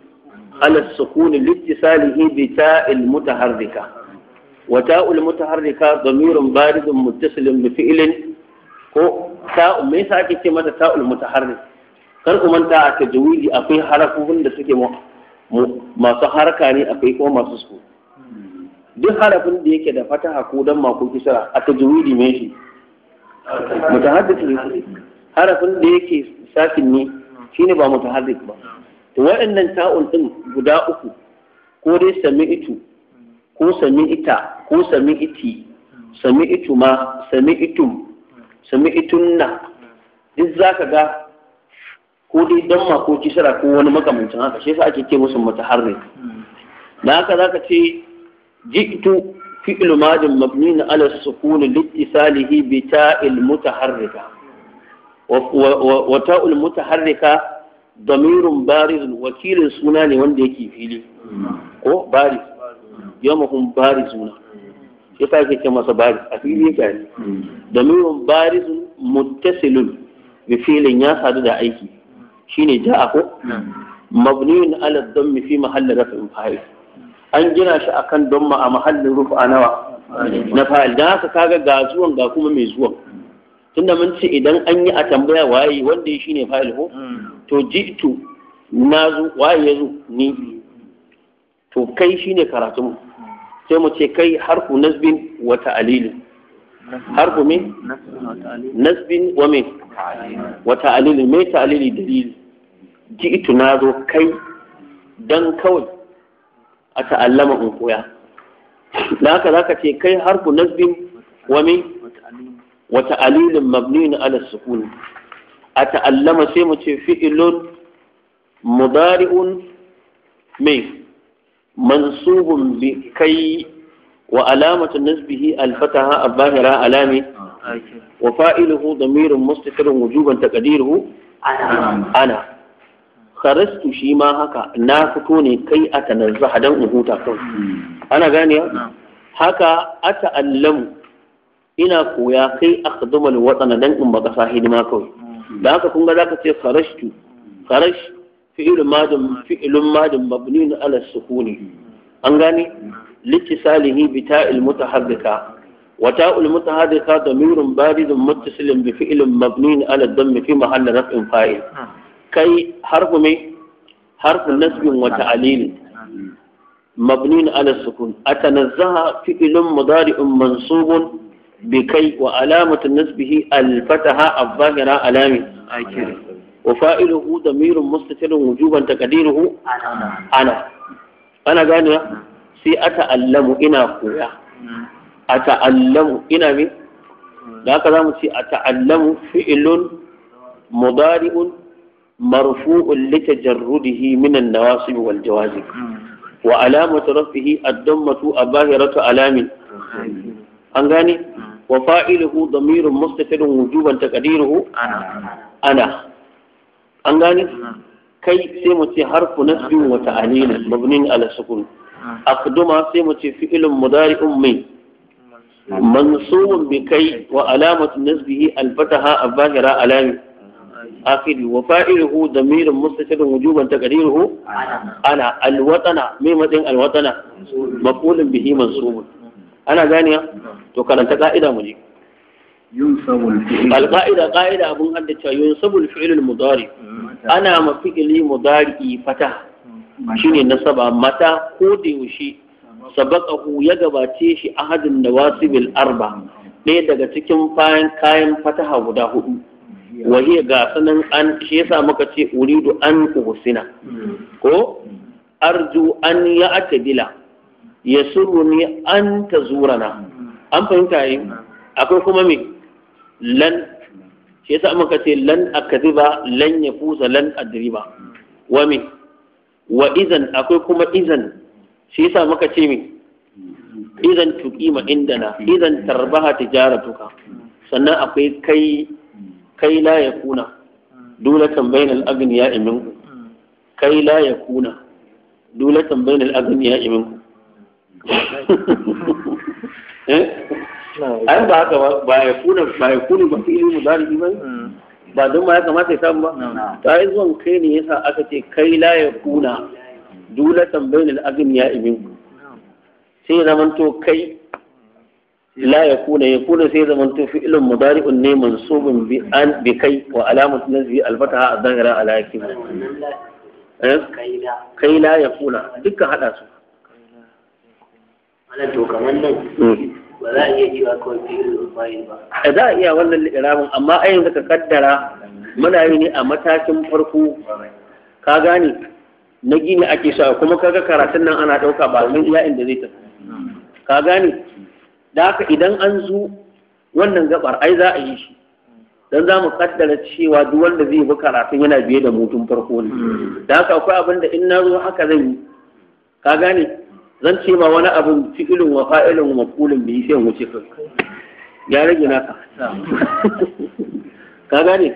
alal sukuni bi ta'il mutaharrika wa ta'ul mutaharrika zamirun baridun bi fi'ilin ko me yasa ake ce mata ta'ul mutaharrik kar ku manta a tajwidi akwai harafofin da suke masu harka ne akwai ko masu sukuni duk harafin da yake da fataha ko dan mako kisra a tajwidi me shi mutahaddith ne harafin da yake sakin ne shine ba mutahaddis ba to waɗannan ta'un din guda uku ko dai sami itu, ko sami ita, ko sami iti, sami itu ma sami itun sami'tunna duk za ka ga ko dai don ko kisra ko wani makamancin haka shi sa ake ce musu mutahaddis da haka za ka ce ji'tu fi'l madin mabni ala sukun liittisalihi bi ta'il mutaharrika wa ta'ul mutaharrika damirun bariz wakilin suna ne wanda yake fili ko bariz yamahum barizuna yasa yake ce masa bariz a fili yake damirun barizun muttasilun bi filin ya sadu da aiki shine ja'a ko mabniyun ala dhammi fi mahalli raf'in fa'il an gina shi a kan don ma a mahallin rufu a nawa na fa'il dan haka kaga ga zuwan ga kuma mai zuwan tunda mun ce idan an yi a tambaya waye wanda shi ne fa'il ko to jitu na zu waye ya zo ni to kai shi karatu karatun sai mu ce kai harfu nasbin wa ta'lil harfu min nasbin wa min wa ta'lil me ta'lili dalili jitu na zo kai dan kawai a ta'allama in koya da haka zaka ce kai harfu nasbin wa min wa ta'alilin mabnin ala sukun a ta'allama sai mu ce fi'ilun mudari'un mai mansubun bi kai wa alamatu nasbihi alfataha abahira alami ah, wa fa'iluhu damirun mustaqirun wujuban taqdiruhu ana kharastu shi ma haka na fito ne kai a tanazzaha dan in huta kawai ana gane haka a ta'allamu ina koya kai a kazumal watsana dan in baka sa hidima kawai da haka kun ga zaka ce kharashtu kharash fi'il madin fi'ilun madin mabni ala sukuni an gane litisalihi bi ta'il mutahaddika وتاء المتحركة ضمير بارد متصل بفعل مبني على الضم في محل رفع فاعل kai harfu mai harfin nasbin wata alilin mabnin ala sukun a tanazzaha fi'ilun mudari'un mansubun bi kai wa alamat nasbihi alfataha az-zahira alami wa fa'iluhu damirun mustatirun wujuban taqdiruhu ana ana gani sai ata allamu ina koya ata allamu ina me da haka zamu ce a allamu fi'ilun mudari'un marfu'un li tajarrudihi min an-nawasib wal jawazib wa alama ta alamatu rafihi ad-dammatu abahiratu alamin an gane wa fa'iluhu damirun mustafidun wujuban taqdiruhu ana ana an gane kai sai mu ce harfu nasbin wa ta'alilin mabnin ala A akduma sai mu ce fi'ilun mudari'un mai mansubun bi kai wa alamatu nasbihi al-fataha abahira alamin akidi wa fa'ilihu damirin mustashadin wujuban taqdiruhu ana alwatana mai matsayin alwatana maqulun bihi mansubun ana gani to karanta ka'ida mu ji alqa'ida qa'ida abun haddace yun sabul fi'l mudari ana ma fi'li mudari fata shine nasaba mata ko da yushi sabaqahu ya gabace shi a ahadin nawasibil arba ɗaya daga cikin kayan fataha guda huɗu. wahiya ga sanan an shi yasa muka ce uridu an uhsina ko arju an ya suru yasuruni an tazurana an fahimta yi akwai kuma me lan shi yasa muka ce lan akadiba lan yafusa lan adriba wa me wa izan akwai kuma izan shi yasa muka ce me izan tuqima indana izan tarbaha tijaratuka sannan akwai kai kai la ya kuna dulatan bainal agniya iminku kai la ya kuna dulatan bainal agniya iminku eh? ai ba haka ba ya kuna ba ya kuna ba su ilimin da ba ba don ma ya kamata ya samu ba ta yi zuwan kai ne yasa aka ce kai la ya kuna dulatan bainal agniya iminku sai zamanto kai la yakuna yakuna sai zaman to fi'lun mudari'un ne mansubun bi an bi kai wa alamatu nazbi al-fataha adhara ala yakim eh? kai la yakuna dukkan hada su ana to kamar nan hmm. ba za a iya cewa kawai fi'lun fa'il ba eh, za a iya wannan li'irabin amma ayin ka kaddara muna yi ne a matakin farko ka gane na gini ake sha kuma kaga karatun nan ana ɗauka ba mun iya inda zai tafi ka gane da haka idan an zo wannan gabar ai za a yi shi dan za mu kaddara cewa duk wanda zai bi karatun yana biye da mutum farko ne da haka akwai abin da in na zo haka zan yi ka gane zan ce ma wani abin fi'ilin wa fa'ilin wa maqulin bi sai wuce ka ya rage naka ka gane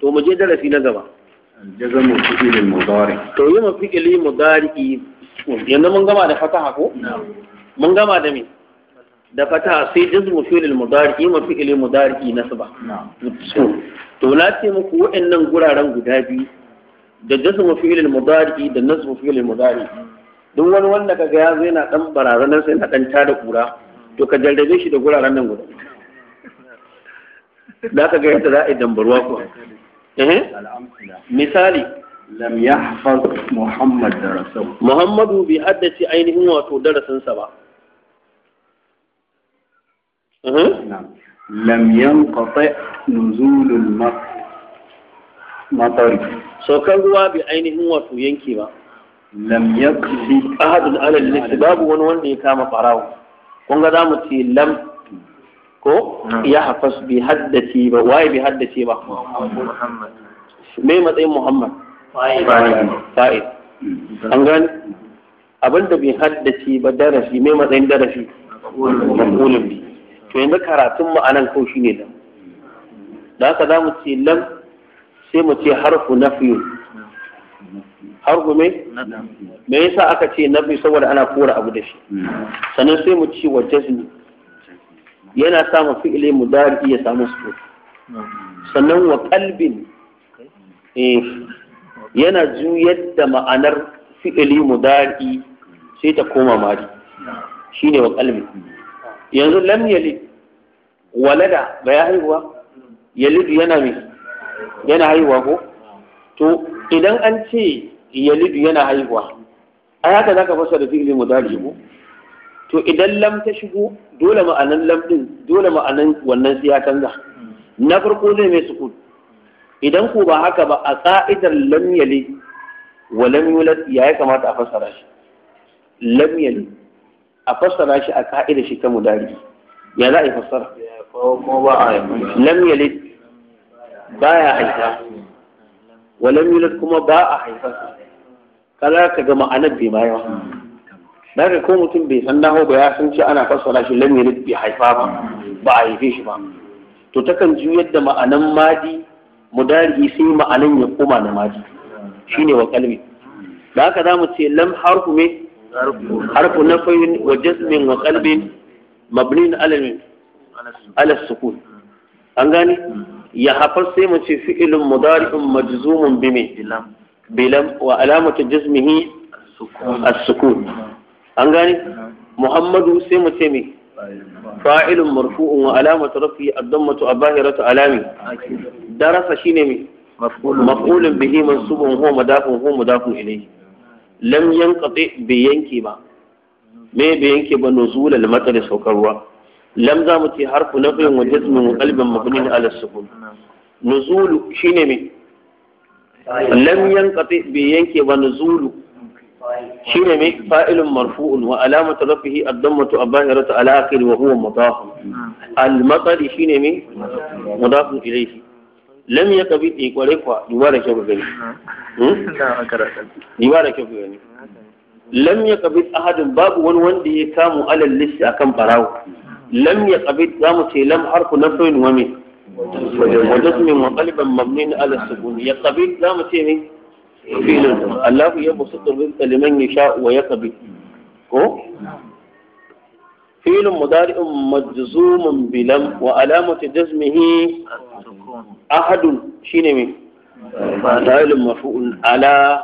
to mu je darasi na gaba jazamu fi'ilin mudari to yi mu fi'ili mudari yanzu mun gama da fataha ko mun gama da me da fata sai jazmu fi'il mudari ma fi'il mudari nasba to na ce muku nan guraren guda biyu da jazmu fi'il mudari da nasbu fi'il mudari duk wani wanda kaga ya zo yana dan barazanar sai na dan tada kura to ka jarrabe shi da guraren nan guda da ka ga yadda za a yi dambarwa ko eh? misali lam yahfaz muhammad darasahu muhammadu bai haddace ainihin wato darasinsa ba Mhm. lam yanqati nuzulul matar saukar ruwa bai ainihin wato yanke ba lam yaqdi ahadun ala lissi babu wani wanda ya kama barawo kun ga zamu ce lam ko ya hafas bi haddace ba waye bi haddace ba matsayin muhammad an gani abinda bai haddace ba darasi mai matsayin darasi makulun bi to yanzu karatun mu anan kawai shine lam da haka za mu ce lam sai mu ce harfu na Har harfu me me yasa aka ce na fiye saboda ana kora abu da shi sannan sai mu ce wa jazmi yana samun fi'ile mudari ya samu sukun sannan wa kalbin eh, yana juyar da ma'anar fi'ili dari sai ta koma mari shine wa kalbin yanzu lam yalid walada ba ya haihuwa yalidu yana mai yana haihuwa ko to idan an ce yalidu yana haihuwa a haka zaka fasa da fi'ilin mudari ko to idan lam ta shigo dole ma'anan lam din dole ma'anan wannan sai ya canza na farko zai mai sukun idan ko ba haka ba a ka'idar lam yali wa lam yulad ya kamata a fasara shi lam yali a fassara shi a ka'ida shi ta mudari ya za a yi fassara lam yalid ya haifa wa lam yalid kuma ba a haifa kala ka ga ma'anar bai bayan da ka ko mutum bai san dawo ba ya san ce ana fassara shi lam yalid bai haifa ba ba a haife shi ba to takan ji yadda ma'anan madi mudari sai ma'anan ya koma na madi shine wa kalmi da haka za mu ce lam harfu me حرف نفي وجزم وقلب مبني على على السكون an gane ya hafar sai mu ce fi'ilun mudari'un majzumun bime bilam wa alamatu jazmihi as-sukun an gane muhammadu sai mu ce me fa'ilun marfu'un wa alamatu rafi ad-dammatu abahiratu alami darasa shine me maf'ulun bihi mansubun huwa madafun huwa madafun ilayhi lam yanqati bai yanke ba me bai yanke ba nuzul al matal saukar ruwa lam za mu ce harfu nafin wa jazmin qalbin mabnin ala sukun nuzulu shine me lam yanqati bai yanke ba nuzulu shine me fa'ilun marfu'un wa alamatu rafihi ad-dammatu abahiratu ala akhir wa huwa mudaf hmm. al matal shine me hmm. mudaf ilayhi lam ya kabi ɗi kwarai kwa duba da kyau gani duba da kyau gani hmm, lam ya kabi ahadin babu wani wanda ya samu alal listi akan barawo hmm. lam ya kabi za mu ce lam harfu na soyin wame wajazmin wa ƙaliban mamnin ala sukuni ya kabi za mu ce ne hmm. filin Allah ya busu rizqa liman yasha wa ya kabi ko فعل مضارع مجزوم بلم وعلامة جزمه أحد شنو فاعل مفعول على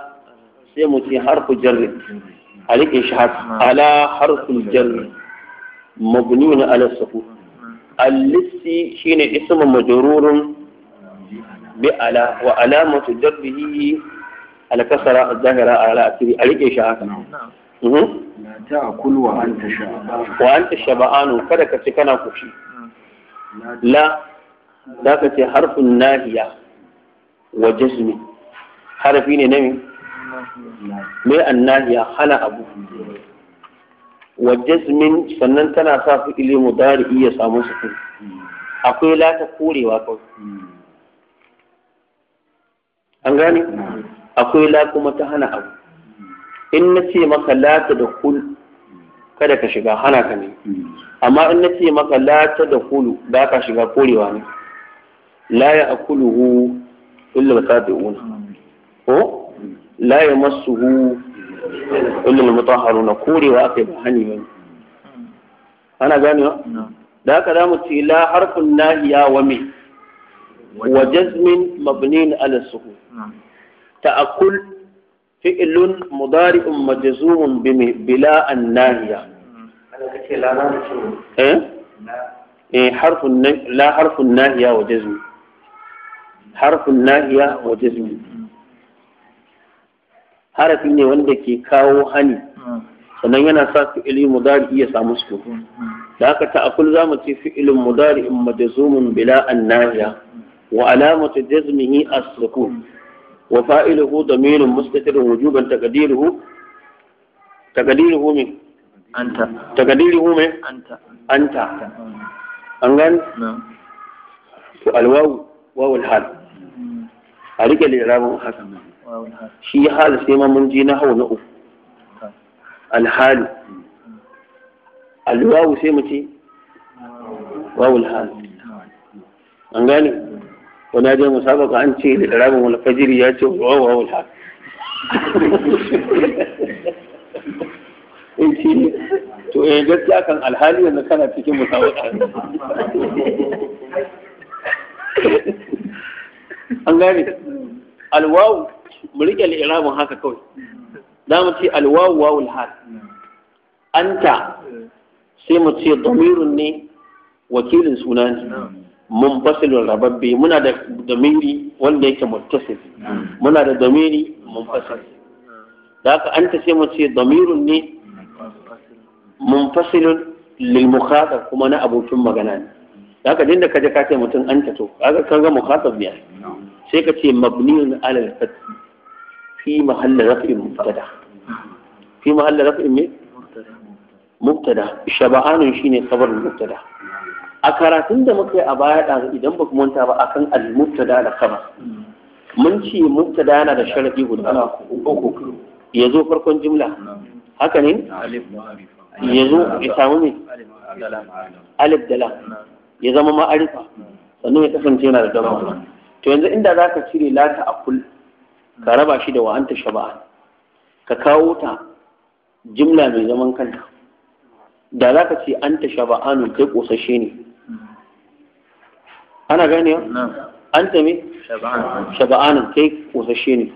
سيمتي حرف جر عليك إشهاد على حرف الجر مبني على السكون اللسي شين اسم مجرور بألا وعلامة جره الكسرة الظاهرة على أكتب عليك إشهاد Mhm. la wa anta shaba'anu kada ka ce kana kushi la za ka ce harfin nahiya wa jazmi harfi ne na me mai nahiya hana abu wa jazmin sannan tana sa su fi'ili mudari ya samu sukun akwai lata korewa kawai an gane akwai la kuma ta hana abu in na ce maka lata da kulu kada ka shiga hana ka ne amma in na ce maka lata da kulu ba ka shiga korewa ne la ya akuluhu illa tabi'una ko la ya massuhu illa na korewa yi ba hani ba ana ba? da haka za mu ce la harfin nahiya wa me wa jazmin mabnin ala suhu ta'akul fi'ilun مضارع مجزوم bila an nahiya eh? eh harfun la harfun nahiya wa jazmi harfun nahiya wa jazmi harafi ne wanda ke kawo hani hmm. sannan yana sa fi'ilin mudari iya samu su hmm, hmm. da haka ta'akul mu ce fi'ilun mudari'un majzumun bila an nahiya wa alamatu jazmihi as-sukun وفائله ضمير مستتر وجوبا تقديره تقديره من أنت تقديره من أنت أنت أنغن نعم الواو واو الحال أريك الإعراب حسن شي حال سيما من جينا هو نؤف الحال الواو سيما واو الحال أنغاني wani ajiyar musabaka an ce da rabin wani fajiri ya ce wa wa wa in ci to eh gaskiya kan alhali yanzu kana cikin musabaka an gane alwawu mu rike al'irabin haka kawai za mu ce alwawu wawul hal anta sai mu ce damirun ne wakilin suna ne Mun munfasilun rababbe muna da domini wanda yake muttasil muna da domini munfasil da haka an ta sai mu ce domirun ne munfasilun lil mukhatab kuma na abokin magana ne da haka dinda kaje ka ce mutum an ta to kaga kan ga mukhatab ne sai ka ce mabniyun alal fath fi mahalla raf'in mubtada fi mahalla raf'in ne mubtada shaba'anun shine khabar mubtada a karatun da muka yi a baya da idan ba manta ba akan al-mubtada da khabar mun ce mubtada yana da sharadi guda uku ya zo farkon jimla haka ne ya zo ya samu ne alif dala ya zama ma'arifa sannan ya kasance yana da dama to yanzu inda za ka cire lata a kul ka raba shi da wa'anta shaba'a ka kawo ta jimla mai zaman kanta da za ka ce an ta shaba'anu kai ƙosashe ne ana gane an ta me shaba'anin kai kosashe ne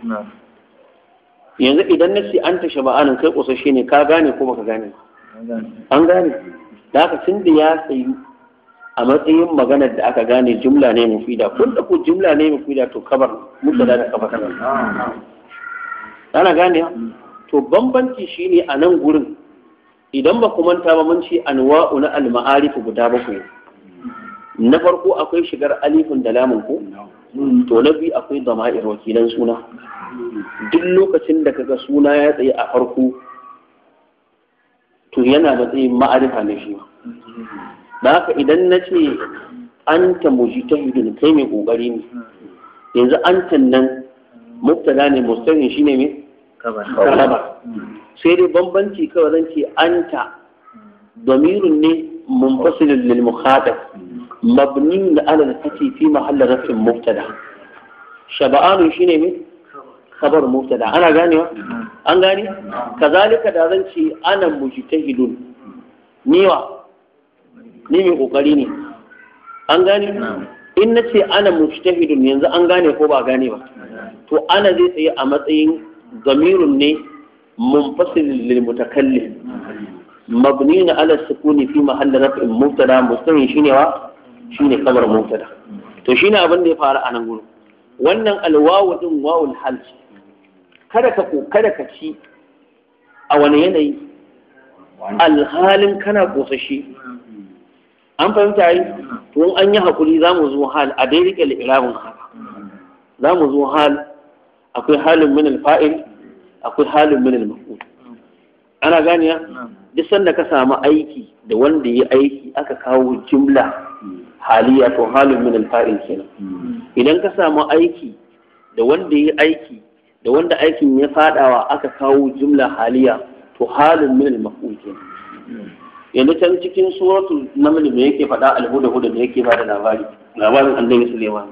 yanzu idan na ce an ta shaba'anin kai kusashe ne ka gane ko baka gane an gane da aka tun da ya sayi a matsayin maganar da aka gane jumla ne mufida kun da ku jumla ne mufida to kabar mutu da kabar ana gane to bambanci shine a nan gurin idan ba ku manta ba mun ce anwa'u na al-ma'arif guda bakwai na farko akwai shigar alifin da lamun ko to na biyu akwai dama'ir wakilan suna duk lokacin da kaga suna ya tsaye a farko to yana da tsaye ma'arifa ne shi ba haka idan na ce an ta hidin kai mai kokari ne yanzu an nan, mubtada ne shi ne me kalaba sai dai bambanci kawai zan ce ta damirun ne منفصل للمخاطب مبني على الفتي في محل رفع مبتدا شبعان شيني مي خبر مبتدا انا غاني ان غاني كذلك da zan ce ana mujtahidun niwa ni mai kokari ne an gane in na ce ana mujtahidun yanzu an gane ko ba gane ba to ana zai tsaye a matsayin zamirun ne munfasil lil mutakallim مبني على السكون في محل رفع مبتدا مستن شنو شنو خبر مبتدا to شنو abin da ya faru a nan gurin wannan alwawu din wawul hal kada ka ko kada ka ci a wani yanayi alhalin kana kosashi an fahimta yi to an yi hakuri za mu zo hal a dai rike li'irabin haka za mu zo hal akwai halin min fa'il akwai halin min maf'ul ana ganiya duk sanda ka samu aiki da wanda ya aiki aka kawo jumla haliya to halin min alfa'il kenan idan ka samu aiki da wanda ya aiki da wanda aikin ya fadawa aka kawo jumla haliya to halin min alma'ul kenan yanzu can cikin suratul naml me yake faɗa alhuda huda me yake bada labari labarin annabi Sulaiman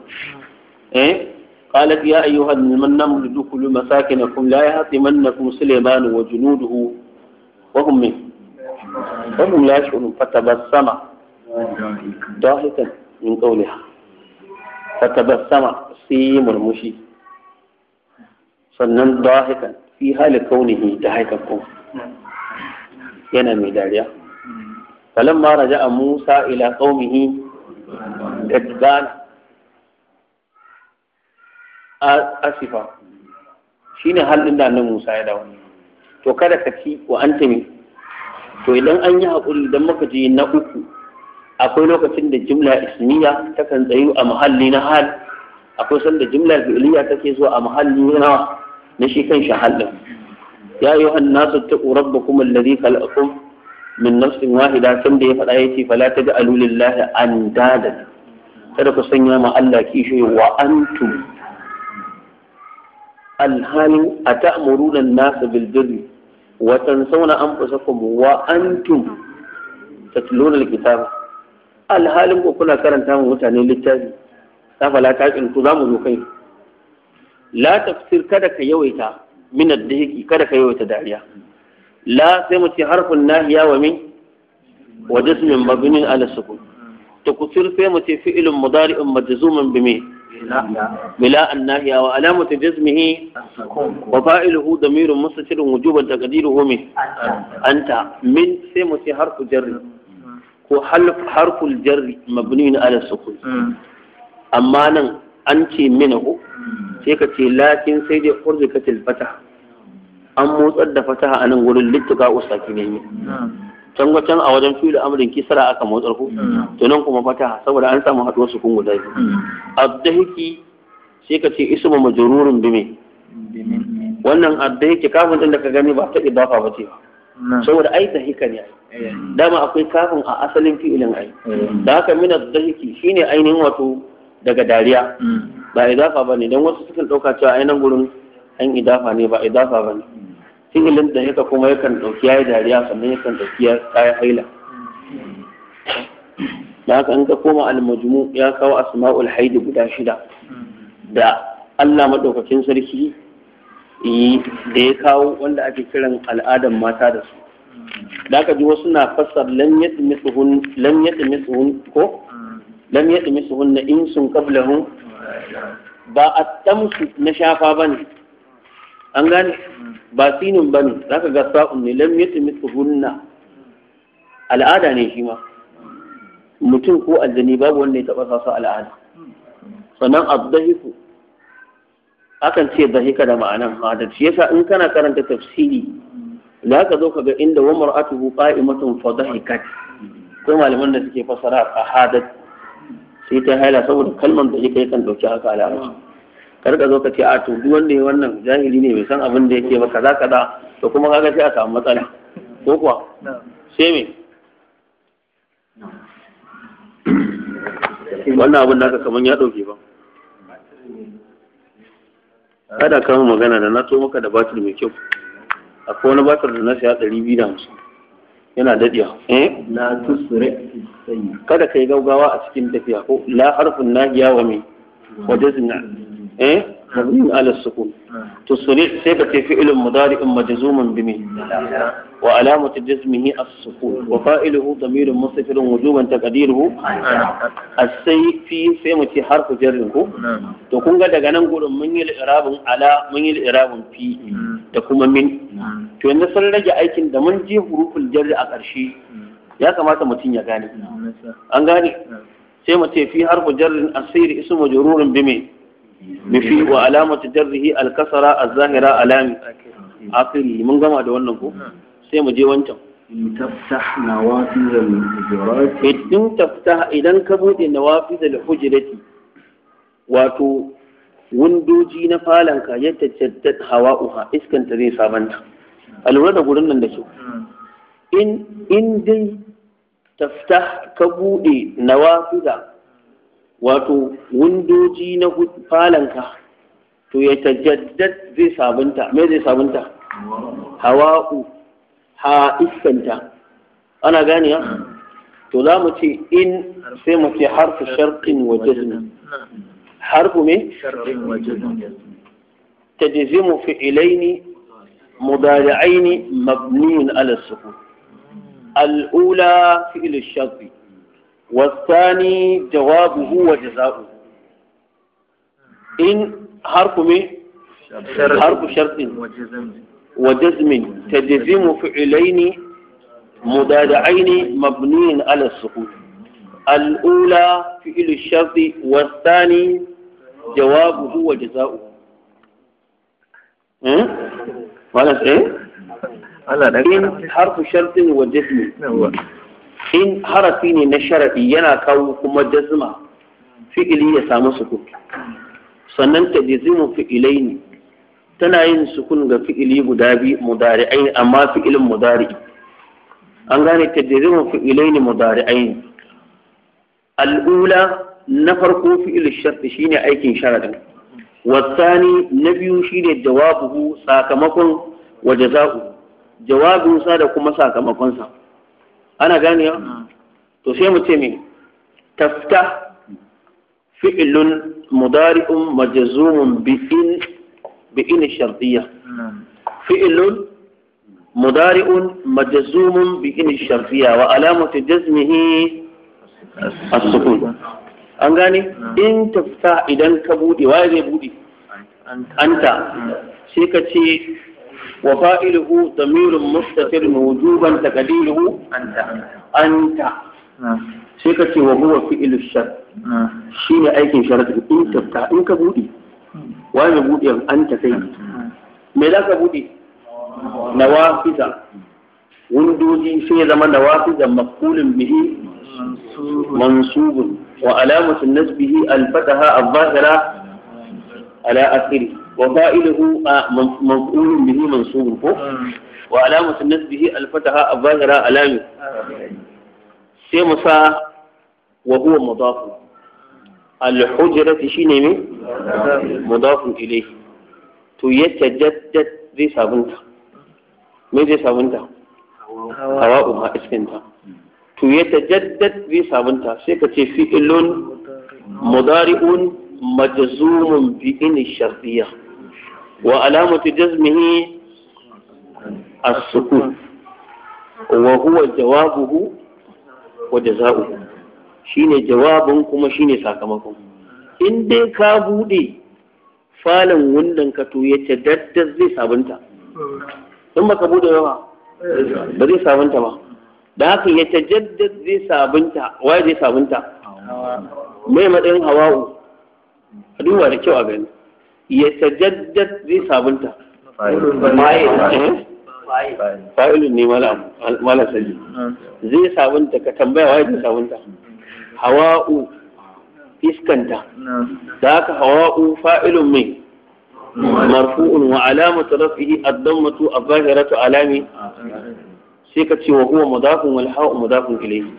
eh قالت يا أيها النمل ادخلوا مساكنكم لا يهاطمنكم سليمان وجنوده وهم منه wannan la shuru fatabassama dahikan min qawliha fatabassama sai murmushi sannan dahikan fi hali kaunihi dahikan ko yana mai dariya falamma raja'a Musa ila qaumihi kadbana asifa shine halin da nan Musa ya dawo to kada ka ci wa anta to idan an yi haƙuri idan muka je na uku akwai lokacin da jimla ismiya takan tsayu a muhalli na hal akwai sanda jimla fi'liya take zuwa a muhalli na na shi kan shi hal din ya yi han nasu ta rabbakum alladhi khalaqakum min nafsin wahida sanda ya faɗa yace fala taj'alu an andadan kada ku sanya ma Allah kishi wa antum alhalin atamuruna an-nasa bil birri wa tansawna anfusakum wa antum tatluna alkitab alhalin ku kuna karanta mu mutane littafi ta fala ta kin ku zamu zo kai la tafsir kada ka yawaita min ad kada ka yawaita dariya la sai mu ce harfun nahiya wa min wa jismin mabnin ala sukun to kusur sai mu ce fi'lun mudari'un majzumun bi min بلا الناهية وعلامة جزمه وفائله ضمير مستتر وجوبا تقديره من أنت من سيمة حرف جر وحلف حرف الجر مبني على السكون أما نن أنت منه سيكتي لكن سيد حرزكة الفتح أم مصد فتح أنا نقول لتقاء الساكنين can wacan a wajen da amrin kisra aka motsar ku mm. to nan kuma fata saboda an samu haduwar kun guda biyu mm. addahiki sai ka ce ismu majrurun bime wannan addahiki kafin din da ka gani ba ta idafa ba ce saboda ai hika ne eh. dama akwai kafin a asalin fi'ilin ai eh. da haka min addahiki shine ainihin wato daga dariya mm. ba idafa ne don wasu sukan dauka cewa ainihin gurin an idafa ne ba idafa ne. singilin da yaka kuma yakan ɗauki ya yi dariya sannan yakan ɗauki ya kayan haila da haka ka koma almajmu ya kawo asma'ul haidi guda shida da Allah maɗaukakin sarki da ya kawo wanda ake kiran al'adar mata da su da aka ji wasu na fassar lam mitsuhun ko lam mitsuhun na insun qablahum ba a tamsu na shafa ba ne. an gane ba sinin ba ne za ka ga sa'un ne lam yata hunna al'ada ne shi ma mutum ko aljani babu wanda ya taɓa sa su al'ada sannan abdahiku akan ce dahika da ma'anan hadar shi yasa in kana karanta tafsiri Da ka zo ka ga inda wa mar'atuhu qa'imatun fa dahikat ko malaman da suke fasara a hadat sai ta haila saboda kalmar da yake kan dauki haka al'ada karka zo ka ce a to duk wanda ya wannan jahili ne bai san abin da yake ba kaza kaza to kuma kaga sai a samu matsala ko kuwa sai me wannan abin naka kaman ya dauke ba kada ka mu magana da na to maka da batir mai kyau akwai wani batir da na siya ɗari biyu da hamsin yana dadiya eh la tusri kada kai gaugawa a cikin tafiya ko la harfun nahiya wa mai wajen eh mabni ala sukun to suri sai ka ce fi'ilun mudari'un majzumun bimi wa alamatu jazmihi as-sukun wa fa'iluhu damirun mustatirun wujuban taqdiruhu as-sai fi sai mu ce harfu jarrin ko to kun ga daga nan gurin mun yi irabun ala mun yi irabun fi da kuma min to yanzu sun rage aikin da mun je huruful jarri a ƙarshe ya kamata mutum ya gane an gane sai mu ce fi harfu jarrin asiri ismu bi bimi nufi wa alamatu jarrihi alkasara a zahira alami akiri mun gama da wannan ko sai mu je wancan in tafta idan ka bude wafi da hujirati wato windoji na falanka ya tajaddad hawa uha iskanta zai sabanta a lura da gurin nan da kyau in dai tafta ka bude nawafila wato windoji na falanka to ya tajaddad zai sabunta me zai sabunta hawa'u ha iskanta ana gani ya to za mu ce in sai mu ce harfu sharqin wa jazmi harfu me sharqin wa jazmi تجزم فعلين مضارعين مبني على السكون الأولى فعل الشرط والثاني جوابه وجزاؤه إن حرف من حرف شرط وجزم تجزم فعلين مدادعين مبنيين على السكون الأولى فعل الشرط والثاني جوابه وجزاؤه ماذا إيه؟ إن حرف شرط وجزم in harafi ne na sharaɗi yana kawo kuma jazma fi'ili ya samu sukun sannan ta jizimu fi'ilai ne tana yin sukun ga fi'ili guda biyu mudari'ai amma fi'ilin mudari'i an gane ta jizimu fi'ilai ne mudari'ai ne al'ula na farko fi'il sharti shine aikin sharadin wasani na biyu shine jawabu sakamakon wa jaza'u jawabinsa da kuma sakamakonsa أنا قاني تسيم التيمي تفتح فعل مضارع مجزوم بإن بإن الشرطية نعم. فعل مضارع مجزوم بإن الشرطية وألامة جزمه السكون أنغاني نعم. إن تفتح إذا كبودي وإذا بودي أنت شيكتي وفائله ضمير مستتر وجوبا تقديره أنت أنت sai ka ce wa huwa fi'il shar shi ne aikin sharatu in tafta in ka buɗe wa ne buɗe an ta kai me za ka buɗe nawafiza Wundoji sai ya zama nawafiza maqulun bihi mansubun wa alamatu nasbihi al-fataha al-zahira ala asiri. وفائله مفعول به منصوب وعلامة نسبه الفتحة الظاهرة علامة سيم ساعة وهو مضاف الحجرة شيني مضاف إليه تيتجدد ذي سابنتا ما ذي سابنتا هواؤها اسمنتا تيتجدد ذي سابنتا سيكتي فئل مضارئ مجزوم بإن الشرطية wa alamatu jazmihi as-sukun wa huwa jawabuhu wa jazaohu shine jawabin kuma shine sakamakon in dai ka bude falon wundan ka to ya ce zai sabunta in baka bude ba ba zai sabunta ba da haka ya tajaddad zai sabunta wai zai sabunta mai matsayin hawa'u a duba da kyau a gani ya tajaddad zai sabunta eh? fa'ilun ne mala sabi zai sabunta ka tambaya waye zai sabunta hawa'u iskanta da haka hawa'u fa'ilun mai marfu'un wa alamatu rafihi ad-dammatu adh-dhahiratu alami sai ka ce wa huwa mudafun wal ha'u mudafun ilayhi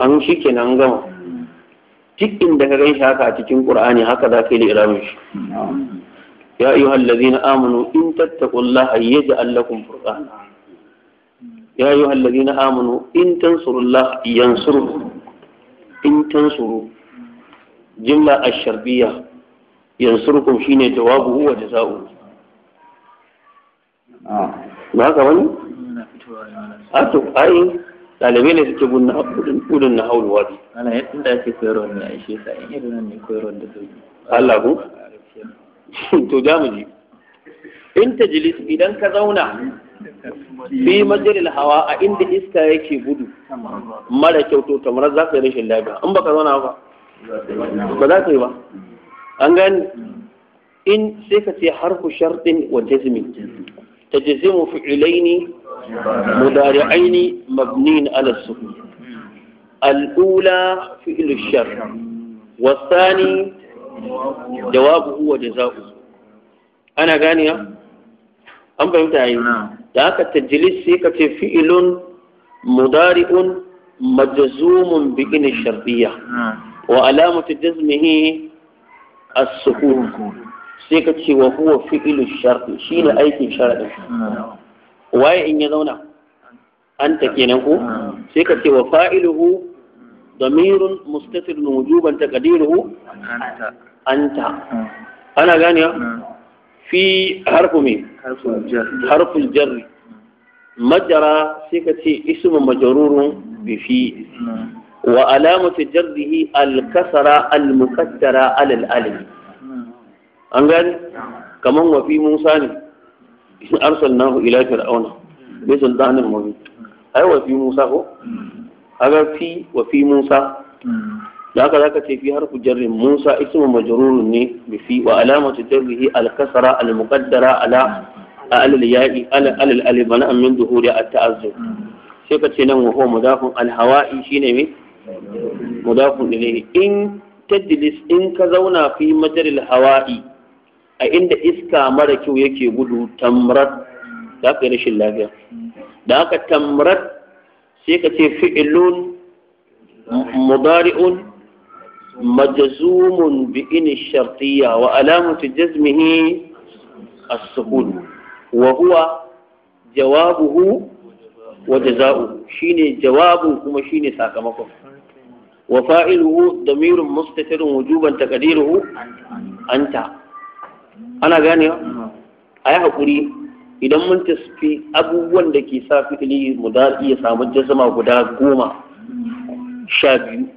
an shikenan an gama duk inda ka gaishe haka a cikin qur'ani haka za ka yi iramin shi ya ayyuha allazina amanu in tattaqullaha yaj'al lakum furqana ya ayyuha allazina amanu in tansurullaha yansurkum in tansuru jumla ash-shartiyya yansurkum shine jawabu wa jazaa'u ba haka bane a to ai ɗalibai ne suke gudun na haulu wadi ana yadda da ake koyarwa ne a ishe sa in irin ne koyarwa da sauki Allah ku? to jamuji in tajlis idan ka zauna fi majalil hawa a inda iska yake gudu mara kyau to tamar za ka yi rashin lafiya in baka zauna ba ba za ka yi ba an gani in sai ka ce harfu sharɗin wa jazmi tajzimu fi'ilaini مضارعين مبنين على السكون الأولى فعل الشر والثاني جوابه وجزاؤه أنا غانية أم فهمت عين ذاك التجلس سيكة فعل مضارع مجزوم بإن الشرطية وعلامة جزمه السكون سيكة وهو فعل الشرط شين أيك شرط waye in ya zauna anta kenan ko sai ka ce wa fa'iluhu damirun mustatirun wujuban taqdiruhu anta hmm. ana gane hmm. fi harfu me harful jarri hmm. majara sai ka ce ismu majarurun. bi fi wa alamatu jarrihi al-kasra al-muqaddara ala al-alif an gane kaman wa fi musa ne in arsalnahu ila fir'auna bi sultanin mubin ai wa fi musa ko kaga fi wa fi musa da haka zaka ce fi harfu jarrin musa ismu majrurun ne bi fi wa alamatu jarrihi al-kasra al-muqaddara ala al ya'i ala al alif mana min duhuri at-ta'azzur sai ka ce nan wa huwa mudafun al-hawa'i shine me mudafun ilayhi in tadlis in ka zauna fi majril hawa'i a inda iska mara kyau yake gudu tamrat za ka yi rashin lafiya da haka tamrat sai ka ce fi'ilun mudari'un majazumun bi ini shartiya wa alamatu jazmihi as-sukun wa huwa jawabuhu wa shine jawabu kuma shine sakamakon wa fa'iluhu damirun mustatirun wujuban taqdiruhu anta ana ganewa a yi haƙuri idan mun tasfi abubuwan da ke sa mu mudari iya samu jazama guda goma sha biyu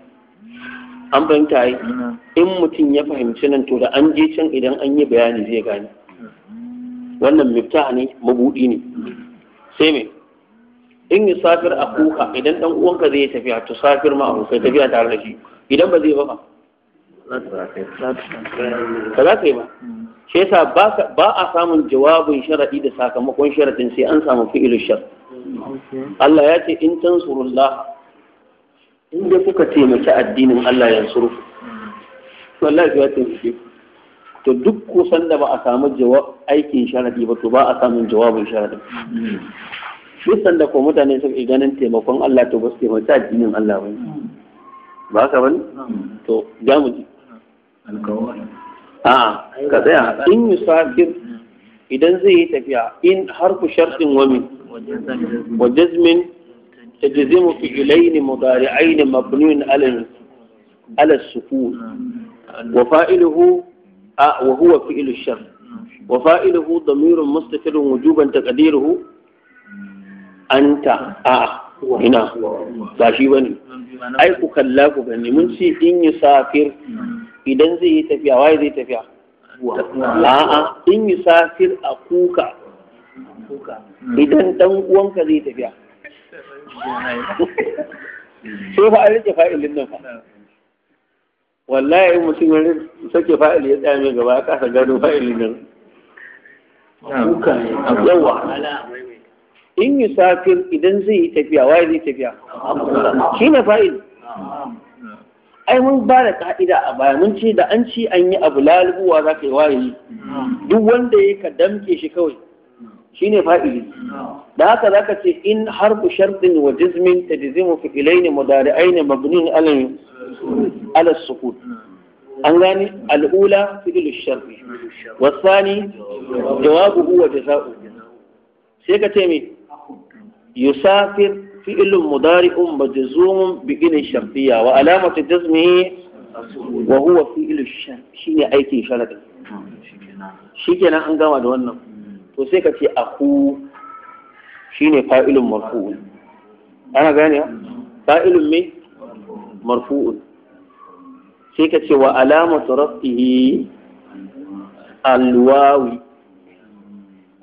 an fahimta yi in mutum ya fahimci nan to da an je can idan an yi bayani zai gane wannan mifta ne mabuɗi ne sai me in yi safir a kuka idan ɗan uwanka zai tafiya to safir ma a tafiya tare da shi idan ba zai ba ba za ka yi ba shi yasa ba a samun jawabin sharadi da sakamakon sharadin sai an samu fi'ilul shar Allah ya ce in tansurullah in da kuka taimaki addinin Allah ya suru wallahi ya taimake ku to duk kusan da ba a samu aikin sharadi ba to ba a samun jawabin sharaɗi. duk sanda ko mutane suka ganin taimakon Allah to ba su taimaki addinin Allah ba ba ka bane to za mu ji alkawari ha in yi safir idan zai yi tafiya in har ku sharfin wamin wa jazmin ta jazimu fi ilaini mudari aini mabnuin ala suku wa fa'iluhu a wa huwa fi ilu shar wa fa'iluhu da mirin mustafirin wujuban ta kadiruhu an ta a ina ba shi ba ne ai ku kalla ku gani mun ci in yi safir idan zai yi tafiya waye zai tafiya a'a in yi safir a kuka idan dan uwanka zai tafiya sai fa an rike fa'ilin nan fa wallahi in mutum ya sake fa'il ya tsaya mai gaba ya kasa gano fa'ilin nan yawa in yi safir idan zai yi tafiya waye zai tafiya shi ne fa'il ai mun ba da ka'ida a baya mun ce da an ci an yi abu lalubuwa za ka yi waye duk wanda ya ka damke shi kawai ne fa'ili da haka za ka ce in ku shartin wa jizmin ta jizimu fi mabini mudari'aini alayi alas sukut an gani al'ula fi'ilu sharri wasani jawabu wa jaza'u sai ka ce me yusafir فعل مضارع مجزوم بإن الشرطية وعلامة جزمه وهو فعل الشرط شيء أيتي شرط شيكنا أن قام دوانا وسيكة أخو شيء فاعل مرفوع أنا غاني فاعل مي مرفوع سيكة وعلامة رفعه الواو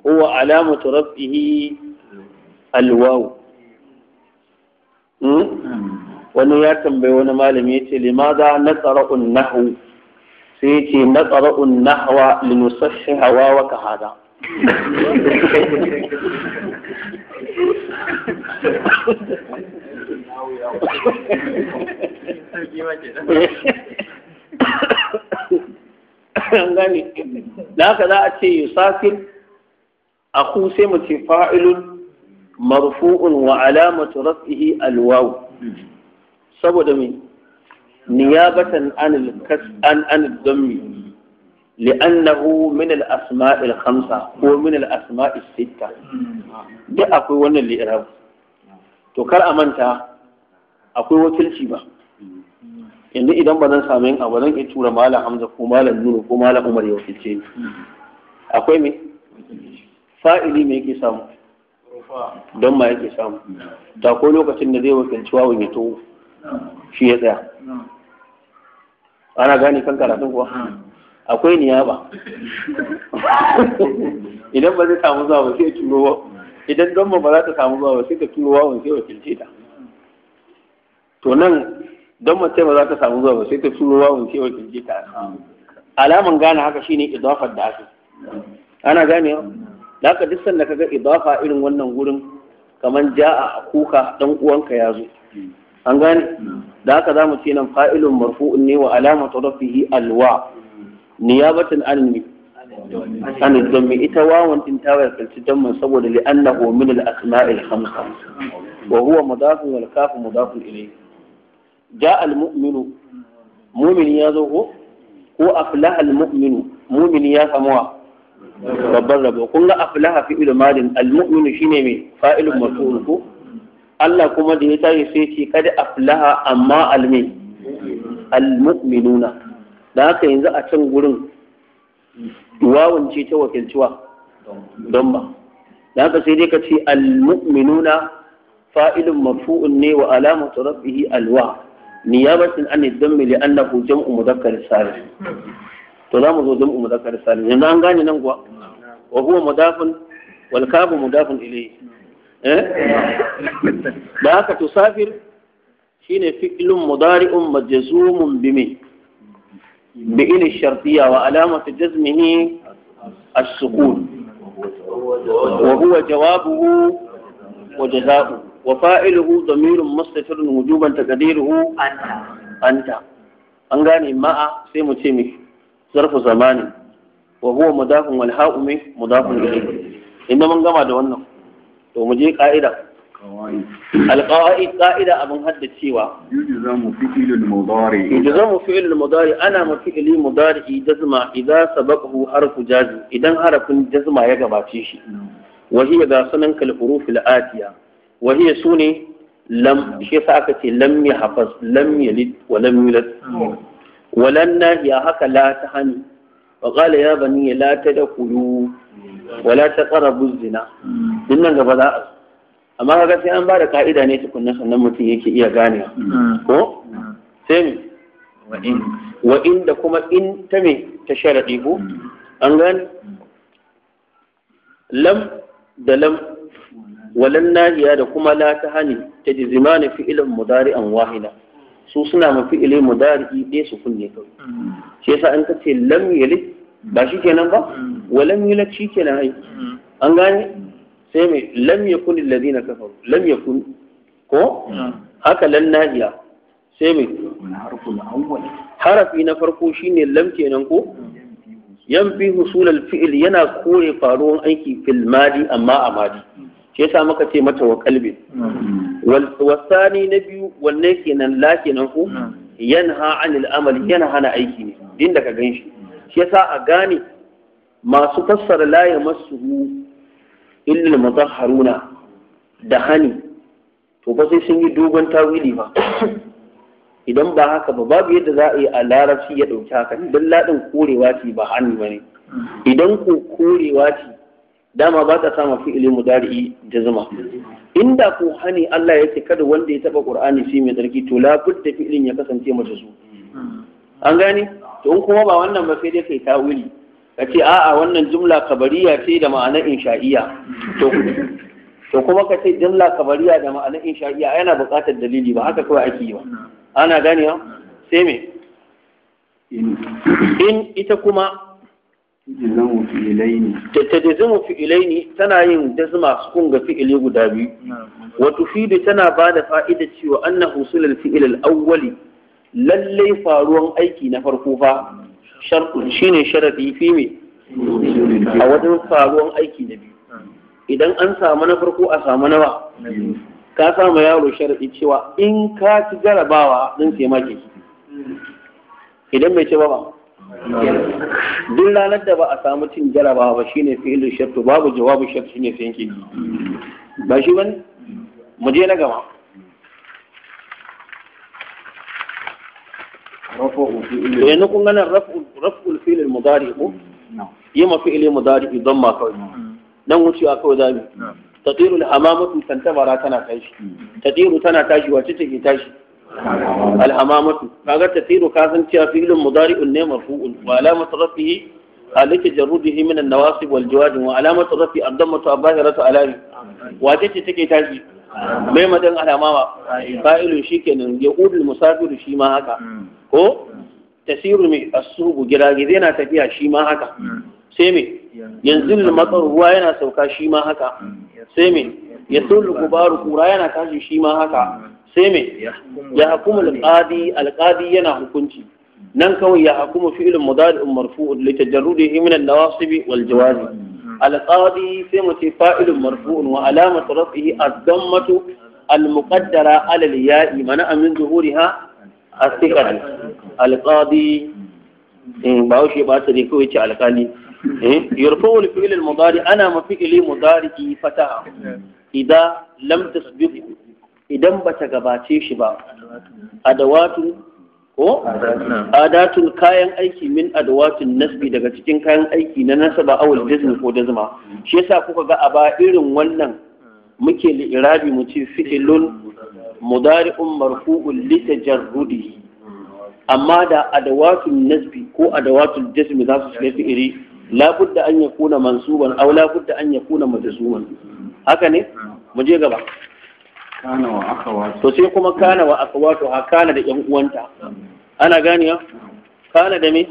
هو علامة رفعه الواو Hmm? wani ya tambayi wani malami ya ce limaza na tsara'un nahu sai ya ce na tsara'un nahwa linusashi hawa wa kahada da haka za a ce yusafir a ku sai mace fa'ilun marfu'un wa alamatu raf'ihi alwaw saboda me niyabatan an an an dammi لأنه من الأسماء الخمسة ومن الأسماء الستة duk akwai wannan li'irab to kar a manta akwai wakilci ba yanzu idan ba zan samu yin abu zan iya tura malam hamza ko malam nuna ko malam umar ya wakilce akwai me fa'ili me yake samu don ma yake samu da ko lokacin da zai wakilci wawan ya to shi ya tsaya ana gane kan karatun kuwa akwai niyaba idan ba zai samu zuwa ba sai turo wa idan don ba za ta samu zuwa ba sai ta turo wawan sai wakilce ta to nan don mace ba za ta samu zuwa ba sai ta turo wawan sai wakilce ta alaman gane haka shine idafar da ake ana gane da haka duk sanda kaga idafa irin wannan gurin kaman ja'a akuka dan uwanka ya zo an gane da haka zamu ce nan fa'ilun marfu'un ne wa alamatu rafihi alwa niyabatan anni an dhammi ita wawan din ta wakilci damman saboda li'annahu min al-asma'il khamsa wa huwa mudafun wal kafu mudafun ilayhi ja'a al-mu'minu mu'min ya zo ko ko aflaha al-mu'minu mu'min ya samuwa babban rabo kun ga aflaha fi ilmalin almu'minu shine mai fa'ilun maf'ul ko Allah kuma da ya tashi sai ce kada aflaha amma almi almu'minuna da haka yanzu a can gurin wawun ce ta wakilciwa don ba da haka sai dai ka ce almu'minuna fa'ilun maf'ul ne wa ta rabbihi alwa basin an dammi li annahu jam'u mudhakkar salim to za mu zo jam'u muzakkar salim yanzu an gane nan kuwa wa huwa mudafun wal kabu mudafun ilayhi eh? da haka to tusafir shine fi'lun mudari'un majzumun bimi bi il shartiyya wa ta jazmihi as-sukun wa huwa jawabuhu wa jaza'u wa fa'iluhu damirun mustatirun wujuban taqdiruhu anta anta an gane ma'a sai mu ce mai. zarfu zamani wa huwa mudafin wal ha'umi mudafin ilayhi inda mun gama da wannan to mu je ka'ida al-qawaid ka'ida abin hadda cewa yujzamu fi'lu al-mudari yujzamu fi'lu al-mudari ana mafi'li mudari jazma idza har harfu jazm idan harafin jazma ya gabace shi wa hiya ga sanan kal huruf al-atiya wa hiya sune sa aka ce lam yahfaz lam yalid wa lam walan nahiya haka la ta hani يا بني ya تدخلوا ولا تقربوا الزنا la غبا zina din nan gaba za a amma تكون sai an ba da ka'ida ne tukunna sannan mutum yake iya gane ko sai wa in da kuma in ta me ta sharadi ko an gane lam da lam walan ya da kuma la ta hani an wahida su suna mafi ilai mudari ɗaya su kunne kawai shi yasa an ka ce lam ba shi kenan ba wa lam yulad shi kenan ai an gane sai mai lam yakun na kafa, lam yakun ko haka lan nadiya sai mai harafi na farko shine lam kenan ko Yan fi al fi'il yana kore faruwan aiki fil madi amma a madi shi yasa muka ce mata wa qalbi wasani na biyu wanne kenan la kenan ko yanha anil amali yana hana aiki ne din da ka gan shi shi yasa a gane masu fassara la ya masu illal mutahharuna da hani to fa sai sun yi dogon tawili ba idan ba haka ba babu yadda za a yi a larabci ya ɗauki haka don laɗin korewa ce ba hannu ne mm. idan ko korewa ce dama ba ta sama fi'ili mudari'i zuma. inda ko hani Allah ya ce kada wanda ya taba Qur'ani shi mai tsarki to la budda fi'ilin ya kasance mace su an gane to in kuma ba wannan ba sai dai kai tawili ka ce a'a wannan jumla kabariya ce da ma'ana insha'iya to to kuma ka ce jumla kabariya da ma'ana insha'iya yana buƙatar dalili ba haka kawai ake yi ba ana ha sai me in ita kuma fi'ilai ne tana yin jazma sukun ga fi'ili guda biyu wa fili tana ba da fa'ida cewa anna husulul fi'il al-awwali lallai faruwan aiki na farko fa shi ne sharafi fi mai a wajen faruwan aiki na biyu idan an samu na farko a samu nawa ka samu yaro sharafi cewa in ka ci jarabawa zan sai maki mm. idan bai ci ba duk ranar da ba a samu cin jaraba ba shine fi'ilul shart babu jawabu shart shine sai yanke ba shi wani mu je na gaba yanzu kun ganin raf'ul fi'il mudari ko yi ma fi'il mudari don ma kawai wuce wucewa kawai zabi tatiru al-hamamatu tantabara tana tashi mm. tatiru tana tashi wacce take tashi alhamamatu kaga tasiru ka san cewa filin mudari'un ne marfu'un wa alamatu rafihi alika jarudihi min an-nawasib wal jawaz wa alamatu rafi ad-dammatu abahiratu alami wace ce take tashi mai madan alamama fa'ilun shikenan yaqulu musafiru shi ma haka ko tasiru mai asubu girage na tafiya shi ma haka sai me yanzu matsar ruwa yana sauka shi ma haka sai me ya gubaru kura yana tashi shi ma haka sai me ya hukumu alqadi alqadi yana hukunci nan kawai ya hukumu fi'lun mudari'un marfu'un li tajarrudihi min an-nawasib wal jawazi hmm. alqadi sai mu ce fa'ilun marfu'un wa alamatu raf'ihi ad-dammatu al-muqaddara 'ala al-ya'i mana min zuhuriha as-sikr alqadi hmm. eh, ba wuce ba ta ne kawai ce alqali يرفع الفعل المضارع انا مفعل مضارع فتح اذا لم تسبقه idan ba ta gabace shi ba adawatun ko adatun kayan aiki min adawatun nasbi daga cikin kayan aiki na nasaba awul dizmi ko jazma shi yasa kuka ga a ba irin wannan muke li'irabi mu ce fi'ilun mudari'un marfu'un li tajarrudi amma da adawatun nasbi ko adawatun jazmi za su shiga fi'iri da an yakuna mansuban aw da an yakuna majzuman haka ne mu je gaba kana wa akawatu to sai kuma kana wa akawatu ha kana da yan uwanta ana gani ya kana da me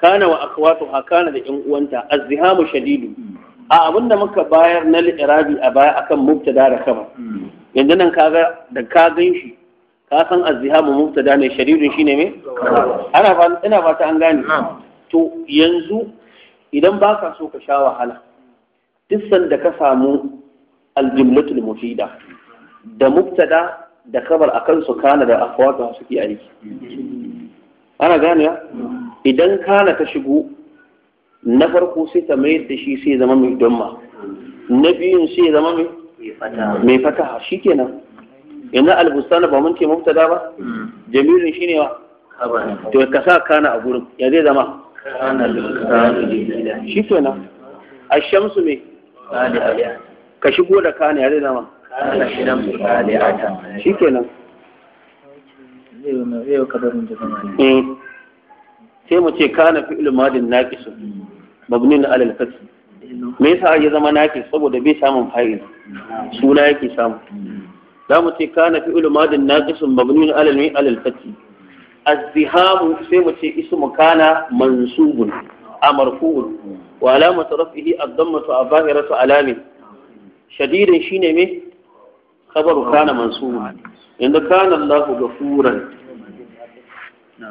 kana wa akawatu ha kana da yan uwanta azzihamu shadidu a abinda muka bayar na irabi a baya akan mubtada da kaba hmm. yanzu nan kaga da ka ganshi ka san azzihamu mubtada ne shadidu shine me ana ba ina ta an gane to yanzu idan baka so ka sha wahala duk sanda ka samu aljumlatul mufida da mubtada da kabar akan su kana da su suke aiki ana gane idan kana ta shigo na farko sai ta mayar da shi sai zama mai damma na biyun sai zama mai mai fataha shikenan yanzu albustana ba mun ce mubtada ba jamilin shine wa to ka sa kana a gurin ya zai zama Kana shikenan ashamsu me ka shigo da kana ya zai zama shi kenan mm. sai mu ce kana fi ilmadin naqisu mabnin ala al-fath me yasa ya zama naqis saboda bai samun fa'il suna yake samu za mu ce kana fi ilmadin naqisu mabnin ala al-fath az-zihamu sai mu ce ismu kana mansubun a marfu'un wa alamatu raf'ihi ad-dammatu a zahiratu alamin shadidin ne mai kabaru kana mansubun inda kana Allah gafuran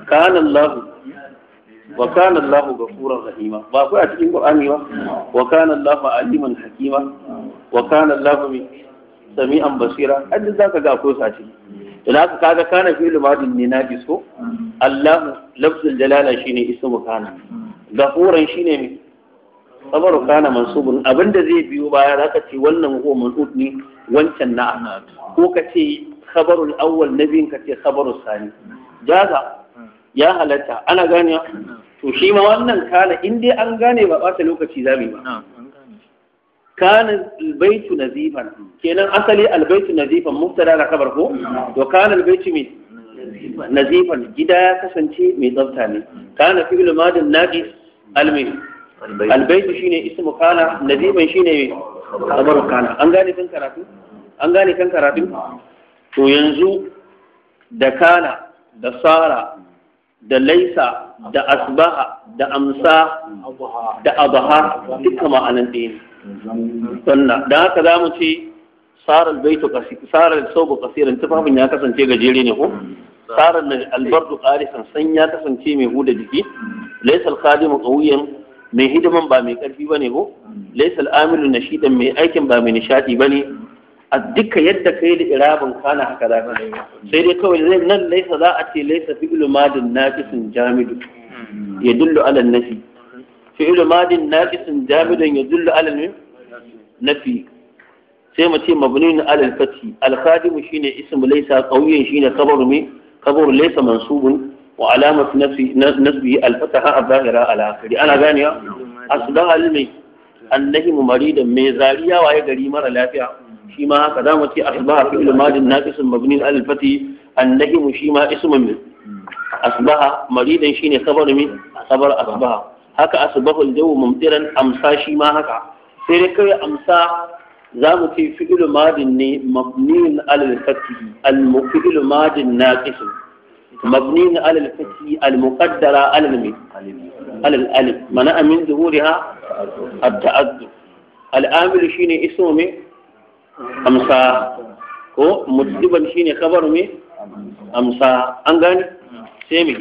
kana Allahu wa kana Allah gafuran rahima ba kuwa a cikin Qur'ani ba wa kana Allah aliman hakima wa kana Allah sami'an basira adin zaka ga akwai sace Ina aka kaga kana fi limadin ne na so Allah lafzul jalala shine ismu kana gafuran shine mai. khabaru kana mansubun abinda zai biyo baya za ka ce wannan huwa mansub ne wancan na ko ka ce khabarul awwal biyun ka ce khabarul sani jaza ya halatta ana gane to shi ma wannan kana in dai an gane ba ɓata lokaci zamu ba kana albaitu nazifan kenan asali albaitu nazifan mubtada da kabar ko to kana albaitu me nazifan gida ya kasance mai tsafta ne kana fi'lu madin naqis almin albaitu shine ismu kana nadiban shine khabaru kana an gane kan karatu an gane kan karatu to yanzu da kana da sara da laisa da asbaha da amsa da abaha duka ma'anan ɗaya ne sannan da haka za mu ce sarar baitu sarar sauku kasirin tufafin ya kasance gajere ne ko sarar albardu qarisan san ya kasance mai huda jiki laisa alqadimu qawiyan mai hidiman ba mai karfi ne ko laysal amilu nashidan mai aikin ba mai nishadi ne? a duka yadda kai da irabin kana haka za ka sai dai kawai zai nan laisa za a ce laisa fi madin naqisin jamidu ya dullu ala nafi fi madin naqisin jamidun ya dullu ala nafi sai mu ce mabnun ala al-fathi al-khadim shine ismu laisa qawiyyan shine khabaru me khabaru laisa mansubun wa alamatu nasbi alfataha a zahira alakari ana gani ya asda almi annahi maridan mai zariya waye gari mara lafiya shi ma haka zamu ce asbaha fi ilmadin naqisun mabni al fati annahi shi ma ismun min asbaha maridan shine khabar min khabar asbaha haka asbahu al jawu mumtiran amsa shi ma haka sai dai kai amsa za mu ce madin ne al madin مبني على الفتح المقدرة على المي على الألف منع من ظهورها التأذب الآمل شيني اسمه مي أمسا هو مجدبا شيني خبر مي أمسا أنغاني سيمي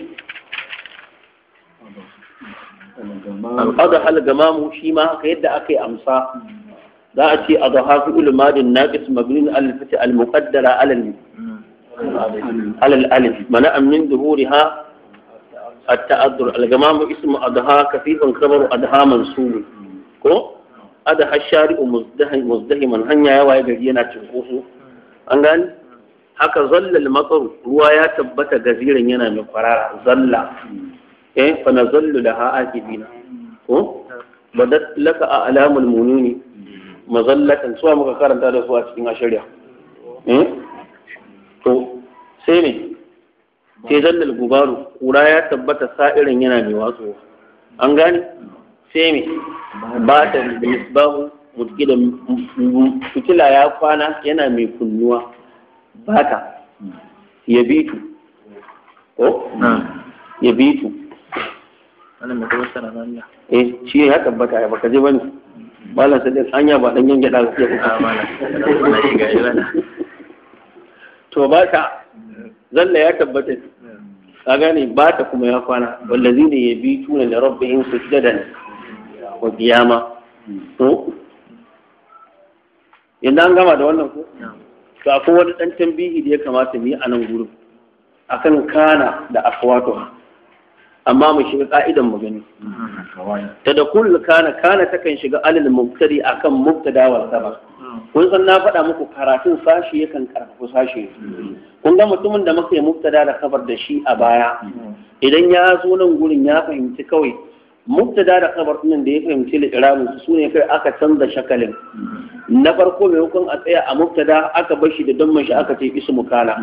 أضح الجمام شيما كيدا أكي أمسا ذاتي أضحى في الماضي الناقص مبني على الفتح المقدرة على المي alal alif mana amin duhuri ha a ta'addur algamamu ismu adha kafifan kabaru adha mansubi ko adha shari'u muzdahi man hanya ya gari yana cinkoso an gani haka zallal matsar ruwa ya tabbata gaziran yana mai kwarara zalla eh fa nazallu ke akibina ko da laka a alamul mununi mazallatan suwa muka karanta da su a cikin ashirya? to sai ne ce zallal gubaru kura ya tabbata sa'irin yana mai watsu an gane sai ne ba ta misbahu mutkila fitila ya kwana yana mai kunnuwa ba ta ya bitu ko ya bitu wannan mai tabbata na eh shi ya tabbata ya baka je bane malam sadiq anya ba dan yanke da ah, ya kuka malam to ba ta zalla ya tabbata ka gane ba ta kuma ya kwana wallazi ne ya bi tuna da rabbihim da wa biyama to yanda an gama da wannan ko to akwai wani dan tambihi da ya kamata mu yi a nan gurin akan kana da akwato amma mu shiga ka'idan mu gani kullu kana kana takan shiga alil mubtadi akan mubtada wal khabar kun san na faɗa muku karatun sashi yakan karfafa sashi kun ga mutumin da muka yi muktada da kabar da shi a baya idan ya zo nan gurin ya fahimci kawai muktada da kabar nan da ya fahimci liƙiramin su sune kai aka canza shakalin na farko mai hukun a tsaya a muktada aka bar shi da damman shi aka ce isu mukala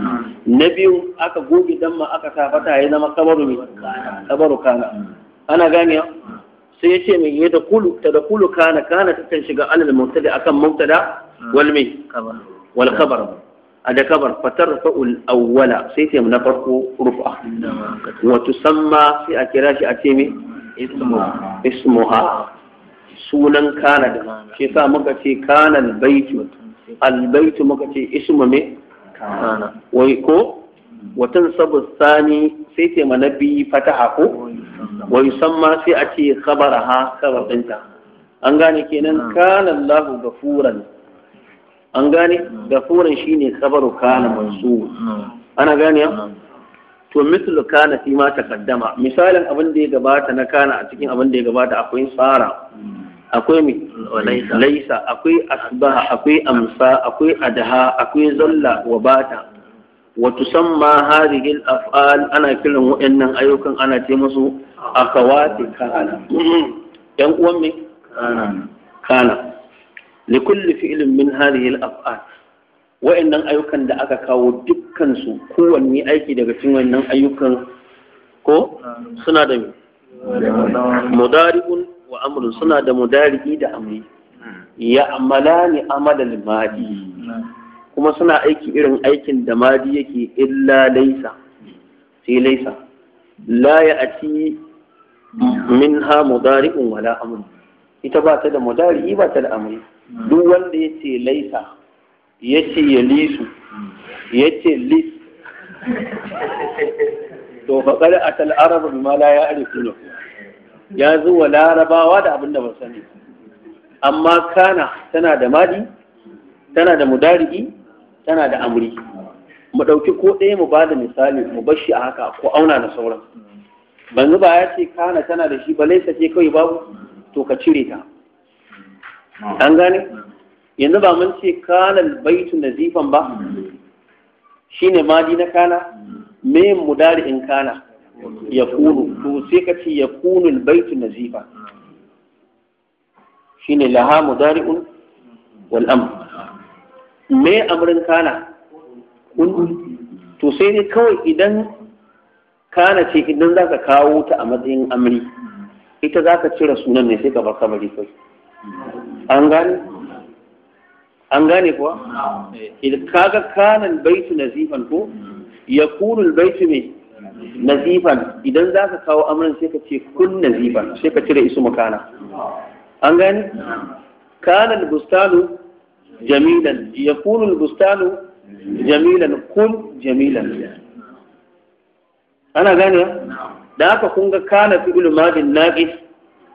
na biyu aka goge damma aka sa fata ya zama kabaru kana ana gane sai ya ce mai ya da kulu ta da kulu kana kana ta kan shiga alal mubtada akan mubtada wal mai wal khabar a da kabar fatar ul awwala sai ce na farko rufa wa tusamma sai a kira shi a ce mai ismuha sunan kana da shi sa muka ce kana baitu. Al baitu muka ce ismu me wai ko watan sabu sani sai ce ma na biyu fataha ko wa yusamma sai a ce ha khabar dinta an gane kenan ah. kana Allahu gafuran an gane ah. gafuran shine khabaru kana ah. mansu ana gane ya to mislu kana fi ma taqaddama misalin abin da ya gabata na kana a cikin abin da ya gabata akwai tsara hmm. akwai mi laisa akwai asbaha akwai amsa akwai adha akwai zalla wa bata wa tusamma hadhihi al-af'al ana kiran waɗannan ayyukan ana ce musu akawati kana yan uwan me kana li kulli fi'lin min hadhihi al-af'al waɗannan ayyukan da aka kawo dukkan su kowanne aiki daga cikin wannan ayyukan ko suna da mu. mudari'un wa amrun suna da mudari'i da amri hmm. ya amalani amalan madi hmm. kuma suna aiki irin aikin da madi yake illa laisa sai laisa la ya ati min ha mudari'un wala amri ita ba ta da mudari'i ba ta da amri duk wanda ya ce laisa ya ce ya lisu ya ce lis to faƙar a tal'arabu ma la ya arifuna ya zuwa larabawa da abin da ba sani amma kana tana da madi tana da mudari'i tana da amri mu ɗauki ko ɗaya mu ba da misali mu bar shi a haka ko auna da sauran Ban zuba ya ce kana tana da shi ba laifin ce kawai babu to ka cire ta an gane yanzu ba mun ce kana baitu nazifan ba Shi ne madi na kana me mudari in kana ya kunu to sai ka ce ya kunu baitu nazifa ne laha mudari'un un wal'am me amrin kana to sai ne kawai idan kana ce idan za ka kawo ta a matsayin amri ita za ka cire sunan ne sai ka bar kamari kai an gane an gane kuwa eh. idan kaga kanan baitu nazifan ko yakunu baitu me nazifan idan za ka kawo amrin sai ka ce kun nazifan sai ka cire isu makana an gane kanan bustanu جميلا يكون البستان جميلا كن جميلا أنا غني da haka كان في kana fi'il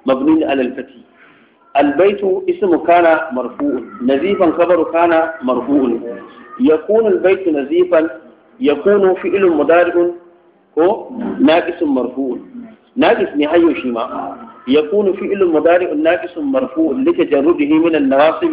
madin على الفتي البيت اسمه كان مرفوع نزيفا خبر كان مرفوع يكون البيت نزيفا يكون فعل مضارع هو ناقص مرفوع ناقص نهاية شيما يكون فعل مضارع ناقص مرفوع لتجرده من النواصب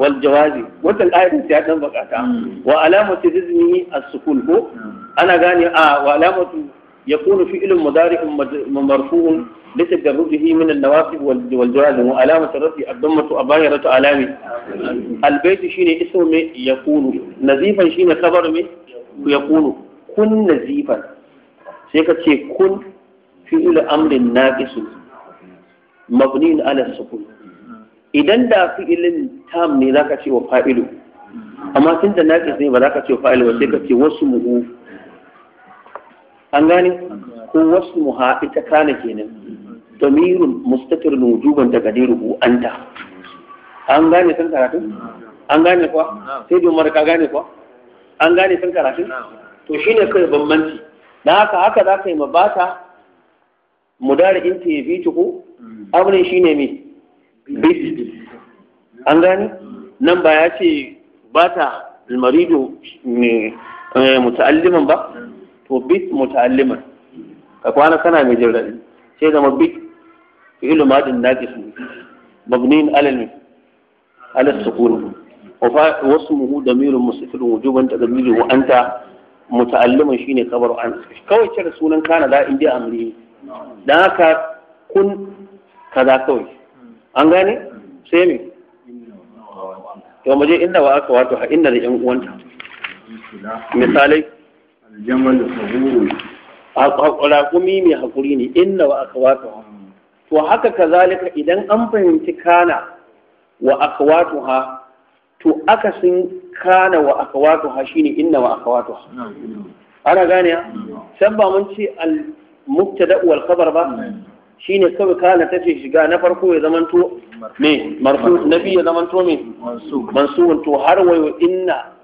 wal jawazi wannan ayatin sai dan bukata wa alamatu hizmihi as-sukun ko ana gane a wa alamatu yakunu fi'lun mudari'un marfu'un لتجرده من النواصب والجوازم وعلامة الرفع الضمة أباهرة علامة البيت شين اسم يكون نزيفا شين خبر يكون كن نزيفا سيكت شيء كن فعل أمر ناقص مبني على السكون إذا دا فعل tam ne za ka ce wa fa'ilu amma tun da naƙis ne ba za ka ce wa fa'ilu ba sai ka ce wasu muhu an gane ko wasu muha ita kana kenan damirun mustatir nujuban daga ne rubu an An gane sun karatu an gane kuwa sai domar ka gane kuwa an gane sun karatu to shine kai bambanci Na haka haka za ka yi mabata mudari in ta yi ko shi shine me bis an gani nan ba ya ce ba ta almarido marido eh, mutaalliman ba to bit mutaalliman ka kwana kana mai jirgin. raɗi sai zama bit fi ilmadin najis ne mabnin alalmi ala sukun wa fa wasu mu da mirin musafir wujuban ta zamiri wa anta shi ne kabar an kawai ce sunan kana da indi amri dan haka kun kaza kawai an gane sai me to mu je inda wa aka wato inda da yan uwanta misalai aljamal saburu raƙumi mai hakuri ne inda wa aka wato to haka kazalika idan an fahimci kana wa aka wato ha to aka sun kana wa aka wato ha shine inda wa aka wato ana gane ya san ba mun ce al mubtada wal khabar ba Shi ne kawai ta ce shiga na farko ya to me marfu na biyu ya to me mansubun to har wayo inna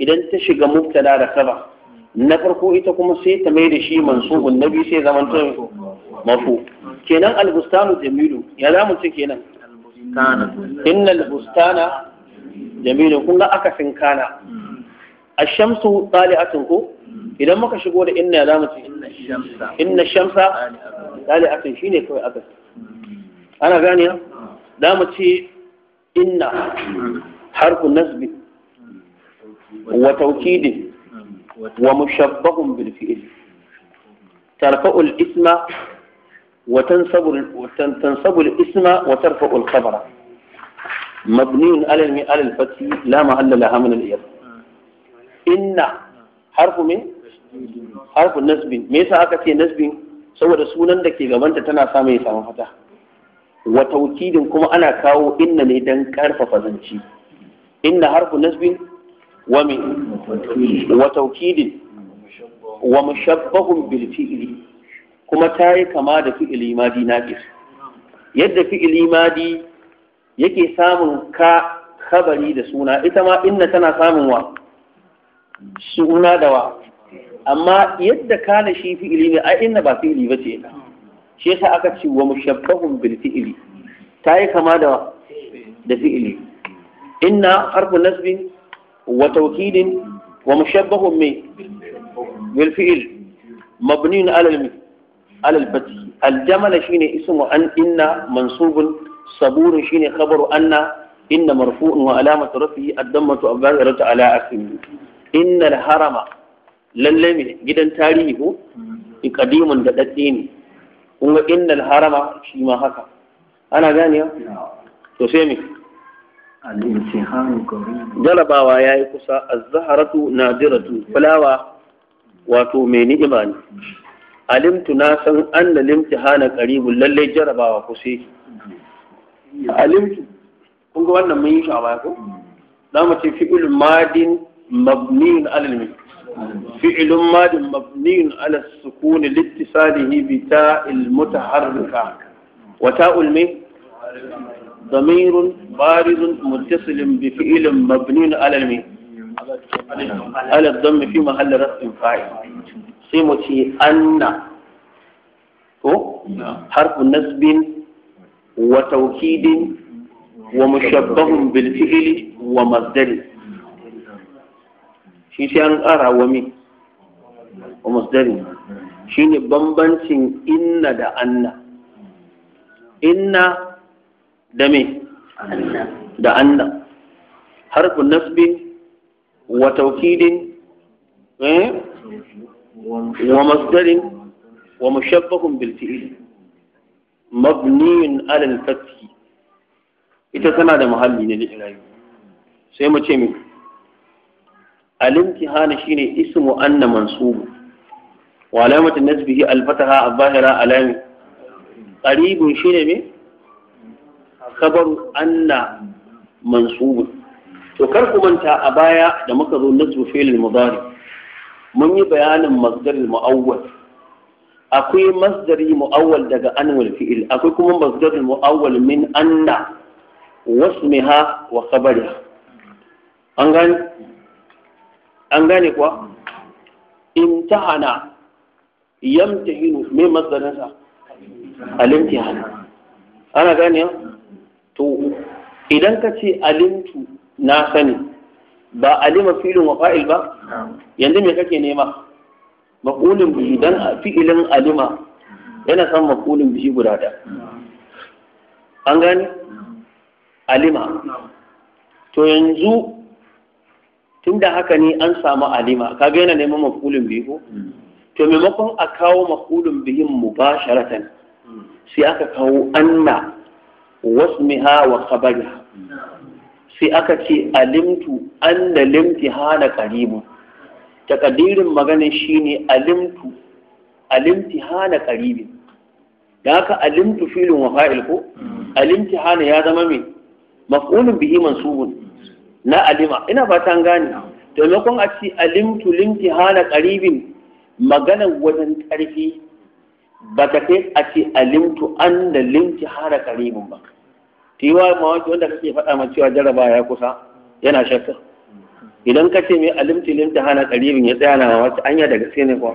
idan ta shiga mubtada da saba na farko ita kuma sai ta mai da shi mansubun na biyu sai zamanto mafu kenan albustanu jamilu ya zamu ce kenan innal bustana jamilu kun ga akasin kana ashamsu tsali'atun ko mm. idan muka shigo da inna ya zamu ce inna shamsa kan shi ne kawai aka ana gane da mu ce inna harfu nasbi wa tawkid wa mushabbahun bil fi'l tarfa'u al isma wa tansabu tansabu al isma wa tarfa'u al khabara مبني على على الفتح لا محل لها من الإير إن حرف nasbi me yasa aka ce nasbin? saboda sunan da ke gabanta tana sa mai samu fata wa taukidin kuma ana kawo inna ne dan karfafa zanci inna harfu nasbin wa min wa taukidin wa mashabbahun bil fi'li kuma ta yi kama da fi'ili madi naqis yadda fi'ili madi yake samun ka khabari da suna ita ma inna tana samun wa suna da wa amma yadda kana shi fi'ili ne ai inna ba fi'ili ba ce shi yasa aka ce wa mushabbahun bil fi'ili ta yi kama da da fi'ili inna harfu nasbin wa tawkidin wa mushabbahun mai bil fi'il mabniun alal alal fathi aljamala shine ismu an inna mansubun saburun shine khabaru anna inna marfu'un wa alamatu rafihi ad-dammatu al-zahiratu ala asmi inna al-harama lalle ne gidan tarihi ko kadimun mm. da dadde ne kuma inda harama shi ma haka ana ya to sai me jarabawa ya yi kusa a zaharatu na nadiratu mm. fulawa wato mai ni'ima ne mm. alimtu na san an da limti hana karibu lallai jarabawa kusa alimtu kun ga wannan mun yi shi a baya ko za mu ce fi'il madin mabniin alal فعل ماد مبني على السكون لاتصاله بتاء المتحركة وتاء المين ضمير بارز متصل بفعل مبني على المين على الضم في محل رفع فاعل سيمتي أن هو حرف نسب وتوكيد ومشبه بالفعل ومصدره shi sai an ƙara wa me wa Shi ne bambancin inna da anna inna da me da anna harfin nasbin wa taukidin eh? wa masdarin wa mushabbahun bil fi'il mabniyun alal fathi ita tana da muhalli ne da irayi sai mu ce me al-imtihan shine ismu anna mansub wa alamatu nasbihi al-fataha al-zahira alami qaribun shine me khabaru anna mansub to kar ku manta a baya da muka zo nasbu fi'l mudari mun yi bayanin masdar mu'awwal akwai masdari mu'awwal daga anwal akwai kuma masdar mu'awwal min anna wasmiha wa khabariha an an gane kuwa yamta yamtahinu mai matsalinsa alimtihana ana gane ya to idan ka ce alimtu na sani ba alima filin wa fa'il ba yanzu me kake nema makulin bihi don fi'ilin alima yana san makulin bihi guda da an gane alima to yanzu tun da haka ne an samu alima kaga yana neman mafulin bihi ko hmm. to maimakon a kawo mafulin ba sharatan sai aka kawo anna wasmiha wa khabariha sai aka ce alimtu anna hana qaribu takadirin maganin shine alimtu Alimti hana qaribin da haka alimtu filin wa fa'il ko hmm. hana ya zama mai maf'ulun bihi mansubun na alima ina fatan gane maimakon a ce alimtu limti hana karibin magana wajen ƙarfi ba ta kai a ce alimtu an da limti hana karibin ba tiwa yi wa wanda kake faɗa ma cewa jaraba ya kusa yana shakka idan ka ce mai alimtu limti hana karibin ya tsaya na mamaki anya daga gaske ne kuwa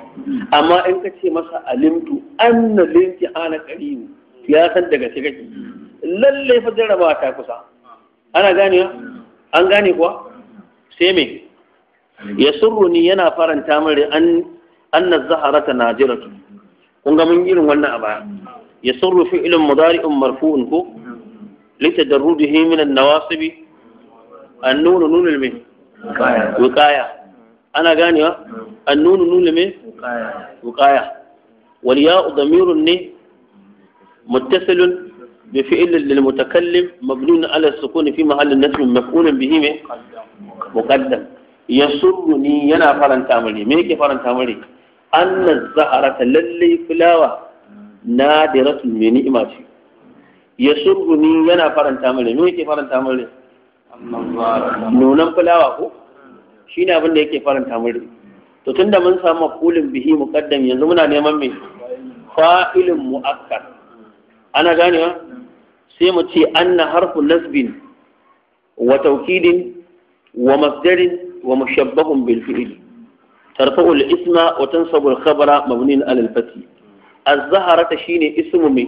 amma in ka ce masa alimtu an da limti hana karibin ya san daga gaske kake lallai fa jaraba ta kusa ana ganewa an gane kuwa sai me ya ni yana faranta min an na zaharata jiratu kun ga mun irin wannan a baya ya surru fi'lun mudari'un marfu'un ko litadarrudihi na an-nawasib an-nun nuna nuna mai? wukaya Ana ana ganewa an-nun nuna nuna mai? wukaya Wani ya ne muttasilun بفعل للمتكلم مبنون على السكون في محل النسب مفعول به مقدم يسرني ينا فرن تامري ميكي فرن تامري أن الزهرة للي فلاوة نادرة من إماتي يسرني ينا فرن تامري ميكي فرن تامري نونم فلاوة هو شين أبن ليكي فرن yake تتندى من to tunda mun samu kulin bihi muqaddam yanzu ana ganewa sai mu ce anna harfu nasbin wa taukidin wa masdarin wa mushabbahun bil fi'li tarfa'u al isma wa tansabu al khabara mabnin al fati az ta shine ismu mai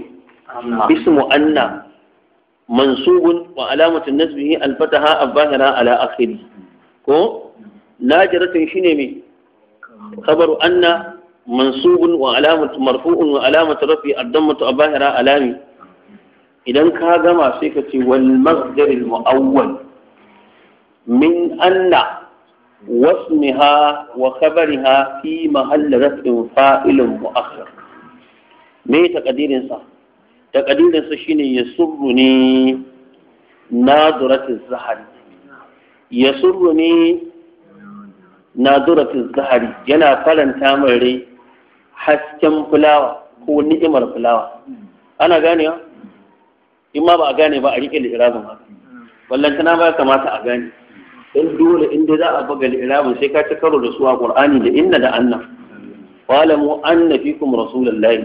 ismu anna mansubun wa alamatu nasbihi al fataha al zahira ala akhiri ko najiratin shine mai khabaru anna mansubun wa alamatu marfu'un wa alamatu rafi addammatu a bahira alami idan ka gama sai ka ce wal masdar al muawwal min anna wasmiha wa khabariha fi mahall raf'in fa'ilun mu'akhkhar me takadirin sa takadirin sa shine yasurruni nadratu yana faranta min hasken fulawa ko ni'imar fulawa ana gane ganewa in ma ba a gane ba a riƙe li'irabin haka ballantana ba kamata a gane don dole in dai za a buga li'irabin sai ka ci karo da su a qur'ani da inna da anna walamu anna fikum rasulullahi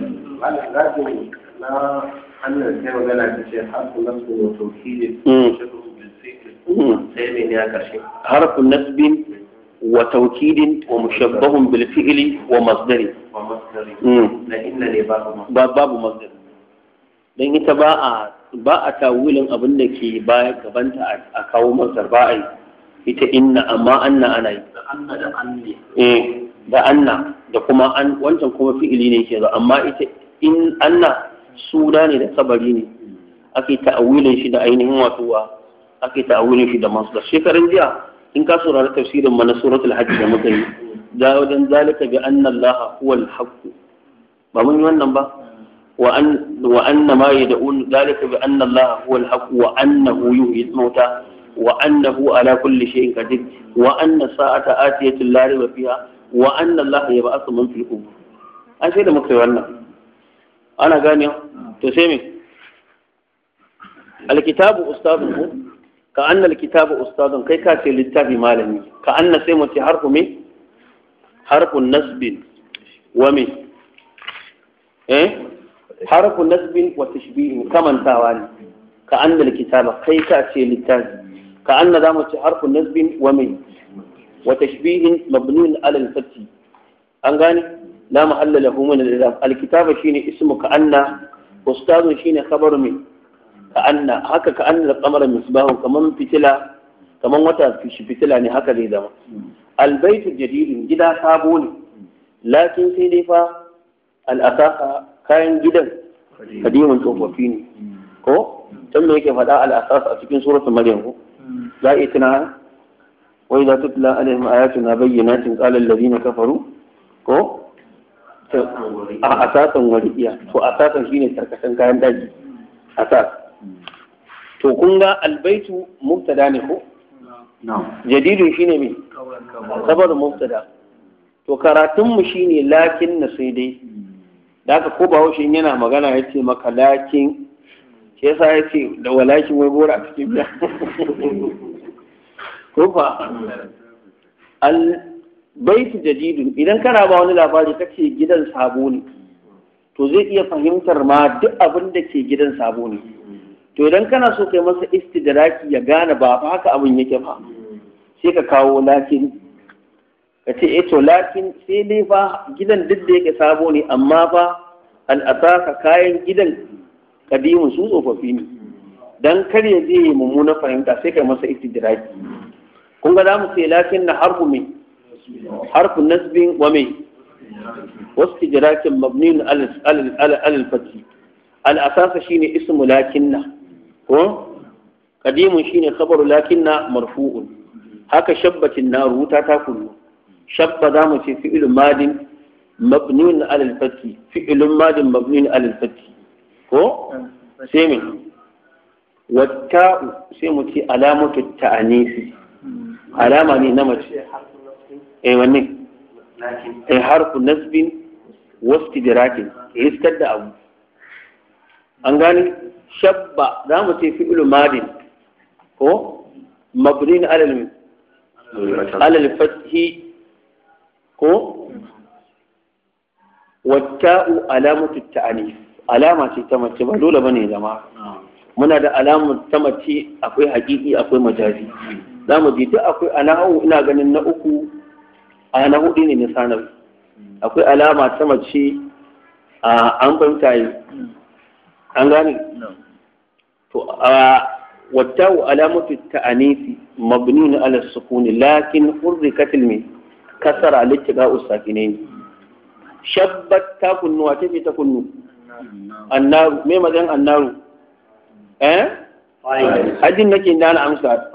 harfin hmm. nasbin وتوكيد ومشبه بالفعل ومصدر ومصدر لكن باب باب مصدر dan ita ba a ba a tawilin abin da ke baya gabanta a kawo masar ba a yi ita inna amma anna ana yi eh da anna da kuma an wancan kuma fi'ili ne ke amma ita in anna suna ne da sabari ne ake ta'awilin shi da ainihin wato ake ta'awilin shi da masu da shekarun jiya in ka saurari tafsirin mana suratul hajj da muka yi da wajen zalika bi anna Allah huwal haqq ba mun yi wannan ba wa an wa anna ma yad'un zalika bi anna Allah huwal haqq wa annahu yuhyil mauta wa annahu ala kulli shay'in qadir wa anna sa'ata atiyatun la riba fiha wa anna Allah yab'athu man fil qubur an sai da muka yi wannan ana gane to sai me alkitabu ustadun ka annal kitabu ustadun kai ka ce littafi malami ka anna sai mu ce harfu me harfun nasbin wa me eh harfu nasbin wa tashbihin kamantawa ne ka annal kitaba kai ka ce littafi ka anna mu ce harfun nasbin wa me wa tashbihin mabniun ala al-fathi an gane la mahalla lahu min al-ilaf al-kitaba shine ismu ka anna ustadun shine khabaru min Ka'anna, anna haka ka anna qamara misbahun kaman fitila kaman wata fitila ne haka zai zama albaitu jadidin gida sabo ne lakin sai dai fa al'asasa kayan gidan kadimun tsofaffi ne ko can me yake faɗa al'asasa a cikin suratul maryam ko za a iya tuna wai za tutla alaihim ayatuna bayyinatin qala alladhina kafaru ko a asasan wariya to asasan shine tarkatan kayan daji asas to kun ga albaitu mubtada ne ko jadidun shine me sabar mubtada to karatunmu shine lakin na sai dai da aka ko bahaushe yana magana ya ce maka lakin ke yasa ya ce da walakin wai bora a cikin biya ko albaitu jadidun idan kana ba wani labari ce gidan sabo ne to zai iya fahimtar ma duk abin da ke gidan sabo ne to idan kana so kai masa istidraki ya gane ba ba haka abin yake ba sai ka kawo lakin ka ce eh to lakin sai dai fa gidan duk da yake sabo ne amma fa al'asaka kayan gidan kadimin su tsofaffi ne dan kar ya je mummuna fahimta sai kai masa istidraki kun ga zamu sai lakin na harfu mai harfu nasbin wa mai wasu jirakin mabnin al-fati al-asasa shine ismu lakinna ko qadimun shine khabaru lakinna marfu'un haka shabbatin nar wuta ta kullu shabba za mu ce fi'ilun madin mabniun ala al-fathi fi'ilun madin mabniun ala al-fathi ko sai min watta'u sai mu ce alamatu ta'anisi alama ne na mace eh wanne eh harfu nasbin wastidrakin iskar da abu an gane shabba za mu ce fi'lu madin ko mabnin alal alal fathi ko watta'u alamatu ta'anif alama ce ta mace ba dole bane zama muna da alamar ta mace akwai hakiki akwai majazi za mu ji duk akwai alamu ina ganin na uku a na hudu ne na sanar akwai alama ta mace a an fahimta yi an gane to a wattawu alamatu ta'anisi na ala sukuni lakin hurrikat ilmi kasara ne ne. shabbat ta kunnu ta ce ta kunnu annaru me mazan annaru eh Ajin nake da na amsa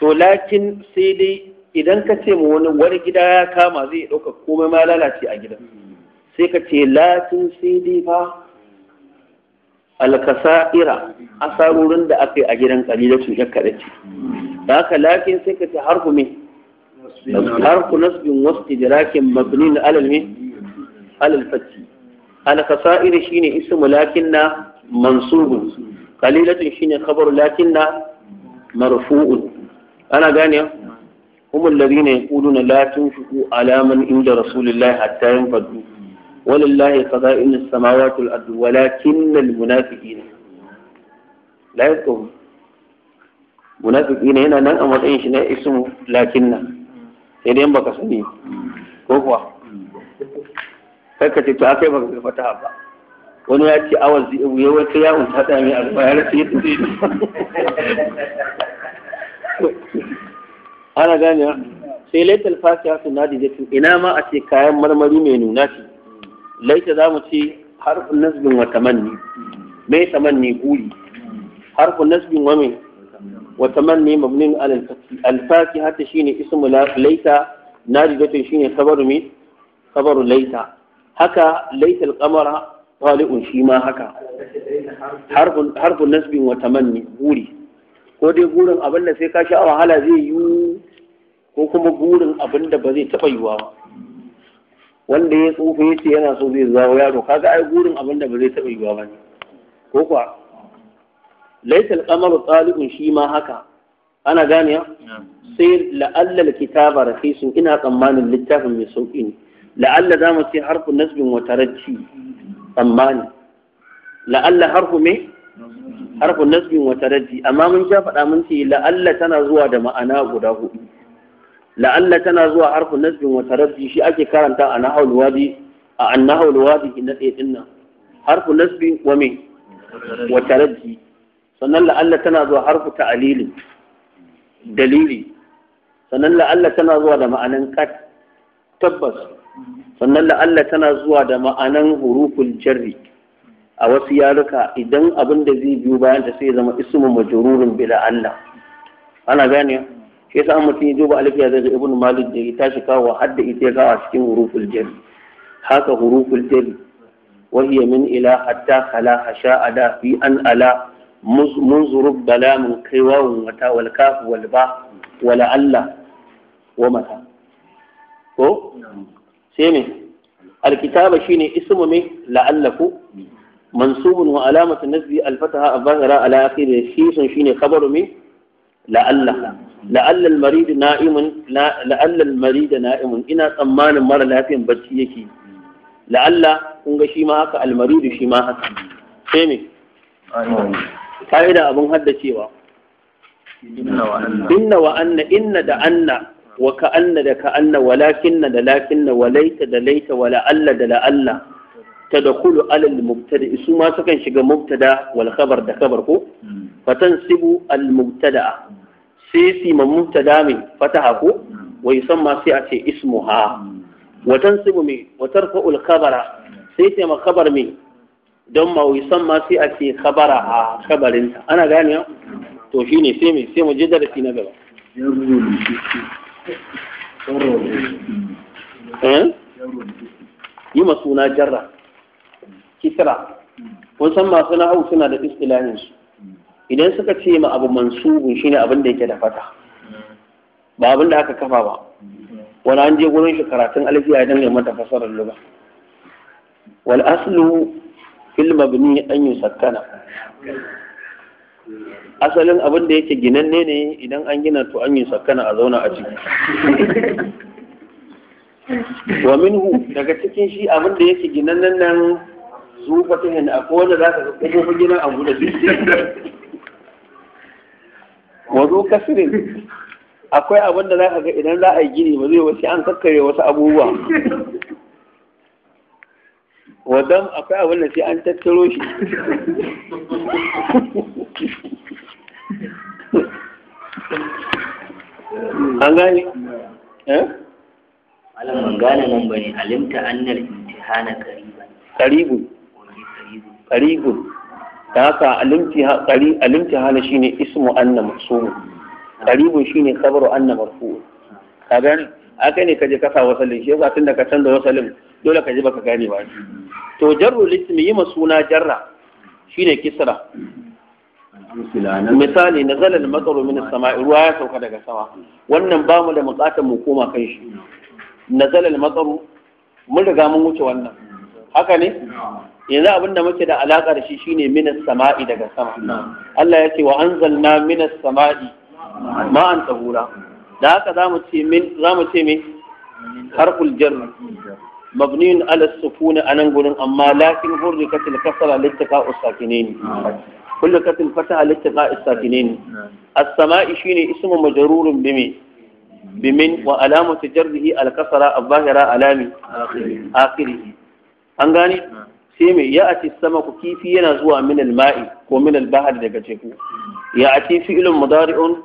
to lakin sai dai idan ka ce wani wani gida ya kama zai ɗauka komai ma lalace a gidan hmm. sai ka ce lakin sai dai fa alkasa'ira asarorin da aka yi a gidan kalilatun ya kaɗa ce da haka lakin sai ka ce harfu me harfu nasbin wasu tijirakin mabnin alal me alal fatti alkasa'ir shine ismu lakin na mansubun kalilatun shine khabaru lakin na marfu'un ana gane هم الذين يقولون لا تنفقوا على من inda رسول الله حتى ينفضوا ولله خزائن السماوات والأرض ولكن المنافقين لا يذكرون munafiki ne yana nan a matsayin shi na ismu lakin nan sai dai baka sani ko kuwa kai ka ce to akai baka ga fataha ba wani ya ce awaz zai ibu yawan ta yawon ta ya ana gane sai da ina ma a ce kayan marmari mai nuna ce laita za mu ce harfin nasbin wata manni mai tamanni buri harfin nasbin wame mai wa mabnin alfaki hatta shine ismu laita najidatun shine sabaru mai sabaru laita haka laita alqamara tali'un shi ma haka harfin nasbin wata manni buri ko dai burin abin da sai ka sha wahala zai yi ko kuma burin abin da ba zai taɓa yiwa ba wanda ya tsufa ya ce yana so zai zawo yaro kaga ai gurin abin da ba zai taɓa yiwa ba ne ko kuwa laisal kamaru tsalibin shi ma haka ana gane sai la'allal kitaba rafisun ina tsammanin littafin mai sauƙi ne la'alla za mu ce harfu nasbin wata taracci tsammani la'alla harfu me harfu nasbin wata taracci amma mun ja faɗa mun ce la'alla tana zuwa da ma'ana guda hudu la'alla tana zuwa harfu nasbin wa taraddi shi ake karanta a nahawul wadi a annahawul wadi na ɗaya din nan harfin nasbin wa me wa taraddi sannan la'alla tana zuwa harfu ta'alilin dalili sannan la'alla tana zuwa da ma'anan kat tabbas sannan la'alla tana zuwa da ma'anan huruful jarri a wasu yaruka idan abin da zai biyo bayan ta sai zama ismun majrurun bila Allah ana gane shi yasa mutum ya duba zai ga ibnu malik da ya tashi kawo da ita ya kawo cikin huruful jari haka huruful jari وهي من إلى حتى خلا حشاء دا في أن ألا منذ رب بلا من كيوا ومتى والكاف والباء ولعل ومتى ko sai alkitaba shine ismu me la'allaku mansubun wa alamatu nasbi alfataha a zahira ala akhirih sun shine khabaru la'alla la'alla al-marid na'imun la'alla al-marid na'imun ina tsammanin mara lafiyan bacci yake la'alla kun ga shi ma haka al-marid shi ma haka sai me ka'ida abun haddacewa inna wa anna inna da anna wa ka'anna da ka'anna walakinna da lakinna walaita da laita wa la'alla da la'alla Tada ala al-mubtadi ma sukan shiga mubtada wal da khabar ko hmm. fatansibu al-mubtada sai si ma mubtada min fataha ko hmm. wa yusamma sai a ce ismuha hmm. wa tansibu mi wa tarfa'u al-khabara sai ma khabar mi don ma wa yusamma sai a ce a khabarinta ana gane to shine sai me sai mu darasi na gaba eh? yi ma suna jarra kisra kun san masu nahau suna da istilahin su idan suka ce ma abu mansubun shine abin da yake da fata ba abin da aka kafa ba wani an je gurin shi karatun alfiya idan ya mata fasarar lugha wal aslu fil mabni an yusakkana asalin abin da yake ginanne ne idan an gina to an yi sakana a zauna a ciki wa minhu daga cikin shi abin da yake ginannen nan su fatihin akwai wanda za ka gidan abu da wazo kasirin akwai abin da za ka ga idan za a yi gini ba zai wasu an kakkare wasu abubuwa wadan akwai abin da sai an tattaro shi an gani eh gane nan bane alimta annal imtihana qariban qaribun tsari'un da haka alimti hala shine ismu anna maqsumu qaribun shine khabaru anna marfu'u ka gane akai ne kaje kasa wasalin shi yasa tunda ka canza wasalin dole kaje baka gane ba to jarru ismi yi masuna jarra shine kisra misali na zalal matsaru min sama'i ruwa ya sauka daga sama wannan ba mu da mukatan mu koma kan shi na zalal matsaru mun riga mun wuce wannan haka ne yanzu abin da muke da alaƙar shi shine minas sama'i daga sama Allah ya ce wa an anzalna minas sama'i ma'an tsabura da haka za mu ce min za mu mabnin me harful jar mabniyun ala sukun anan gurin amma lakin hurrikat al kasra littaqa usakinain hurrikat al ne. littaqa as sama'i shine ismu majrurun bimi bimin wa alamatu jarrihi al kasra al zahira alami akhirih an gani sai mai ya ati sama ku kifi yana zuwa minal alma'i ko minal albahar daga teku ya ati fi'ilun mudari'un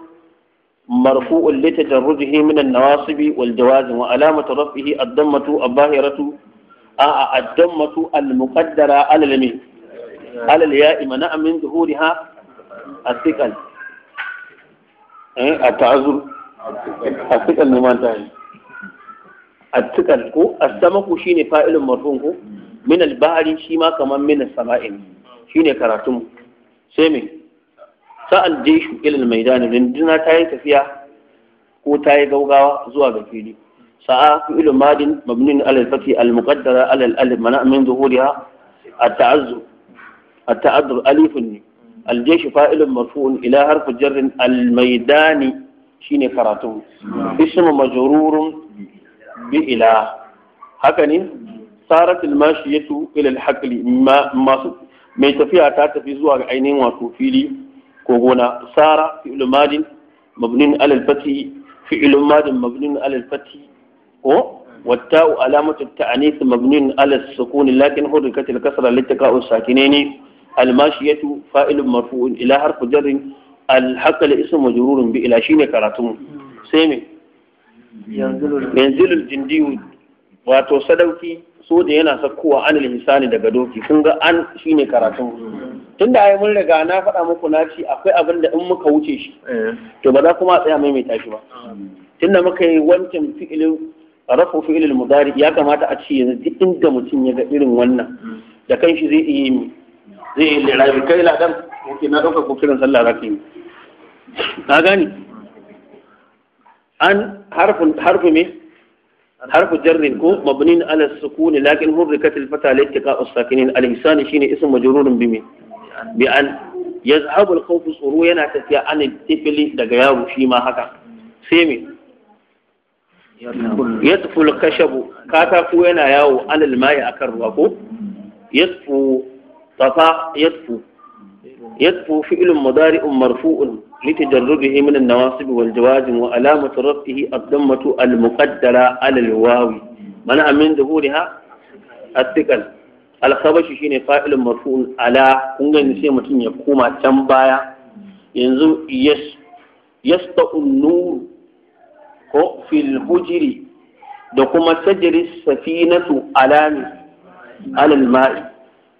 marfu'un li tajarrujihi min an-nawasibi wal jawazim wa alamatu raf'ihi ad-dammatu abahiratu a ad-dammatu al-muqaddara alal al Alal ala al-ya'i mana'a min zuhuriha as-siqal eh at-ta'azzur as-siqal ne man ta'i at ko as-samaku shine fa'ilun marfu'un ko min al shi ma kamar min as-sama'in shine karatun sai me sa'al jeshu ilal maidan rinduna ta yi tafiya ko ta yi gaugawa zuwa ga fili sa'a fi'il madin mabnin alal fati al muqaddara alal alif mana min zuhuriha at ta'azzu at ta'addur alifun al jeshu fa'ilun marfu'un ila harfu jarrin al maidani shine karatun. ismu majrurun bi ila haka ne saratul mashiyatu ila al masu mai tafiya ta tafi zuwa ga ainihin wato fili ko gona sara fi'il madin mabnin ala al-fathi fi'il madin mabnin ala al-fathi ko والتاء علامة التأنيث مبني على السكون لكن حركت الكسرة لاتقاء الساكنين الماشية al مرفوع إلى حرف جر ila shine مجرور بإلى شين كراتم سيمي ينزل الجندي wato sadauki so da yana sakkowa an lisani daga doki kun ga an shine karatun tunda da mun riga na faɗa muku na ci akwai abin da in muka wuce shi eh. to ba za kuma a tsaya maimaita shi ba tunda muka yi wancan fi'ilin rafu fi'ilin mudari ya kamata a ci yanzu duk inda mutum ya ga irin wannan da kan shi zai iya yi zai yi lirabi kai ladan muke na ɗauka ko kiran sallah za ka yi na gani an harfin harfi me harfu jarrin ko mabnin ala sukuni lakin hurrikat al fata littiqa as-sakinin al ihsan shine ism majrurun bi bi an yazhabu al khawf yana tafiya an tifli daga yaro shi ma haka sai me yatfu al kashabu katako yana yawo an al mai akan ruwa ko yatfu tafa yatfu yatfu fi'lun mudari'un marfu'un لتجربه من النواصب والجوازم وعلامة رفعه الضمة المقدرة على الواو منع من ظهورها الثقل الخبش شين فاعل مرفوع على كنغا نسي متين يقوم تنبايا ينزو يس يسطع النور في الحجر دقم تجري السفينة على على الماء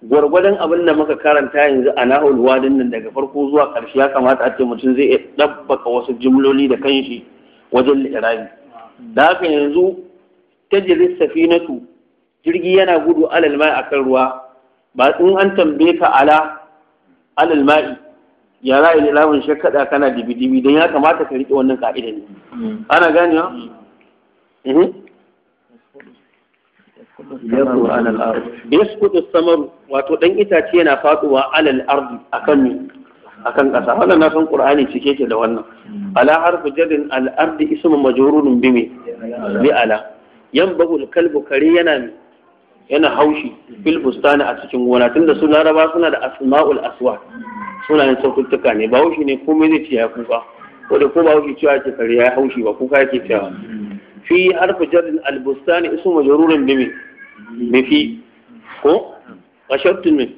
gwargwadon abin da muka karanta yanzu a nahul wadin nan daga farko zuwa ƙarshe ya kamata a ce mutum zai iya ɗabbaka wasu jimloli da kanshi wajen li'irabi da haka yanzu ta jirgin safinatu jirgi yana gudu alal mai akan ruwa ba in an tambaye ka ala alal mai ya ra'ayi li'irabin shi kada kana dibi dibi don ya kamata ka riƙe wannan ka'ida ne mm. ana ganewa mm. mhm. yasqutu alal ard yasqutu samar wato dan itace yana faduwa alal ardi akan akan kasa wannan na san qur'ani cike ke da wannan ala harfu jadin al ardi ismu majrurun bimi bi ala yanbahu al kalbu kare yana yana haushi fil bustani a cikin gona tunda su laraba suna da asma'ul Suna yin saututtuka ne ba haushi ne komai zai ce ya kuka ko da ko ba haushi cewa ke kare ya haushi ba kuka yake cewa fi harfu jadin al bustani ismu majrurun bimi bifi ko ashabtul min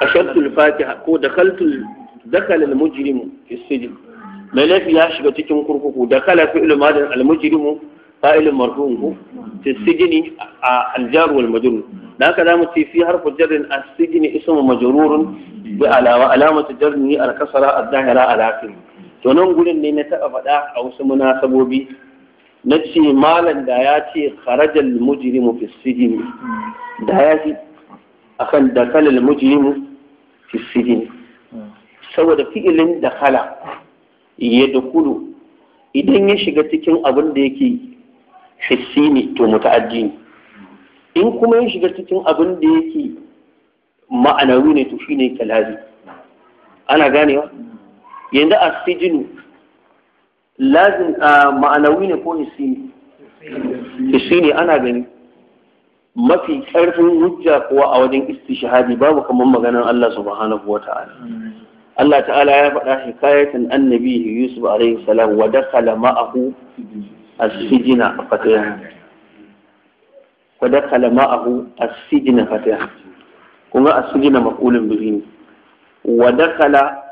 ashabtul fatiha ko dakhaltul dakhala al-mujrimu fi sijn mai laifi ya shiga cikin kurkuku dakhala fi'l madin al-mujrimu fa'il marfu'un ko fi sijn al-jar wal majrur da haka zamu ce fi harfu jarrin as-sijn ismu majrurun bi alawa alamatu jarrihi al-kasra a zahira a akhir to nan gurin ne na taɓa faɗa a wasu munasabobi na ce malam da ya ce kharajal mujrimu fi sijini da ya ce akan dakalal mujrimu fi sijini saboda fi'ilin dakala ya dakulu idan ya shiga cikin abin da yake hissi ne to muta'addi ne in kuma ya shiga cikin abin da yake ma'anawi ne to shine kalazi ana ganewa yanzu a sijinu lazim ah, ma'anawi ne ko hissi ne ana gani mafi ƙarfin hujja kuwa a wajen istishhadi babu kamar maganar Allah subhanahu wa ta'ala hmm. Allah ta'ala ya faɗa hikayatan annabi Yusuf alaihi salam wa dakhala ma'ahu as-sijna fatayan wa dakhala ma'ahu as-sijna fatayan kuma as-sijna maqulun bihi wa dakhala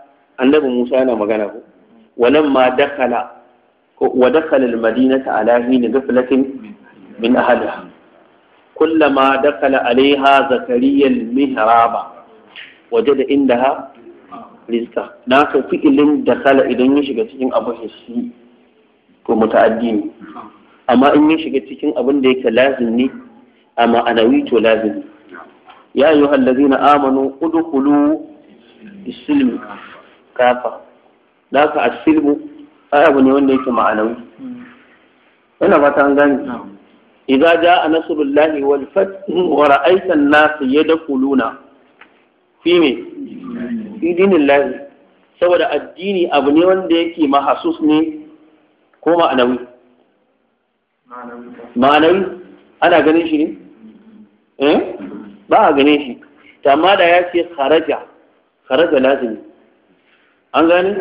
annabi Musa yana magana ko ولما دخل ودخل المدينة على حين غفلة من أهلها كلما دخل عليها زكريا المهراب وجد عندها rizka da haka fi'ilin da kala idan ya shiga cikin abu hissi ko muta'addi ne amma in ya shiga cikin abin da yake lazim ne amma anawi to lazimi. ya ayyuhal ladzina amanu udkhulu bis-silmi kafa da a asilmu ai abu ne wanda yake ma'anawi ina fata an gane idza jaa nasrullahi wal fath wa ra'aita an-nas yadkhuluna fi me fi dinillahi saboda addini abu ne wanda yake mahasus ne ko ma'anawi ma'anawi ana ganin shi ne eh ba a ganin shi amma da ya ce kharaja kharaja lazimi an gane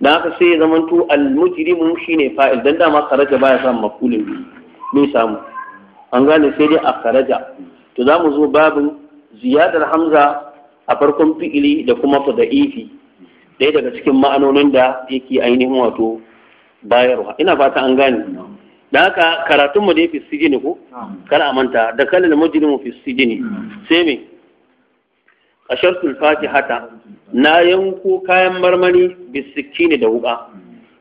da haka sai ya zamanto al-mujrimu shine fa'il dan dama karaja baya samun maf'ulin bai samu an gane sai dai a karaja to za mu zo babin ziyadar hamza a farkon fi'ili da kuma fada'ifi ɗaya daga cikin ma'anonin da yake ainihin wato bayarwa ina fata an gane da haka karatunmu da ya fi sijini ko kar a manta da kalin mujrimu fi sijini hmm. sai me qashartul Hata na yanko kayan marmari bisikini da wuka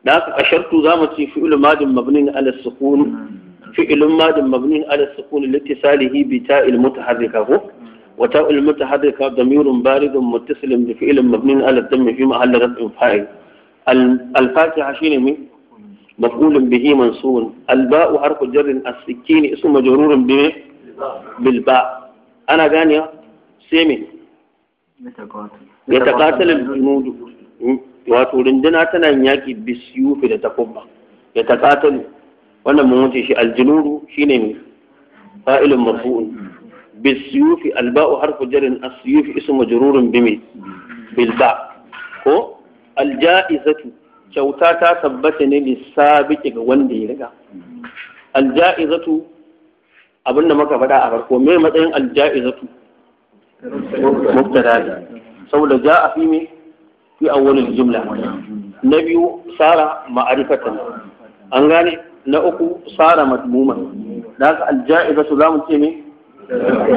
da haka za mu ci fi'il madin mabnin ala sukun fi'il madin mabnin ala sukun litisalihi bi ta ta'il mutaharrika ko wa ta'il mutaharrika damirun baridun muttasilun da fi'il mabnin ala dhammi fi mahalli raf'in fa'il al-fatiha shine mai مفعول به منصوب الباء حرف جر السكين اسم مجرور بالباء انا غانيا سيمين ya taƙatalin junudu hmm? wato runduna tana yin yaƙi bisiyufi da takubba ya taƙatalu wannan mun wuce shi aljunudu shine ne fa'ilun marfu'un bisiyufi alba'u harfu jarin asiyufi isu majururin bimi bilba ko alja'izatu kyauta ta tabbata ne ne lissabiqi ga wanda ya riga alja'izatu abinda muka faɗa a farko me matsayin alja'izatu مبتدا saboda ja a fi me fi awwalil jumla na biyu sara ma'arifatan an gane na uku sara madmuman da haka aljaiba su zamu ce me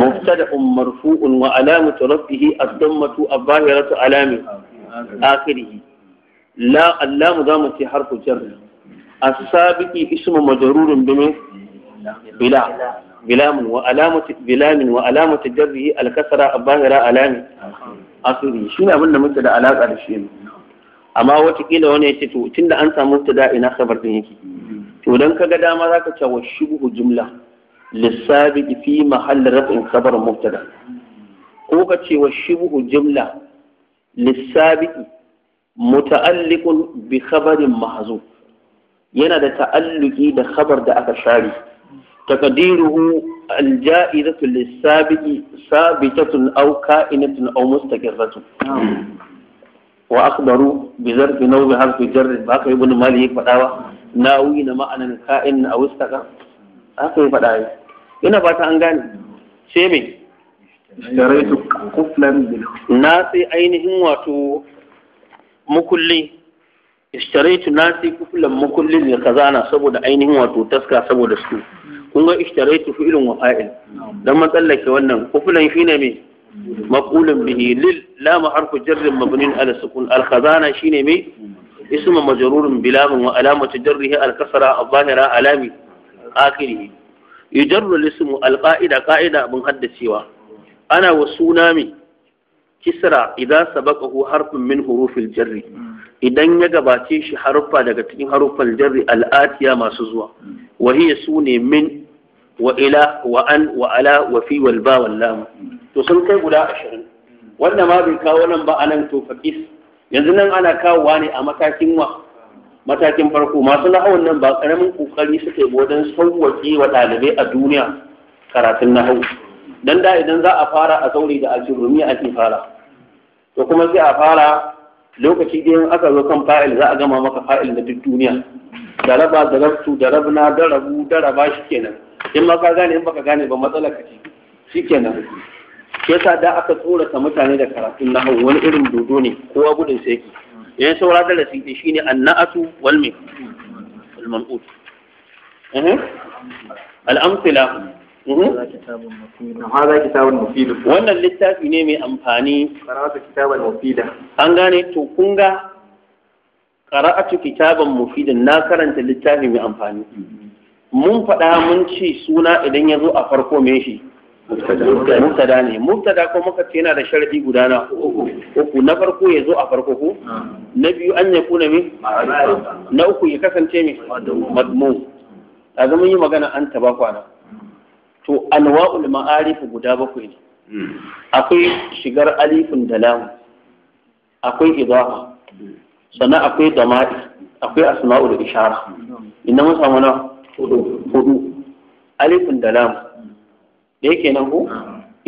mubtada marfu'un wa alamatu rafihi ad-dammatu abahiratu alami akhirih la allamu zamu ce harfu jar as-sabiqi ismu majrurun bi bila بلام وعلامة بلام وعلامة جره asiri shi علامة أصلي شنو أبونا مبتدا علاقة لشيء amma watakila wani ya ce to tunda an samu mubtada ina khabar din yake to dan kaga dama zaka ce wa shubhu jumla lissabi fi mahall raf'in khabar mubtada ko ka ce wa shubhu jumla lissabi muta'alliqun bi khabarin mahzuf yana da ta'alluki da khabar da aka share تقديره الجائزة للسابق ثابتة أو كائنة أو مستقرة وأخبروا بظرف نوب حرف جر هكا ابن مالي فتاوى ناوين معنى كائن أو استقر هكا فتاوى هنا فاتا أن قال اشتريت قفلا ناسي أينهم واتو مكلي اشتريت ناسي قفلا مكلي لخزانة سبود أينهم واتو تسكى سبود سكوت kun ga ishtaraitu fi'ilun wa fa'il dan man tsallake wannan kufulan shine me maqulun bihi lil lam harfu jarrin mabnin ala sukun al khazana shine me ismu majrurun bilam wa alamatu jarrihi al kasra al zahira alami akhirih yujarru al ismu al qa'ida qa'ida bin haddacewa ana wa sunami kisra idan sabaqahu harfun min hurufil jarri idan ya gabace shi haruffa daga cikin haruffan jarri al'atiya masu zuwa wahiya su ne min wa ila wa an ba to sun kai guda ashirin. wannan ma bai kawo nan ba anan to faqis yanzu nan ana kawowa ne a matakin wa matakin farko masu nahawun nan ba karamin kokari suke wajen sauwaƙe wa ɗalibai a duniya karatun nahawu dan da idan za a fara a zaure da aljurumiya ake fara to kuma sai a fara lokaci ɗayan aka zo kan fa'il za a gama maka fa'il na duk duniya daraba darabtu darabna darabu daraba shikenan in ma ka gane in baka gane ba matsala ka shi shikenan shi yasa da aka tsorata mutane da karatun nahawu wani irin dodo ne kowa gudun sai ki yayin saura darasi shi shine annatu wal mai al-man'ut al-amthila هذا كتاب مفيد wannan littafi ne mai amfani karatu kitabal mufida an gane to kunga qara'atu kitaban mufidin na karanta littafi mai amfani mun faɗa mun ce suna idan ya zo a farko me shi mubtada ne mubtada ko muka ce yana da sharadi guda na uku na farko ya zo a farko ko na biyu an ya kuna me na uku ya kasance me madmu a zama yi magana an taba kwana to anwa'ul ma'arif guda bakwai ne akwai shigar alifin da lamu akwai idafa sannan akwai dama'i akwai asma'u da ishara inda mun samu na hudu alifin da lam da yake nan ko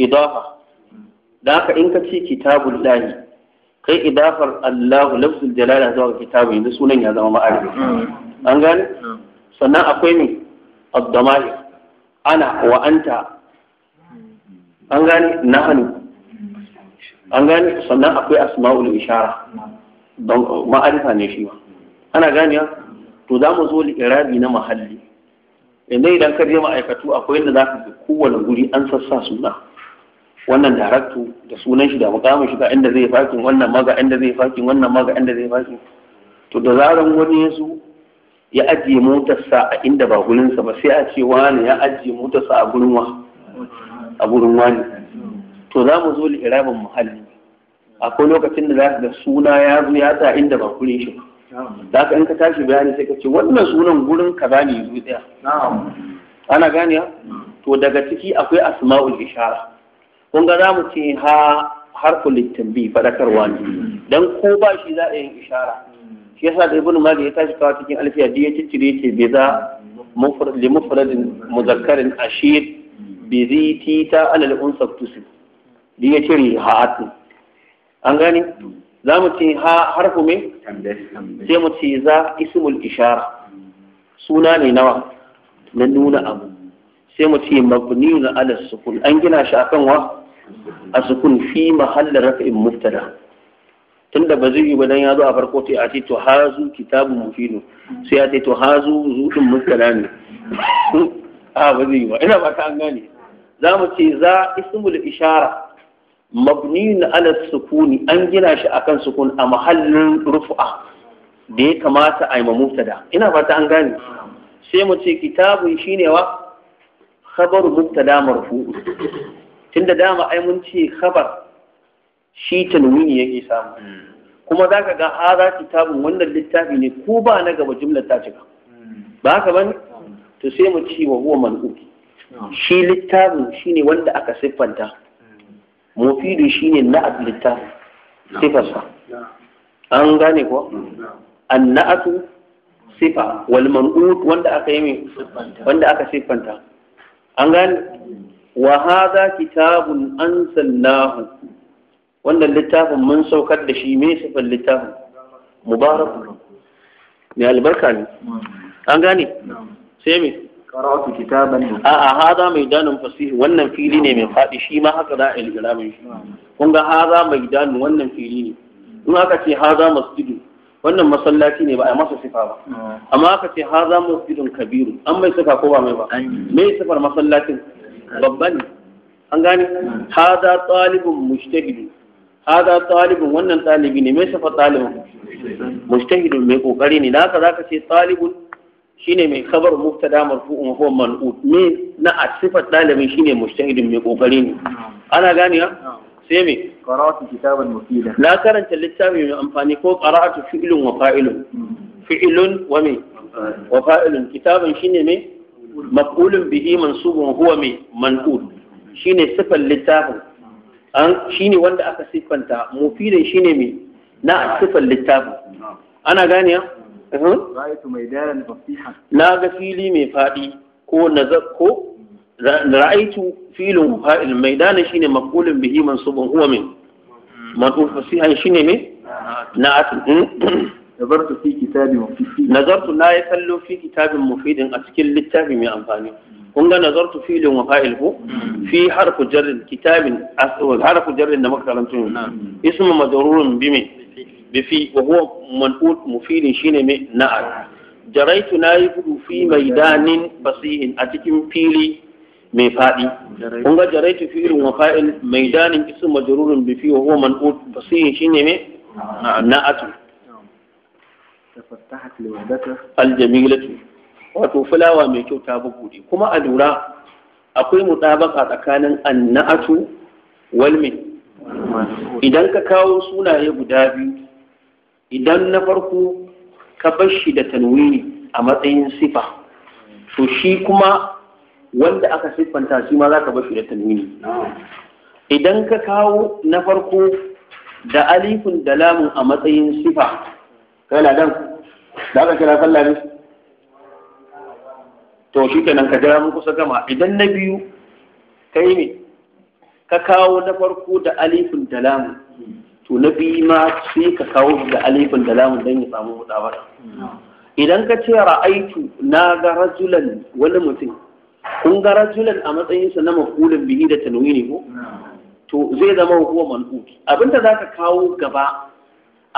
idafa da aka in ka ci kitabul lahi kai idafar Allahu lafzul jalala zuwa kitabu yanzu sunan ya zama ma'arifi an gane sannan akwai ne abdamahir ana wa anta an gane nahanu an gane sannan akwai asma'ul ishara ma'arifa ne shi ba ana ganiya to za mu zo li'irabi na mahalli yanzu idan ka je ma'aikatu akwai inda za ka ga kowane guri an sassa suna wannan daraktu da sunan shi da mukamin shi ga inda zai fakin wannan maga inda zai fakin wannan maga inda zai fakin to da zaran wani ya zo ya ajiye motarsa a inda ba gurinsa ba sai a ce wani ya ajiye motarsa a gurin wa a gurin wani to za mu zo li'irabin muhalli akwai lokacin da za ga suna ya zo ya sa inda ba kure shi Za ka in ka tashi bayani sai ka ce wannan sunan gurin kaza ne zuwa tsaya ana gane mm. to daga ciki akwai asma'ul ishara kun ga mu ce ha littin littafi faɗakarwa ne mm. dan ko ba shi za a yin ishara mm. shi yasa da ibnu malik ya tashi kawo cikin alfiya da ya ciccire ce bai za mufrad muzakkarin ashir bi zai alal unsa da ya cire ha'atin an gani za mu ce ha harfu me sai mu ce za ismul ishara suna ne nawa na nuna abu sai mu ce na ala sukun an gina shi akan wa sukun fi mahallar raf'in tun tunda ba zai yi ba ya zo a farko sai a ce to hazu kitabun mufinu sai a ce to hazu zuɗin mubtada ne a ba zai yi ba ina ba ta an gane za mu ce za ismul ishara na ala sukuni an gina shi akan sukun a mahallin rufu'a da ya kamata a yi mubtada ina fata an gane sai mu ce kitabun shine wa khabar mubtada marfu tunda dama ai mun ce khabar shi tanwini yake samu kuma za ka ga ta kitabun wannan littafi ne ko ba na gaba jumlar ta cika ba haka bane to sai mu ci wa huwa shi littafin shine wanda aka siffanta mufidu shine na'at littafi sifarsa an gane kuwa an na'atu sifa wal man'ut wanda aka yi wanda aka siffanta an gane wa hadha kitabun ansalnahu wannan littafin mun saukar da shi me sifar littafin mubarak ne albarka ne an gane sai me qara'tu kitaban a haza mai danun fasih wannan fili ne mai fadi shi ma haka za a ilgiramin shi Kunga haza mai danun wannan fili ne in aka ce hada masjidu wannan masallaci ne ba a masa sifa ba amma aka ce hada masjidun kabiru an mai sifa ko ba mai ba mai sifar masallacin babba ne an gane Haza talibun mujtahidun Haza talibun wannan talibi ne mai sifar talibun mujtahidun mai kokari ne Na da za ka ce talibun shine mai kabar mubtada marfu'un wa huwa man'ut Me na asifat dalibin shine mujtahidin mai kokari ne ana ganiya sai me qara'atu kitaban mufida na karanta littafi mai amfani ko qara'atu fi'lun wa fa'ilun mm. fi'lun wa me wa fa'ilun kitaban shine me maf'ulun bihi mansubun huwa me man'ut shine sifan littafin an shine wanda aka siffanta mufidan shine me na sifan littafin ana ganiya na ga fili mai faɗi ko nazar ko ra'aitu filin fa'il mai dana shine maqulun bihi mansubun huwa min marfu fasihan shine me na nazartu fi kitabin mufidin nazartu na ya kallo fi kitabin mufidin a cikin littafi mai amfani kun ga nazartu filin wa fa'il ko hmm. fi harfu jarrin kitabin harfu jarrin da muka karanta ismu majrurun bi mai. bifi wa huwa man'ut mufidin shine me na'at jaraitu nayi gudu fi maidanin basihin a cikin fili mai faɗi kun ga jaraitu fi irin wa fa'il maidanin isu majrurun bifi wa huwa man'ut basihin shine me na'atu aljamilatu wato fulawa mai kyau ta bubuɗe kuma a lura akwai mutabaka tsakanin annatu wal idan ka kawo sunaye guda biyu idan na farko ka bar shi da tanwini a matsayin sifa to shi kuma wanda aka siffanta shi ma za ka bar shi da tanwini idan ka kawo na farko da alifin da lamun a matsayin sifa kana dan da aka kira sallah ne to shi kenan ka jira mun kusa gama idan na biyu kai ne ka kawo na farko da alifin da lamun to na biyu ma sai ka kawo da alifin da lamun dan ya samu mudawara idan ka ce ra'aitu na ga rajulan wani mutum kun ga rajulan a matsayinsa na maqulun bihi da tanwini ko to zai zama huwa Abin abinda za ka kawo gaba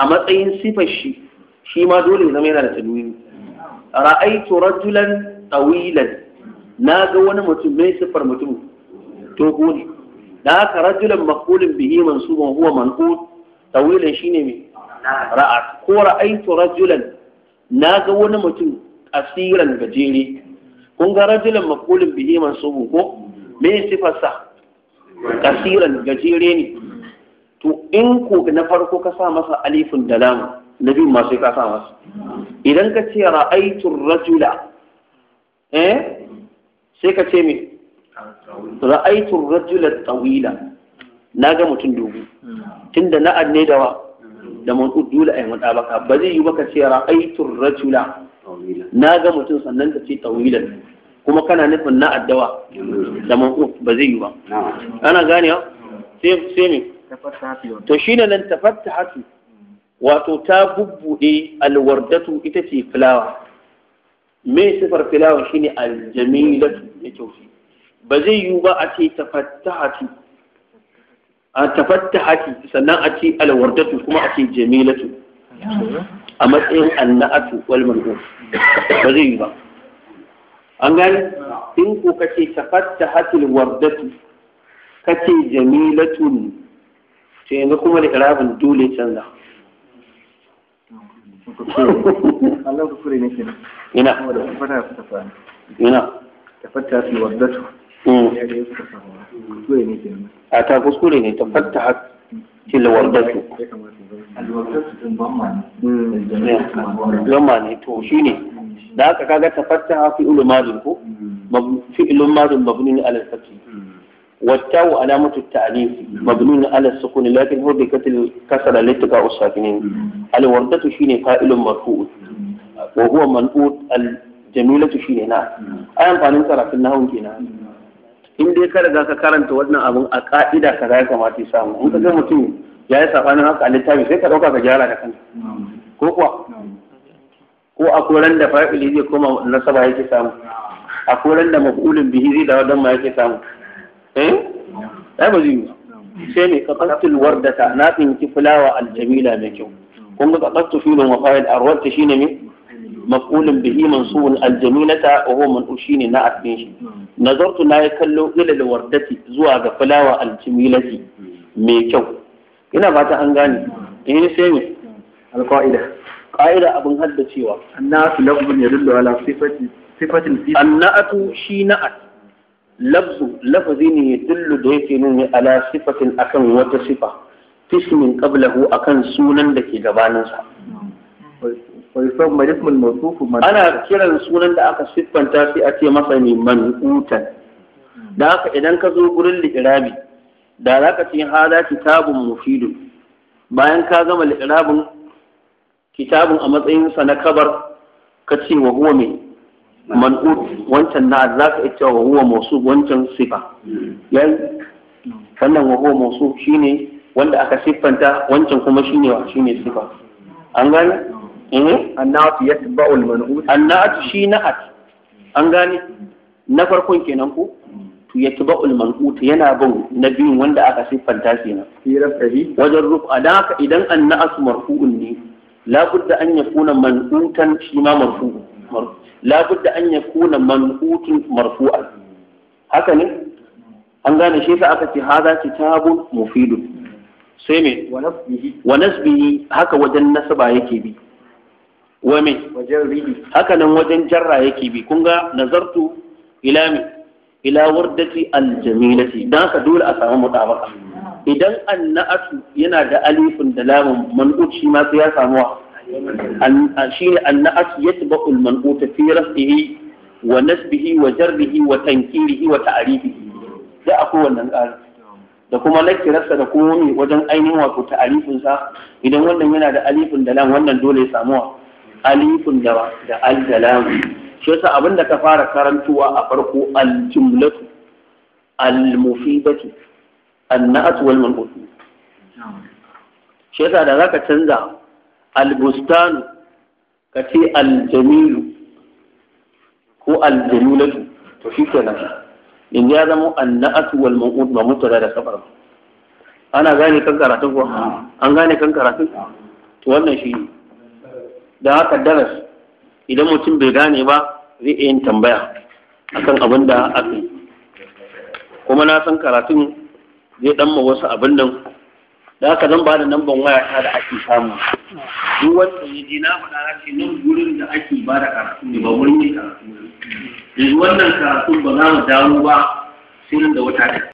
a matsayin sifar shi shi ma dole zama yana da tanwini ra'aitu rajulan tawilan na ga wani mutum mai siffar mutum to ne da haka rajulan maqulun bihi mansubun huwa man'ut tawilin ne me ra'at ko ra'aitu rajulan na ga wani mutum asiran gajere kun ga rajulan maqulun bihi mansubu ko me sifarsa kasiran gajere ne to in ko na farko ka sa masa alifin da lamu na biyu masu sai ka sa masa idan ka ce ra'aitu rajula eh sai ka ce me ra'aitu rajula tawila na ga mutum dubu tunda na'ad ne da wa da manqud dole ai mutabaka ba zai yi baka ce ra'aytu rajula na ga mutum sannan ka ce tawilan kuma kana nufin na addawa da manqud ba zai yi ba ana ganewa sai sai me to shine nan tafattahatu wato ta bubbuɗe alwardatu ita ce filawa Me sifar filawa shine aljamilatu ya kyau. ba zai yiwu ba a ce tafattahatu a tafattahati sannan a ce alwardatu kuma a ce jamilatu a matsayin annatu wal marhum ba zai yi ba an gani in ko kace tafattahatil wardatu kace jamilatun to yanzu kuma da irabin dole canza Allah ku kure ne kenan ina ina tafattahatil wardatu Hmm. a ta kuskure ne ta fatta har tilawar da su hmm. ne to shi ne da aka kaga ta fatta ha fi ilu mazun ko fi ilu mazun mabni ne ala sakin wattawu alamatu ta'lif mabni ne ala sukuni lakin hu bi katil kasara litka usakin al wardatu shine fa'ilun marfu'u wa huwa man'ud al jamilatu shine na ayan fanin sarafin nahun kenan in dai ka riga ka karanta wannan abin a ka'ida ka ya kamata ya samu in ka ga mutum ya yi sabanin haka a littafi sai ka ɗauka ka gyara da kanka ko kuwa ko a koran da fa'ili zai koma nasaba yake samu a koran da maf'ulin bihi zai dawo dan ma yake samu eh ai ba zai sai ne ka qastul wardata na tsinki fulawa aljamila mai kyau kun ga qastul filin wa fa'il arwata shine me maf'ulun bihi mansubun aljaminata wa huwa man ushini na asbin shi nazartu na ya kallo ilal wardati zuwa ga fulawa aljamilati mai kyau ina fata an gane in sai me alqaida qaida abin haddacewa annasu lafzun yadullu ala sifati sifatin annatu shi na'at lafzu lafazi ne yadullu da yake nuna ala sifatin akan wata sifa tismin qablahu akan sunan da ke gabaninsa ويسمى الاسم الموصوف من أنا كيرا سونا دا أكا سفن تاسي أتي مثلا منقوتا دا أكا إذن كذو قرن لإرابي دا لك هذا كتاب مفيد bayan ka gama li'irabin kitabun a matsayinsa na kabar ka ce wa huwa mai man'ud wancan na za ka ita wa huwa masu wancan sifa hmm. yan wannan wa huwa masu shine wanda aka siffanta wancan kuma shine wa shine sifa an gane Hmm? annatu yatba'u al-man'ut annatu shi na'at an gane na farkon kenan ko to hmm. yatba'u al-man'ut yana bin na biyun wanda aka siffanta kenan na. rafihi wajen rufa adaka idan annatu marfu'un ne labudda an yakuna man'utan shi ma marfu'un labudda an yakuna man'utun marfu'an haka ne an gane shi sa aka ce haza kitabun mufidun hmm. sai me wa nasbihi haka wajen nasaba yake bi wa me haka nan wajen jarra yake bi kun ga nazartu ila me ila wardati aljamilati dan haka dole a samu mutabaka idan annatu yana da alifin da lamun man'ut shi ma sai ya samu wa shi ne annatu yatba'u alman'ut fi raf'ihi wa nasbihi wa jarrihi wa tankirihi wa ta'rifihi da akwai wannan ƙarin da kuma lakirarsa da kuma wajen ainihin wato ta'arifinsa idan wannan yana da alifin da lam wannan dole ya samu alifun da da al shi yasa abin da ka fara karantuwa a farko aljumlatu almufidatu al-mufidatu wal manqut shi yasa da zaka canza al-bustanu ka ce al-jamilu ko al-jamilatu to shi kenan in ya zama annat wal manqut ba mutara da sabar ana gane kan karatun ko an gane kan karatun to wannan shi ne da haka daras idan mutum bai gane ba zai iya yin tambaya akan abin da aka yi kuma na san karatun zai dan ma wasu abin nan da haka zan ba da namban waya ta da ake samu duk wanda ya je na faɗa ake nan gurin da ake ba da karatu ne ba wurin ne karatu ne yanzu wannan karatun ba za mu dawo ba sai da wata